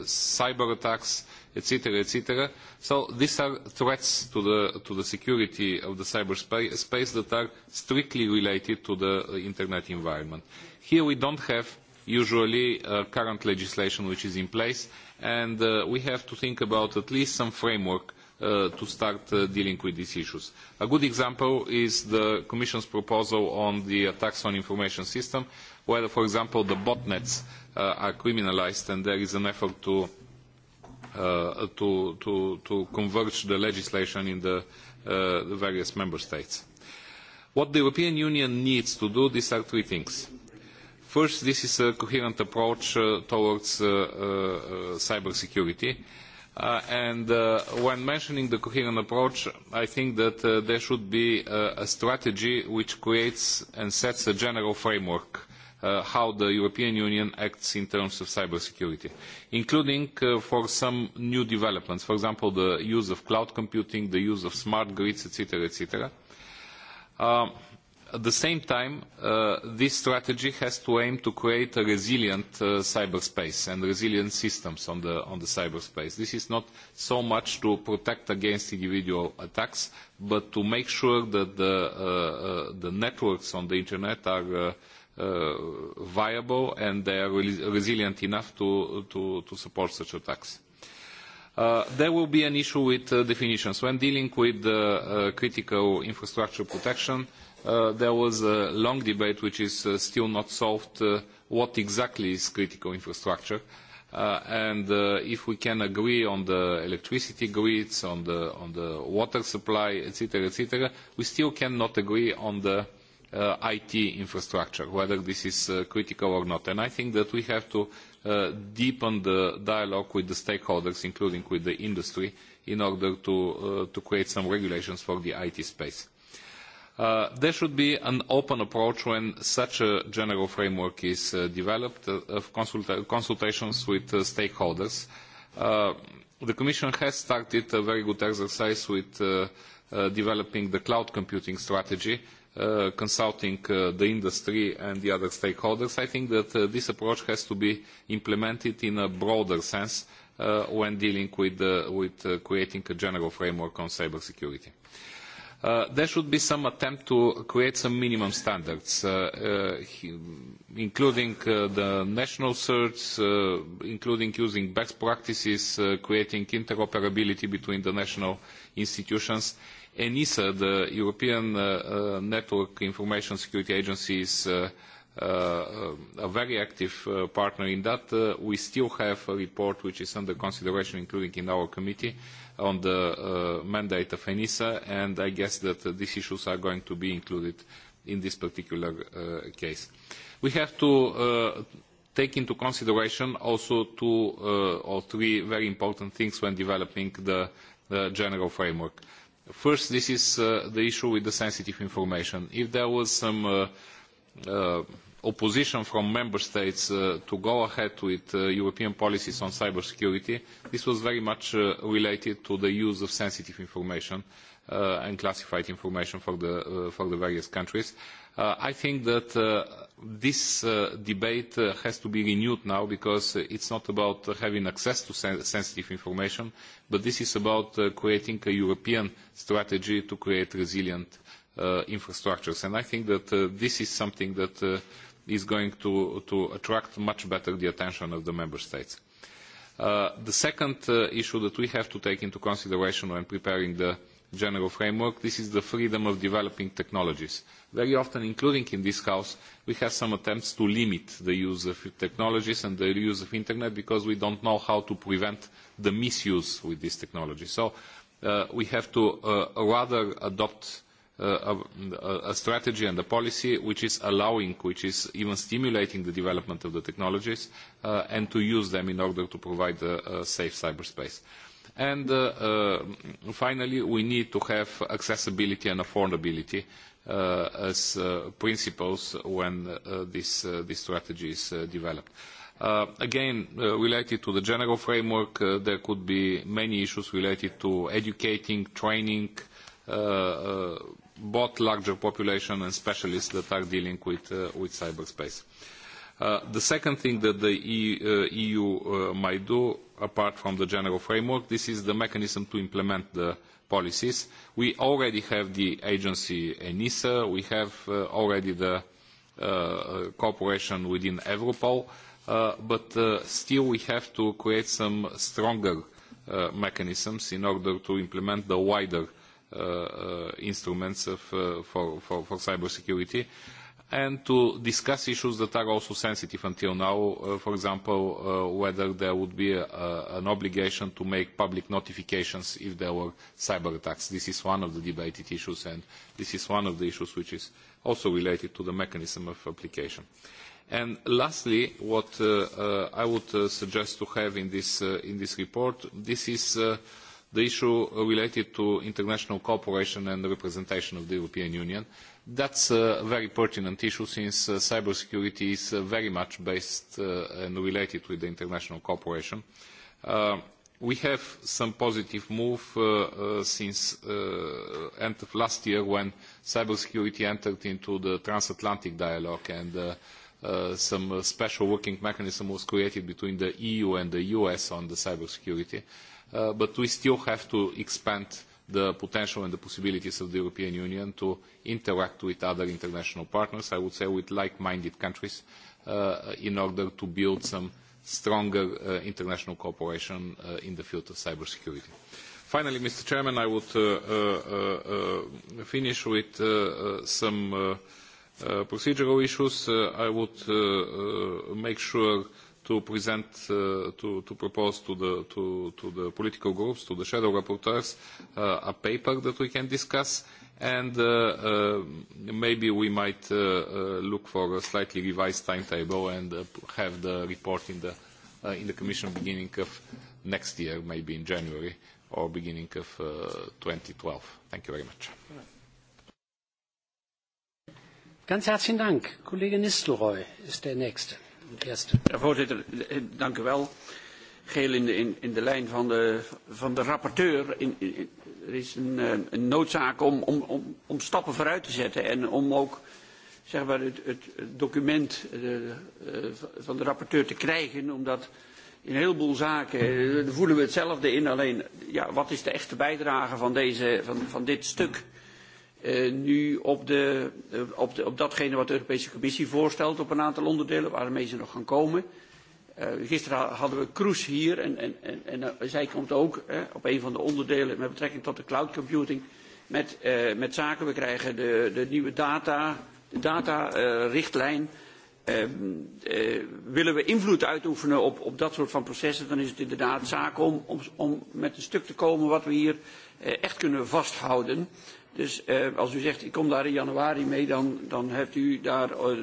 uh, cyber attacks, etc., etc. So these are threats to the, to the security of the cyberspace that are strictly related to the uh, internet environment. Here we don't have usually current legislation which is in place, and we have to think about at least some framework uh, to start uh, dealing with these issues. A good example is the Commission's proposal on the attacks on information system, where, for example, the botnets uh, are criminalized and there is an effort to, uh, to, to, to converge the legislation in the, uh, the various member states. What the European Union needs to do, these are three things. First, this is a coherent approach uh, towards uh, uh, uh cybersecurity. security Uh, and uh, when mentioning the coherent approach, I think that uh, there should be uh, a strategy which creates and sets a general framework uh, how the European Union acts in terms of cybersecurity, including uh, for some new developments, for example, the use of cloud computing, the use of smart grids, etc., etc. At the same time, uh, this strategy has to aim to create a resilient uh, cyberspace and resilient systems on the, on the cyberspace. This is not so much to protect against individual attacks, but to make sure that the, uh, uh the networks on the Internet are uh, uh, viable and they are re resilient enough to, to, to support such attacks. Uh, there will be an issue with uh, definitions. When dealing with uh, critical infrastructure protection, Uh, there was a long debate which is uh, still not solved uh, what exactly is critical infrastructure uh, and uh, if we can agree on the electricity grids on the on the water supply etc etc we still cannot agree on the IT infrastructure whether this is critical or not and I think that we have to deepen the dialogue with the stakeholders including with the industry in order to to create some regulations for the IT space Uh, there should be an open approach when such a general framework is uh, developed uh, of consulta consultations with uh, stakeholders. Uh, the Commission has started a very good exercise with developing the cloud computing strategy, consulting the industry and the other stakeholders. I think that this approach has to be implemented in a broader sense when dealing with, with creating a general framework on cybersecurity. Uh, there should be some attempt to create some minimum standards, uh, uh, including uh, the national certs, uh, including using best practices, creating interoperability between the national institutions. ENISA, the European Network Information Security Agency, is a very active partner in that. we still have a report which is under consideration, including in our committee on the uh, mandate of ENISA, and I guess that uh, these issues are going to be included in this particular uh, case. We have to uh, take into consideration also two uh, or three very important things when developing the, the general framework. First, this is uh, the issue with the sensitive information. If there was some uh, uh opposition from member states uh, to go ahead with uh, European policies on cybersecurity, this was very much uh, related to the use of sensitive information uh, and classified information for the, uh, for the various countries. Uh, I think that this debate has to be renewed now because it's not about having access to sen sensitive information, but this is about creating a European strategy to create resilient infrastructures. And I think that this is something that is going to, to attract much better the attention of the member states. Uh, the second uh, issue that we have to take into consideration when preparing the general framework, this is the freedom of developing technologies. Very often, including in this house, we have some attempts to limit the use of technologies and the use of internet because we don't know how to prevent the misuse with these technologies. So uh, we have to uh, rather adopt a, uh, uh, a strategy and a policy which is allowing, which is even stimulating the development of the technologies uh, and to use them in order to provide a, a safe cyberspace. And uh, uh finally, we need to have accessibility and affordability as principles when this, this strategy is developed. Uh, again, uh, related to the general framework, uh, there could be many issues related to educating, training, both larger population and specialists that are dealing with, uh, with cyberspace. Uh, the second thing that the EU, uh, EU uh, might do, apart from the general framework, this is the mechanism to implement the policies. We already have the agency ENISA, we have uh, already the uh, cooperation within Europol, but still we have to create some stronger mechanisms in order to implement the wider uh, Uh, uh, instruments of, uh, for, for, for cybersecurity and to discuss issues that are also sensitive until now, uh, for example, uh, whether there would be a, a, an obligation to make public notifications if there were cyber attacks. This is one of the debated issues, and this is one of the issues which is also related to the mechanism of application. And lastly, what uh, I would suggest to have in this, in this report, this is the issue related to international cooperation and the representation of the European Union. That's a very pertinent issue since uh, cybersecurity is uh, very much based uh, and related with the international cooperation. Uh, we have some positive move uh, uh, since the uh, end of last year when cybersecurity entered into the transatlantic dialogue and some special working mechanism was created between the EU and the US on the cybersecurity. security uh, but we still have to expand the potential and the possibilities of the European Union to interact with other international partners, I would say with like-minded countries, uh, in order to build some stronger uh, international cooperation uh, in the field of cybersecurity. Finally, Mr. Chairman, I would uh, uh, uh, finish with some procedural issues. I would make sure to present, uh, to, to propose to the, to, to the political groups, to the shadow rapporteurs, uh, a paper that we can discuss, and uh, uh, maybe we might uh, uh, look for a slightly revised timetable and uh, have the report in the, uh, in the Commission beginning of next year, maybe in January or beginning of uh, 2012. Thank you very much. Ganz herzlichen Dank. Kollege Nistelrooy ist der Nächste. Voorzitter, geheel in de, lijn van de, rapporteur. er is een, eh, noodzaak om, stappen vooruit te zetten en om ook zeg maar, het, document eh, eh, van de rapporteur te krijgen. Omdat in een heleboel zaken voelen we hetzelfde in. Alleen, ja, wat is de echte bijdrage van, dit stuk? Uh, nu op, de, uh, op, de, op datgene wat de Europese Commissie voorstelt op een aantal onderdelen waarmee ze nog gaan komen. Uh, gisteren hadden we Kroes hier en, en, en, en zij komt ook hè, op een van de onderdelen met betrekking tot de cloud computing met, met zaken. We krijgen de, de nieuwe data, datarichtlijn. Ehm, willen we invloed uitoefenen op, op, dat soort van processen, dan is het inderdaad zaak om, om, om met een stuk te komen wat we hier echt kunnen vasthouden. Uh, Dus uh, als u zegt, ik kom daar in januari mee, dan, dan heeft u daar uh,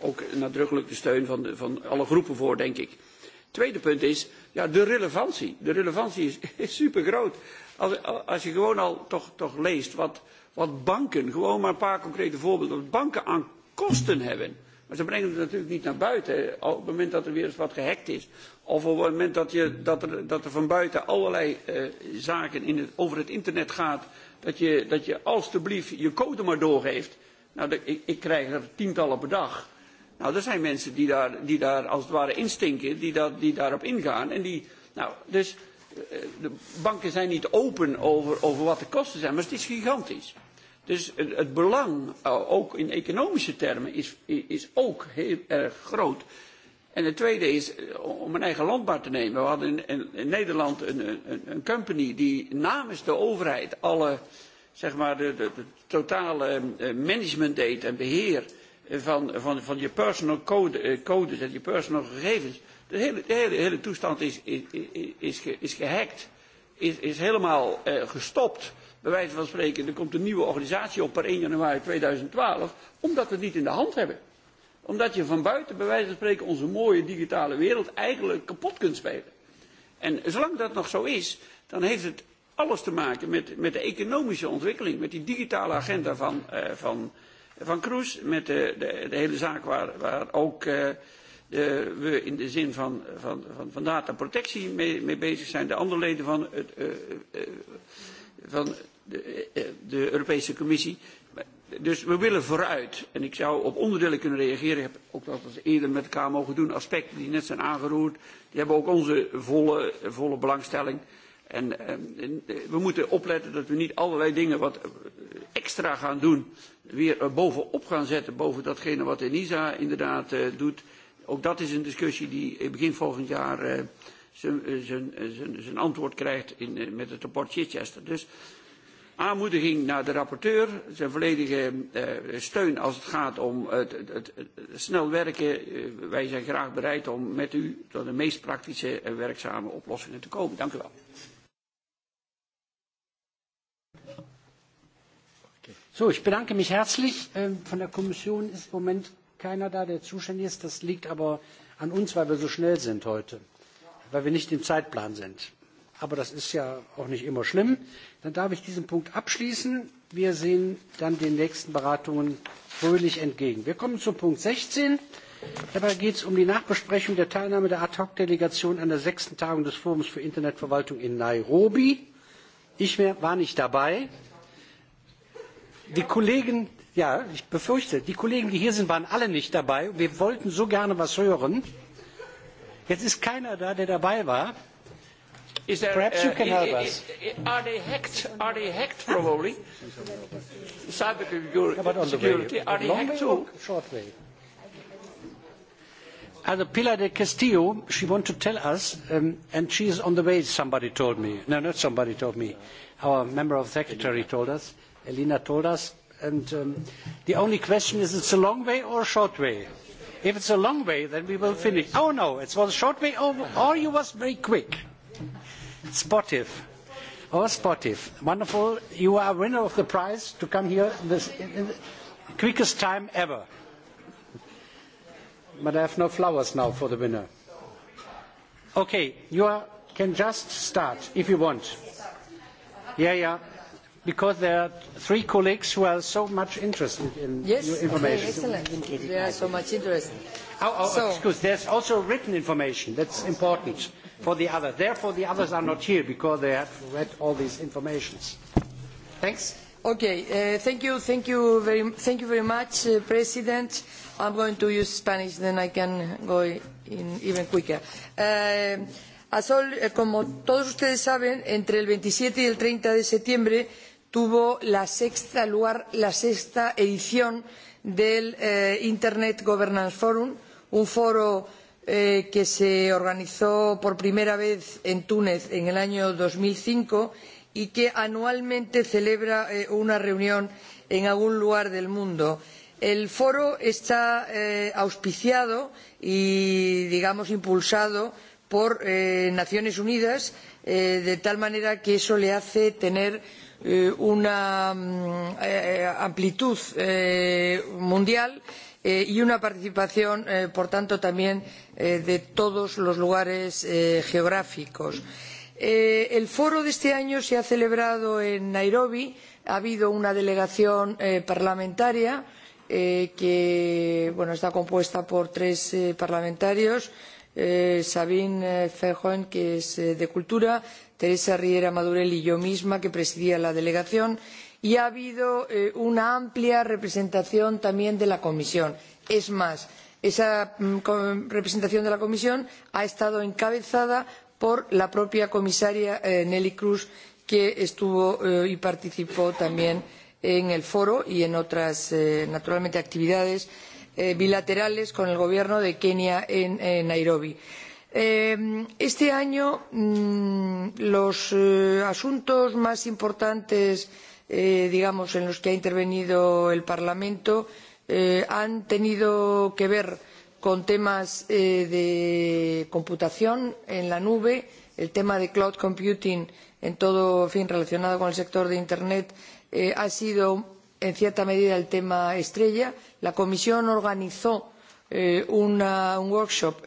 ook nadrukkelijk de steun van, de, van alle groepen voor, denk ik. Tweede punt is, ja, de relevantie. De relevantie is, is supergroot. Als, als je gewoon al toch, toch leest wat, wat banken, gewoon maar een paar concrete voorbeelden, wat banken aan kosten hebben. Maar ze brengen het natuurlijk niet naar buiten. Op het moment dat er weer eens wat gehackt is. Of op het moment dat, je, dat, er, dat er van buiten allerlei uh, zaken in het, over het internet gaat dat je, dat je alstublieft je code maar doorgeeft. Nou, ik, ik krijg er tientallen per dag. Nou, er zijn mensen die daar, die daar als het ware instinken, die, dat, die daarop ingaan. En die, nou, dus eh, de banken zijn niet open over, over wat de kosten zijn, maar het is gigantisch. Dus het, het belang, eh, ook in economische termen, is, is ook heel erg groot. En het tweede is, eh, om een eigen landbouw te nemen. We hadden in, in, in Nederland een, een, een company die namens de overheid alle, zeg maar, de, de, de totale eh, management deed en beheer van, van, van je personal code, eh, codes en je personal gegevens. De hele, de hele, hele toestand is, is, is, is gehackt, is, is helemaal gestopt. Bij wijze van spreken, er komt een nieuwe organisatie op per 1 januari 2012, omdat we het niet in de hand hebben. Omdat je van buiten, bij wijze van spreken, onze mooie digitale wereld eigenlijk kapot kunt spelen. En zolang dat nog zo is, dan heeft het alles te maken met, met de economische ontwikkeling, met die digitale agenda van, uh, van, van Kroes, met de, de, de hele zaak waar, waar ook uh, de, we in de zin van, van, van, van dataprotectie mee, mee bezig zijn, de andere leden van, het, uh, uh, van de, uh, de Europese Commissie dus we willen vooruit. En ik zou op onderdelen kunnen reageren. Ik heb ook dat eerder met elkaar mogen doen. Aspecten die net zijn aangeroerd, die hebben ook onze volle, volle belangstelling. En, ehm, en eh, we moeten opletten dat we niet allerlei dingen wat extra gaan doen, weer er bovenop gaan zetten, boven datgene wat ENISA inderdaad uh, doet. Ook dat is een discussie die begin volgend jaar uh, zijn antwoord krijgt in, met het rapport Chichester. Dus aanmoediging naar de rapporteur, zijn volledige uh, steun als het gaat om het, het, het, het snel werken. Uh, wij zijn graag bereid om met u tot de meest praktische en werkzame oplossingen te komen. Dank u wel. So, ich bedanke mich herzlich. Ähm, von der Kommission ist Moment keiner da, der zuständig is. Dat liegt aber an uns, weil wir so schnell sind heute, weil wir nicht im Zeitplan sind aber das ist ja auch nicht immer schlimm. Dann darf ich diesen Punkt abschließen. Wir sehen dann den nächsten Beratungen fröhlich entgegen. Wir kommen zu Punkt 16. Dabei geht es um die Nachbesprechung der Teilnahme der Ad-Hoc-Delegation an der sechsten Tagung des Forums für Internetverwaltung in Nairobi. Ich war nicht dabei. Die Kollegen, ja, ich befürchte, die Kollegen, die hier sind, waren alle nicht dabei. Wir wollten so gerne was hören. Jetzt ist keiner da, der dabei war. Is there, Perhaps you uh, can help us. Are they hacked? Are they hacked probably? Cyber security. The are they long hacked way too? Short way. And Pilar de Castillo, she wants to tell us, um, and she is on the way. Somebody told me. No, not somebody told me. Our member of secretary told us. Elena told us. And um, the only question is, it's a long way or a short way? If it's a long way, then we will finish. Oh no, it was a short way, or, or you was very quick. Sportive. Oh, sportive. Wonderful. You are winner of the prize to come here in, this, in, in the quickest time ever. But I have no flowers now for the winner. Okay, you are, can just start if you want. Yeah, yeah. Because there are three colleagues who are so much interested in yes, your information. Yes, okay, excellent. They are so much interested. Oh, oh so. excuse, there's also written information. That's important for the others. Therefore, the others are not here because they have read all these informations. Thanks. Okay. Uh, thank you. Thank you very. Thank you very much, uh, President. I'm going to use Spanish, then I can go in even quicker. Uh, como todos ustedes saben, entre el 27 y el 30 de septiembre tuvo la sexta lugar la sexta edición del eh, Internet Governance Forum, un foro Eh, que se organizó por primera vez en túnez en el año dos mil cinco y que anualmente celebra eh, una reunión en algún lugar del mundo. el foro está eh, auspiciado y digamos impulsado por las naciones unidas de tal manera que eso le hace tener una mm, amplitud mundial y Eh, y una participación eh, por tanto también eh, de todos los lugares geográficos. el foro de este año se ha celebrado en nairobi ha habido una delegación parlamentaria que está compuesta por tres parlamentarios sabine verheugen que es de cultura teresa riera madurell y yo misma que presidía la delegación y y ha habido eh, una amplia representación también de la comisión. es más esa mm, representación de la comisión ha estado encabezada por la propia comisaria eh, neelie kroes que estuvo eh, y participó también en el foro y en otras naturalmente actividades bilaterales con el gobierno de kenia en, nairobi. este año mm, los asuntos más importantes que eh, digamos, en los que ha intervenido el Parlamento eh, han tenido que ver con temas eh, de computación en la nube, el tema de cloud computing en todo en fin relacionado con el sector de Internet eh, ha sido en cierta medida el tema estrella. La Comisión organizó eh, una, un workshop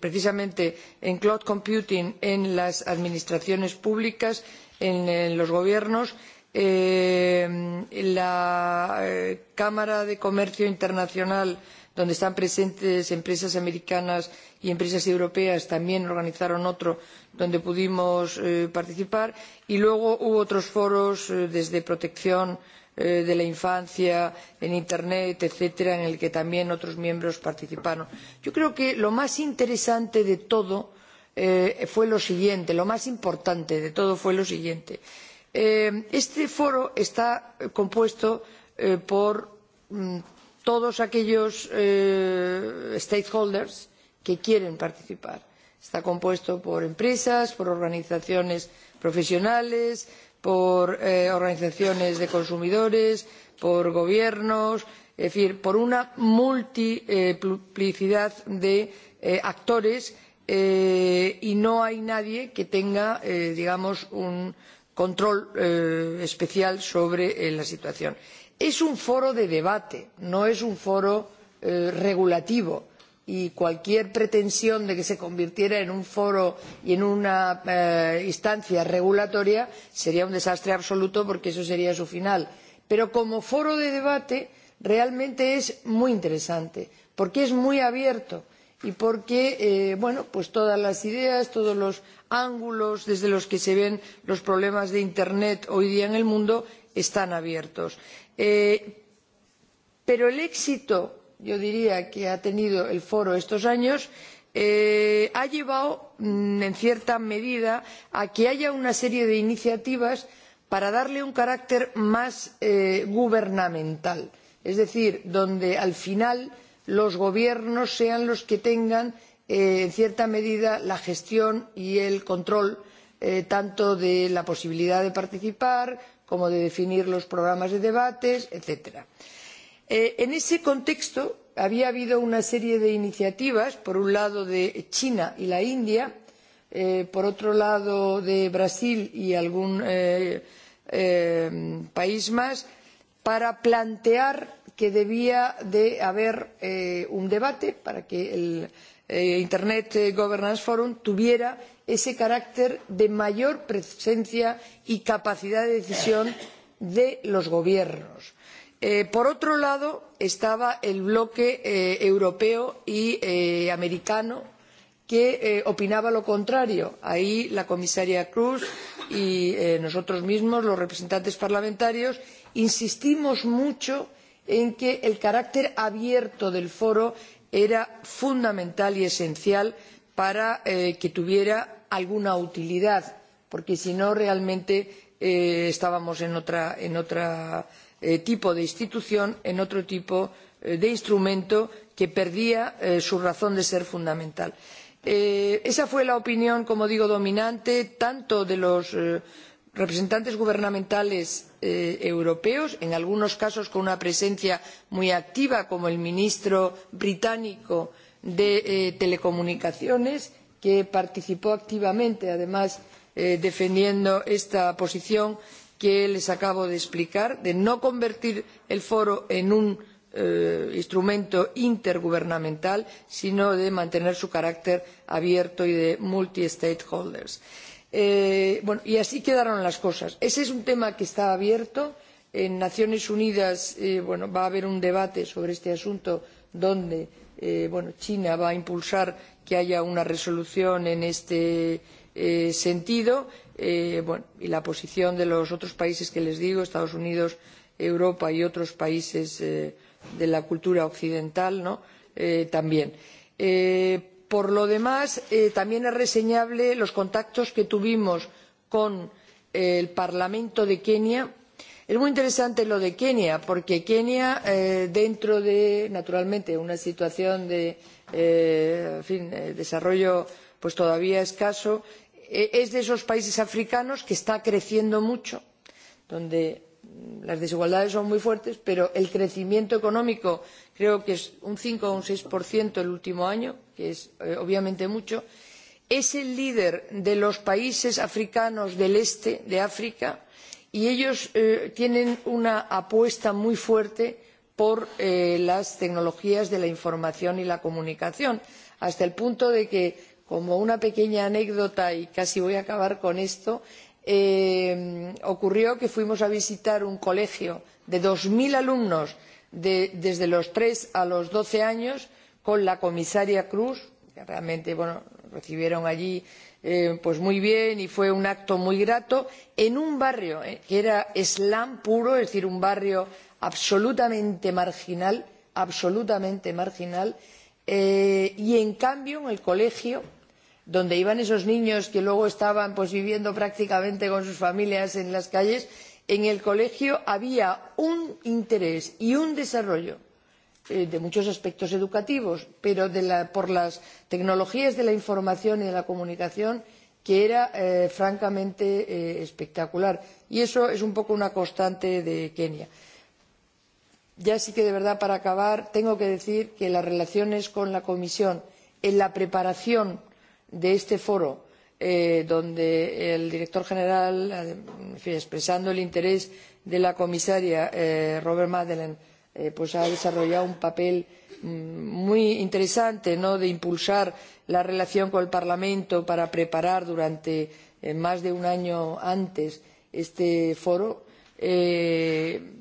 precisamente en cloud computing en las administraciones públicas, en, en los gobiernos Eh, la eh, cámara de comercio internacional donde están presentes empresas americanas y empresas europeas también organizaron otro donde pudimos eh, participar y luego hubo otros foros desde protección de la infancia en internet etcétera en los que también otros miembros participaron. yo creo que lo más interesante de todo fue lo siguiente lo más importante de todo fue lo siguiente que Eh, este foro está eh, compuesto eh, por mm, todos aquellos stakeholders que quieren participar. Está compuesto por empresas, por organizaciones profesionales, por organizaciones de consumidores, por gobiernos, es decir, por una multiplicidad de actores y no hay nadie que tenga, digamos, un, control eh, especial sobre eh, la situación. es un foro de debate no es un foro eh, regulativo y cualquier pretensión de que se convirtiera en un foro y en una instancia regulatoria sería un desastre absoluto porque eso sería su final. Pero como foro de debate realmente es muy interesante porque es muy abierto y porque eh, bueno, pues todas las ideas, todos los ángulos desde los que se ven los problemas de Internet hoy día en el mundo están abiertos. Eh, pero el éxito, yo diría, que ha tenido el foro estos años eh, ha llevado, mm, en cierta medida, a que haya una serie de iniciativas para darle un carácter más eh, gubernamental, es decir, donde al final los gobiernos sean los que tengan eh, en cierta medida la gestión y el control eh, tanto de la posibilidad de participar como de definir los programas de debates etc. Eh, en ese contexto había habido una serie de iniciativas por un lado de china y la india eh, por otro lado de brasil y algún eh, eh, país más para plantear que debía de haber eh, un debate para que el eh, Internet eh, Governance Forum tuviera ese carácter de mayor presencia y capacidad de decisión de los gobiernos. Eh, por otro lado estaba el bloque eh, europeo y eh, americano que eh, opinaba lo contrario. ahí la comisaria kroes y eh, nosotros mismos los representantes parlamentarios insistimos mucho en en que el carácter abierto del foro era fundamental y esencial para eh, que tuviera alguna utilidad porque si no realmente eh, estábamos en otro eh, tipo de institución en otro tipo eh, de instrumento que perdía su razón de ser fundamental. esa fue la opinión como digo dominante tanto de los representantes gubernamentales Eh, europeos en algunos casos con una presencia muy activa como el ministro británico de eh, telecomunicaciones que participó activamente además eh, defendiendo esta posición que les acabo de explicar de no convertir el foro en un instrumento intergubernamental sino de mantener su carácter abierto y de multi stakeholders. Eh, y así quedaron las cosas. ese es un tema que está abierto. en las naciones unidas eh, va a haber un debate sobre este asunto donde eh, china va a impulsar que haya una resolución en este eh, sentido y la posición de los otros países que les digo estados unidos europa y otros países de la cultura occidental ¿no? también por lo demás eh, también son reseñables los contactos que tuvimos con eh, el parlamento de kenia. es muy interesante lo de kenia porque kenia eh, dentro de naturalmente una situación de desarrollo todavía escaso es de esos países africanos que está creciendo mucho donde las desigualdades son muy fuertes pero el crecimiento económico creo que es un cinco o un seis el último año que es eh, obviamente mucho es el líder de los países africanos del este de áfrica y ellos eh, tienen una apuesta muy fuerte por eh, las tecnologías de la información y la comunicación hasta el punto de que como una pequeña anécdota y casi voy a acabar con esto eh, ocurrió que fuimos a visitar un colegio de dos mil alumnos de, desde los tres a los doce años con la comisaria Cruz, que realmente bueno, recibieron allí eh, pues muy bien y fue un acto muy grato, en un barrio eh, que era slam puro, es decir, un barrio absolutamente marginal, absolutamente marginal, eh, y en cambio en el colegio donde iban esos niños que luego estaban pues viviendo prácticamente con sus familias en las calles en el colegio había un interés y un desarrollo eh, de muchos aspectos educativos pero de la, por las tecnologías de la información y de la comunicación que era eh, francamente eh, espectacular y eso es un poco una constante de kenia. ya sí que de verdad para acabar tengo que decir que las relaciones con la comisión en la preparación de este foro eh, donde el director general eh, expresando el interés de la comisaria eh, robert madelen ha desarrollado un papel mm, muy interesante de impulsar la relación con el parlamento para preparar durante más de un año antes este foro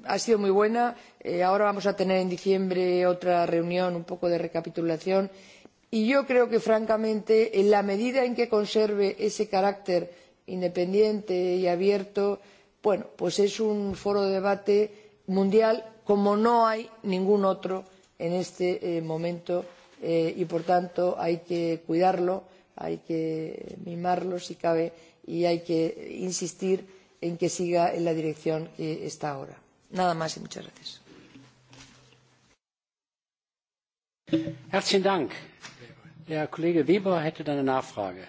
ha sido muy buena ahora vamos a tener en diciembre otra reunión un poco de recapitulación y y yo creo que francamente en la medida en que conserve ese carácter independiente y abierto bueno pues es un foro de debate mundial como no hay ningún otro en este eh, momento eh, y por tanto hay que cuidarlo hay que mimarlo si cabe y hay que insistir en que siga en la dirección que está ahora. nada más y muchas gracias. Herzlichen Dank. Der Kollege Weber hätte dann eine Nachfrage.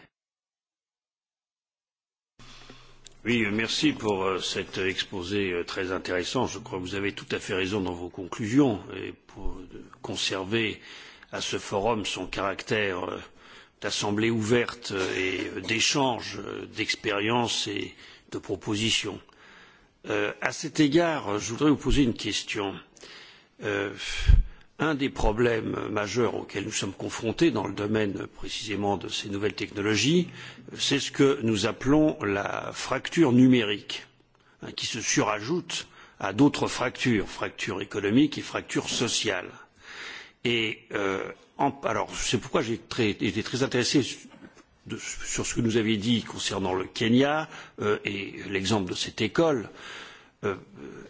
Oui, merci pour euh, cet exposé euh, très intéressant. Je crois que vous avez tout à fait raison dans vos conclusions et pour euh, conserver à ce forum son caractère d'assemblée ouverte et d'échange d'expériences et de propositions. Euh, à cet égard, je voudrais vous poser une question. Euh, un des problèmes majeurs auxquels nous sommes confrontés dans le domaine précisément de ces nouvelles technologies, c'est ce que nous appelons la fracture numérique, hein, qui se surajoute à d'autres fractures, fracture économique et fracture sociale. Et euh, en, alors c'est pourquoi j'ai très, été très intéressé de, sur ce que nous avez dit concernant le Kenya euh, et l'exemple de cette école. Euh, Euh,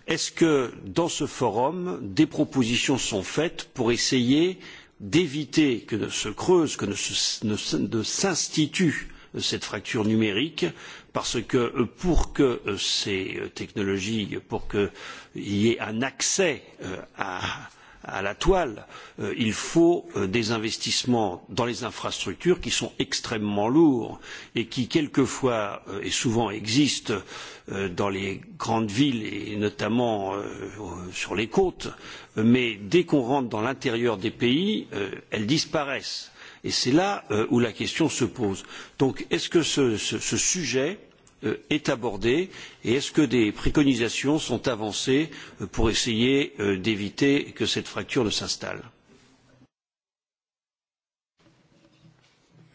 est-ce que dans ce forum, des propositions sont faites pour essayer d'éviter que ne se creuse, que ne, s'institue cette fracture numérique, parce que euh, pour que euh, ces technologies, pour qu'il y ait un accès à, à la toile. Euh, il faut euh, des investissements dans les infrastructures qui sont extrêmement lourds et qui quelquefois euh, et souvent existent euh, dans les grandes villes et notamment euh, sur les côtes, mais dès qu'on rentre dans l'intérieur des pays, euh, elles disparaissent. Et c'est là euh, où la question se pose. Donc est-ce que ce, ce, ce sujet Euh, est abordée et est-ce que des préconisations sont avancées euh, pour essayer euh, d'éviter que cette fracture ne s'installe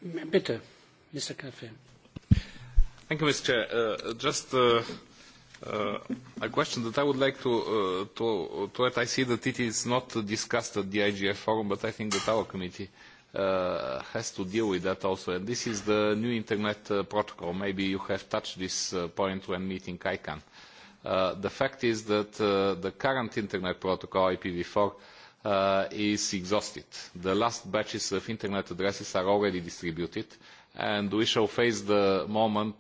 Bitte, Mr. Thank you, Mr. Chair. Uh, just uh, uh, a question that I would like to, uh, to, to add. I see that it is not discussed at the IGF forum, but I think that our committee uh, Uh, has to deal with that also. And this is the new internet uh, protocol. Maybe you have touched this uh, point when meeting ICANN. Uh, the fact is that uh, the current internet protocol, IPv4, uh, is exhausted. The last batches of internet addresses are already distributed, and we shall face the moment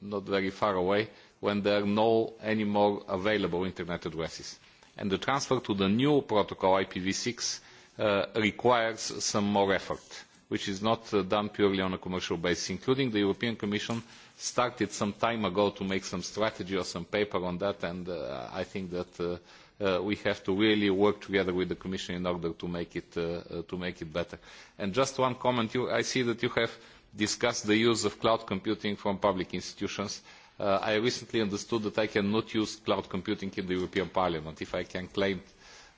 not very far away when there are no any more available internet addresses. And the transfer to the new protocol, IPv6, Uh, requires some more effort, which is not uh, done purely on a commercial basis, including the European Commission started some time ago to make some strategy or some paper on that, and uh, I think that uh, uh, we have to really work together with the Commission in order to make it, uh, uh, to make it better. And just one comment. You, I see that you have discussed the use of cloud computing from public institutions. Uh, I recently understood that I cannot use cloud computing in the European Parliament. If I can claim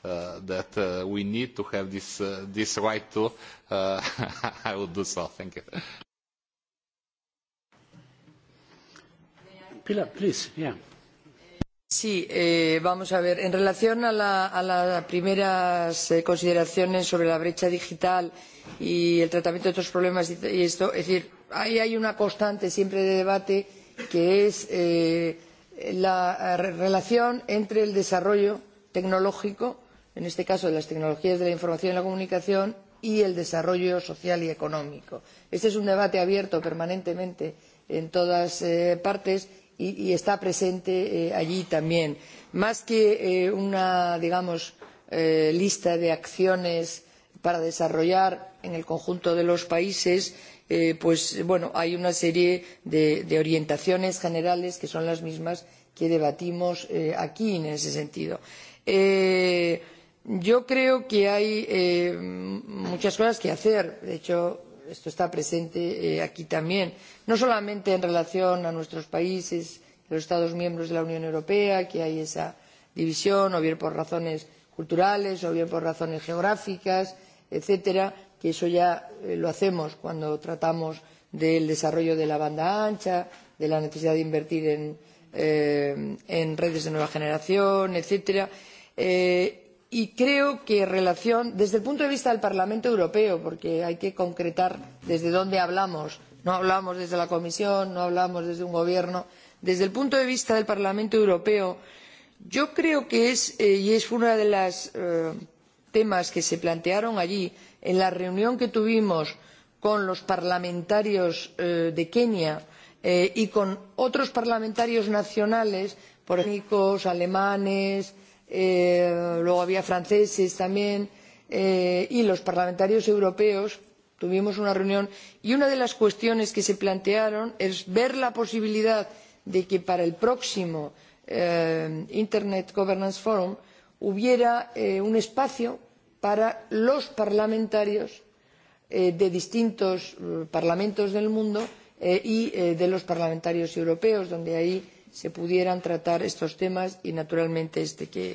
uh, that uh, we need to have this, uh, this right to, uh, I will do so. Thank you. Pilar, please. Yeah. Sí, eh, vamos a ver. En relación a, la, a las primeras eh, consideraciones sobre la brecha digital y el tratamiento de estos problemas y esto, es decir, ahí hay una constante siempre de debate que es eh, la eh, relación entre el desarrollo tecnológico en este caso de las tecnologías de la información y la comunicación y el desarrollo social y económico. Este es un debate abierto permanentemente en todas eh, partes y, y está presente eh, allí también. Más que eh, una, digamos, eh, lista de acciones para desarrollar en el conjunto de los países, eh, pues bueno, hay una serie de, de orientaciones generales que son las mismas que debatimos eh, aquí en ese sentido. Eh, yo creo que hay eh, muchas cosas que hacer de hecho esto está presente eh, aquí también no solamente en relación con nuestros países los estados miembros de la unión europea que hay esa división o bien por razones culturales o bien por razones geográficas etcétera que eso ya eh, lo hacemos cuando tratamos del desarrollo de la banda ancha de la necesidad de invertir en, en redes de nueva generación etcétera y creo que en relación desde el punto de vista del Parlamento Europeo, porque hay que concretar desde dónde hablamos, no hablamos desde la Comisión, no hablamos desde un gobierno, desde el punto de vista del Parlamento Europeo, yo creo que es eh, y es uno de los eh, temas que se plantearon allí en la reunión que tuvimos con los parlamentarios eh, de Kenia y con otros parlamentarios nacionales, por ejemplo, británicos alemanes, Eh, luego había franceses también eh, y los parlamentarios europeos tuvimos una reunión y una de las cuestiones que se plantearon es ver la posibilidad de que para el próximo eh, Internet Governance Forum hubiera eh, un espacio para los parlamentarios eh, de distintos eh, parlamentos del mundo eh, y de los parlamentarios europeos, donde ahí se pudieran tratar estos temas y naturalmente este que,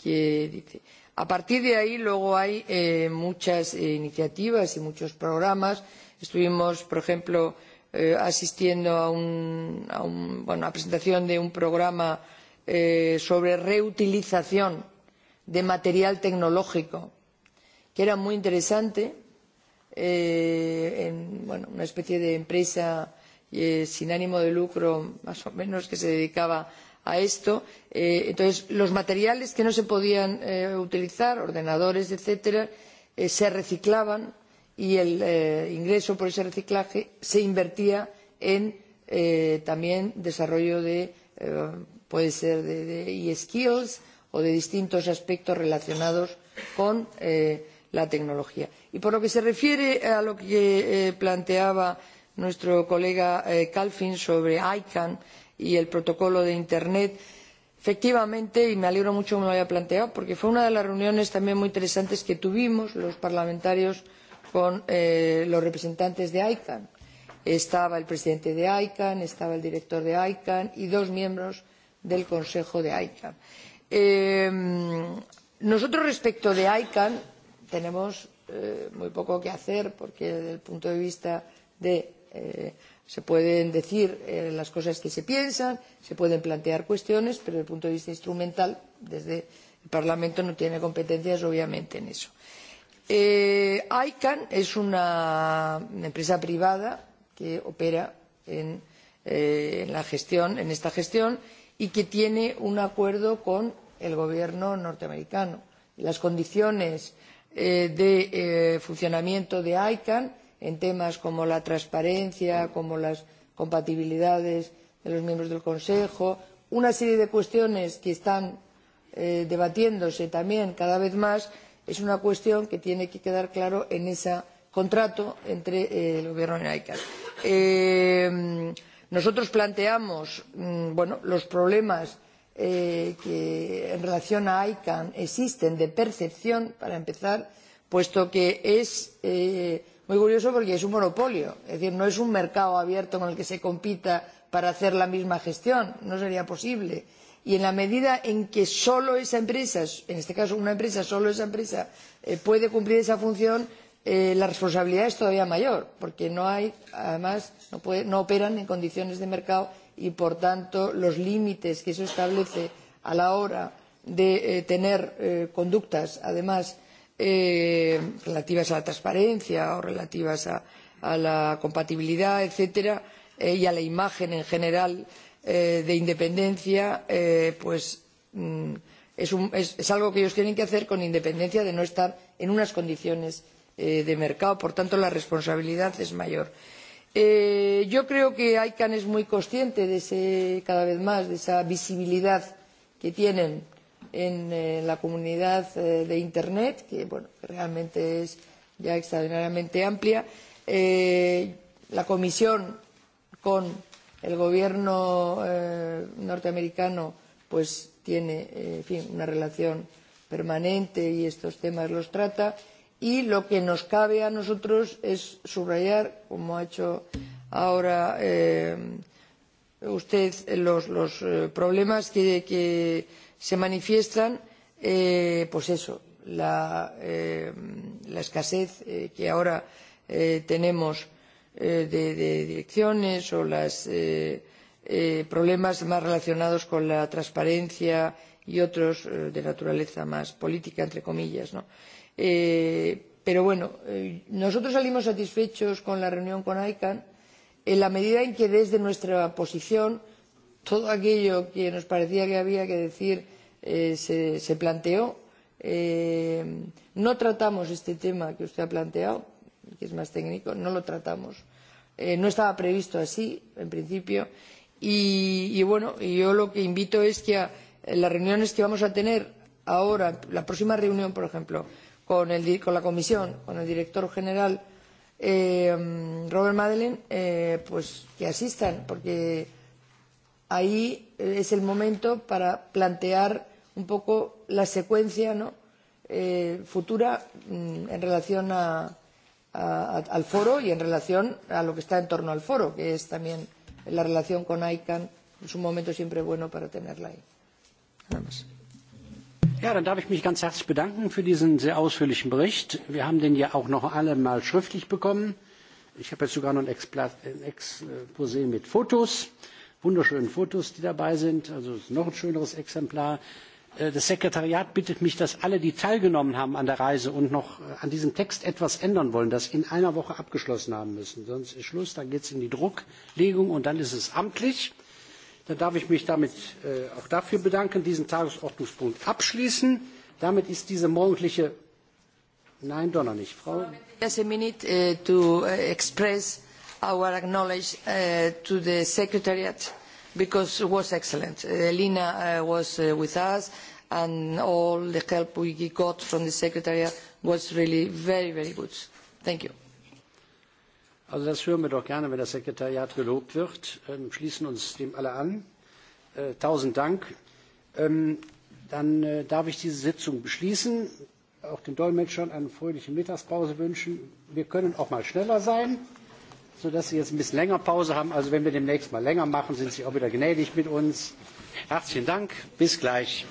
que dice. A partir de ahí luego hay eh, muchas eh, iniciativas y muchos programas. Estuvimos, por ejemplo, eh, asistiendo a, un, un, bueno, presentación de un programa eh, sobre reutilización de material tecnológico, que era muy interesante. Eh, en, bueno, una especie de empresa Eh, sin ánimo de lucro más o menos que se dedicaba a esto eh, entonces los materiales que no se podían eh, utilizar ordenadores etc. se reciclaban y el ingreso por ese reciclaje se invertía en también desarrollo de puede ser de, e skills o de distintos aspectos relacionados con la tecnología. y por lo que se refiere a lo que planteaba nuestro colega kalfin eh, sobre icann y el protocolo de internet efectivamente y me alegro mucho de que me lo haya planteado porque fue una de las reuniones también muy interesantes que tuvimos los parlamentarios con eh, los representantes de icann estaba el presidente de icann estaba el director de icann y dos miembros del consejo de icann. nosotros respecto de icann tenemos eh, muy poco que hacer porque desde el punto de vista de Eh, se pueden decir eh, las cosas que se piensan, se pueden plantear cuestiones, pero desde el punto de vista instrumental, desde el Parlamento no tiene competencias, obviamente, en eso. Eh, ICANN es una empresa privada que opera en, eh, en, la gestión, en esta gestión y que tiene un acuerdo con el gobierno norteamericano. Las condiciones eh, de eh, funcionamiento de ICANN en temas como la transparencia, como las compatibilidades de los miembros del Consejo, una serie de cuestiones que están eh, debatiéndose también cada vez más, es una cuestión que tiene que quedar claro en ese contrato entre eh, el Gobierno y ICAT. Eh, nosotros planteamos mmm, bueno, los problemas eh, que en relación a ICANN existen de percepción, para empezar, puesto que es eh, muy curioso porque es un monopolio es decir no es un mercado abierto en el que se compita para hacer la misma gestión no sería posible y en la medida en que solo esa empresa en este caso una empresa solo esa empresa eh, puede cumplir esa función eh, la responsabilidad es todavía mayor porque no hay además no, puede, no operan en condiciones de mercado y por tanto los límites que eso establece a la hora de eh, tener eh, conductas además Eh, relativas a la transparencia o relativas a, a la compatibilidad etcétera eh, y a la imagen en general eh, de independencia eh, pues mm, es, un, es, es algo que ellos tienen que hacer con independencia de no estar en unas condiciones eh, de mercado por tanto la responsabilidad es mayor. Eh, yo creo que icann es muy consciente de ese, cada vez más de esa visibilidad que tienen en eh, la comunidad eh, de Internet, que bueno, realmente es ya extraordinariamente amplia. Eh, la Comisión con el gobierno eh, norteamericano pues tiene eh, en fin, una relación permanente y estos temas los trata. Y lo que nos cabe a nosotros es subrayar, como ha hecho ahora eh, usted, los, los eh, problemas que, que se manifiesta eh, eh, la, escasez eh, que ahora tenemos de, direcciones o los problemas más relacionados con la transparencia y otros de naturaleza más política, entre comillas. pero bueno, nosotros salimos satisfechos con la reunión con ICANN en la medida en que desde nuestra posición todo aquello que nos parecía que había que decir eh, se, se, planteó. Eh, no tratamos este tema que usted ha planteado, que es más técnico, no lo tratamos. Eh, no estaba previsto así, en principio. Y, y bueno, yo lo que invito es que a, en eh, las reuniones que vamos a tener ahora, la próxima reunión, por ejemplo, con, el, con la comisión, con el director general eh, Robert Madeleine, eh, pues que asistan, porque ahí es el momento para plantear un poco la secuencia ¿no? eh, futura mm, en relación a, a, al foro y en relación a lo que está en torno al foro, que es también la relación con ICANN. Es un momento siempre bueno para tenerla ahí. Nada más. Ja, dann darf ich mich ganz herzlich bedanken für diesen sehr ausführlichen Bericht. Wir haben den ja auch noch alle mal schriftlich bekommen. Ich habe jetzt sogar noch ein Exposé mit Fotos, wunderschönen Fotos, die dabei sind. Also noch ein schöneres Exemplar. Äh, das Sekretariat bittet mich, dass alle, die teilgenommen haben an der Reise und noch äh, an diesem Text etwas ändern wollen, das in einer Woche abgeschlossen haben müssen. Sonst ist Schluss, dann geht es in die Drucklegung und dann ist es amtlich. Dann darf ich mich damit äh, auch dafür bedanken, diesen Tagesordnungspunkt abschließen. Damit ist diese morgendliche Nein, doch noch nicht. Frau Just a minute uh, to express our acknowledge uh, to the Secretariat because it was excellent. Elena uh, uh, was uh, with us and all the help we got from the Secretariat was really very, very good. Thank you. Also das hören wir doch gerne, wenn das Sekretariat gelobt wird. Ähm, schließen uns dem alle an. Äh, tausend Dank. Ähm, dann äh, darf ich diese Sitzung beschließen. Auch den Dolmetschern eine fröhliche Mittagspause wünschen. Wir können auch mal schneller sein sodass Sie jetzt ein bisschen länger Pause haben. Also wenn wir demnächst mal länger machen, sind Sie auch wieder gnädig mit uns. Herzlichen Dank. Bis gleich.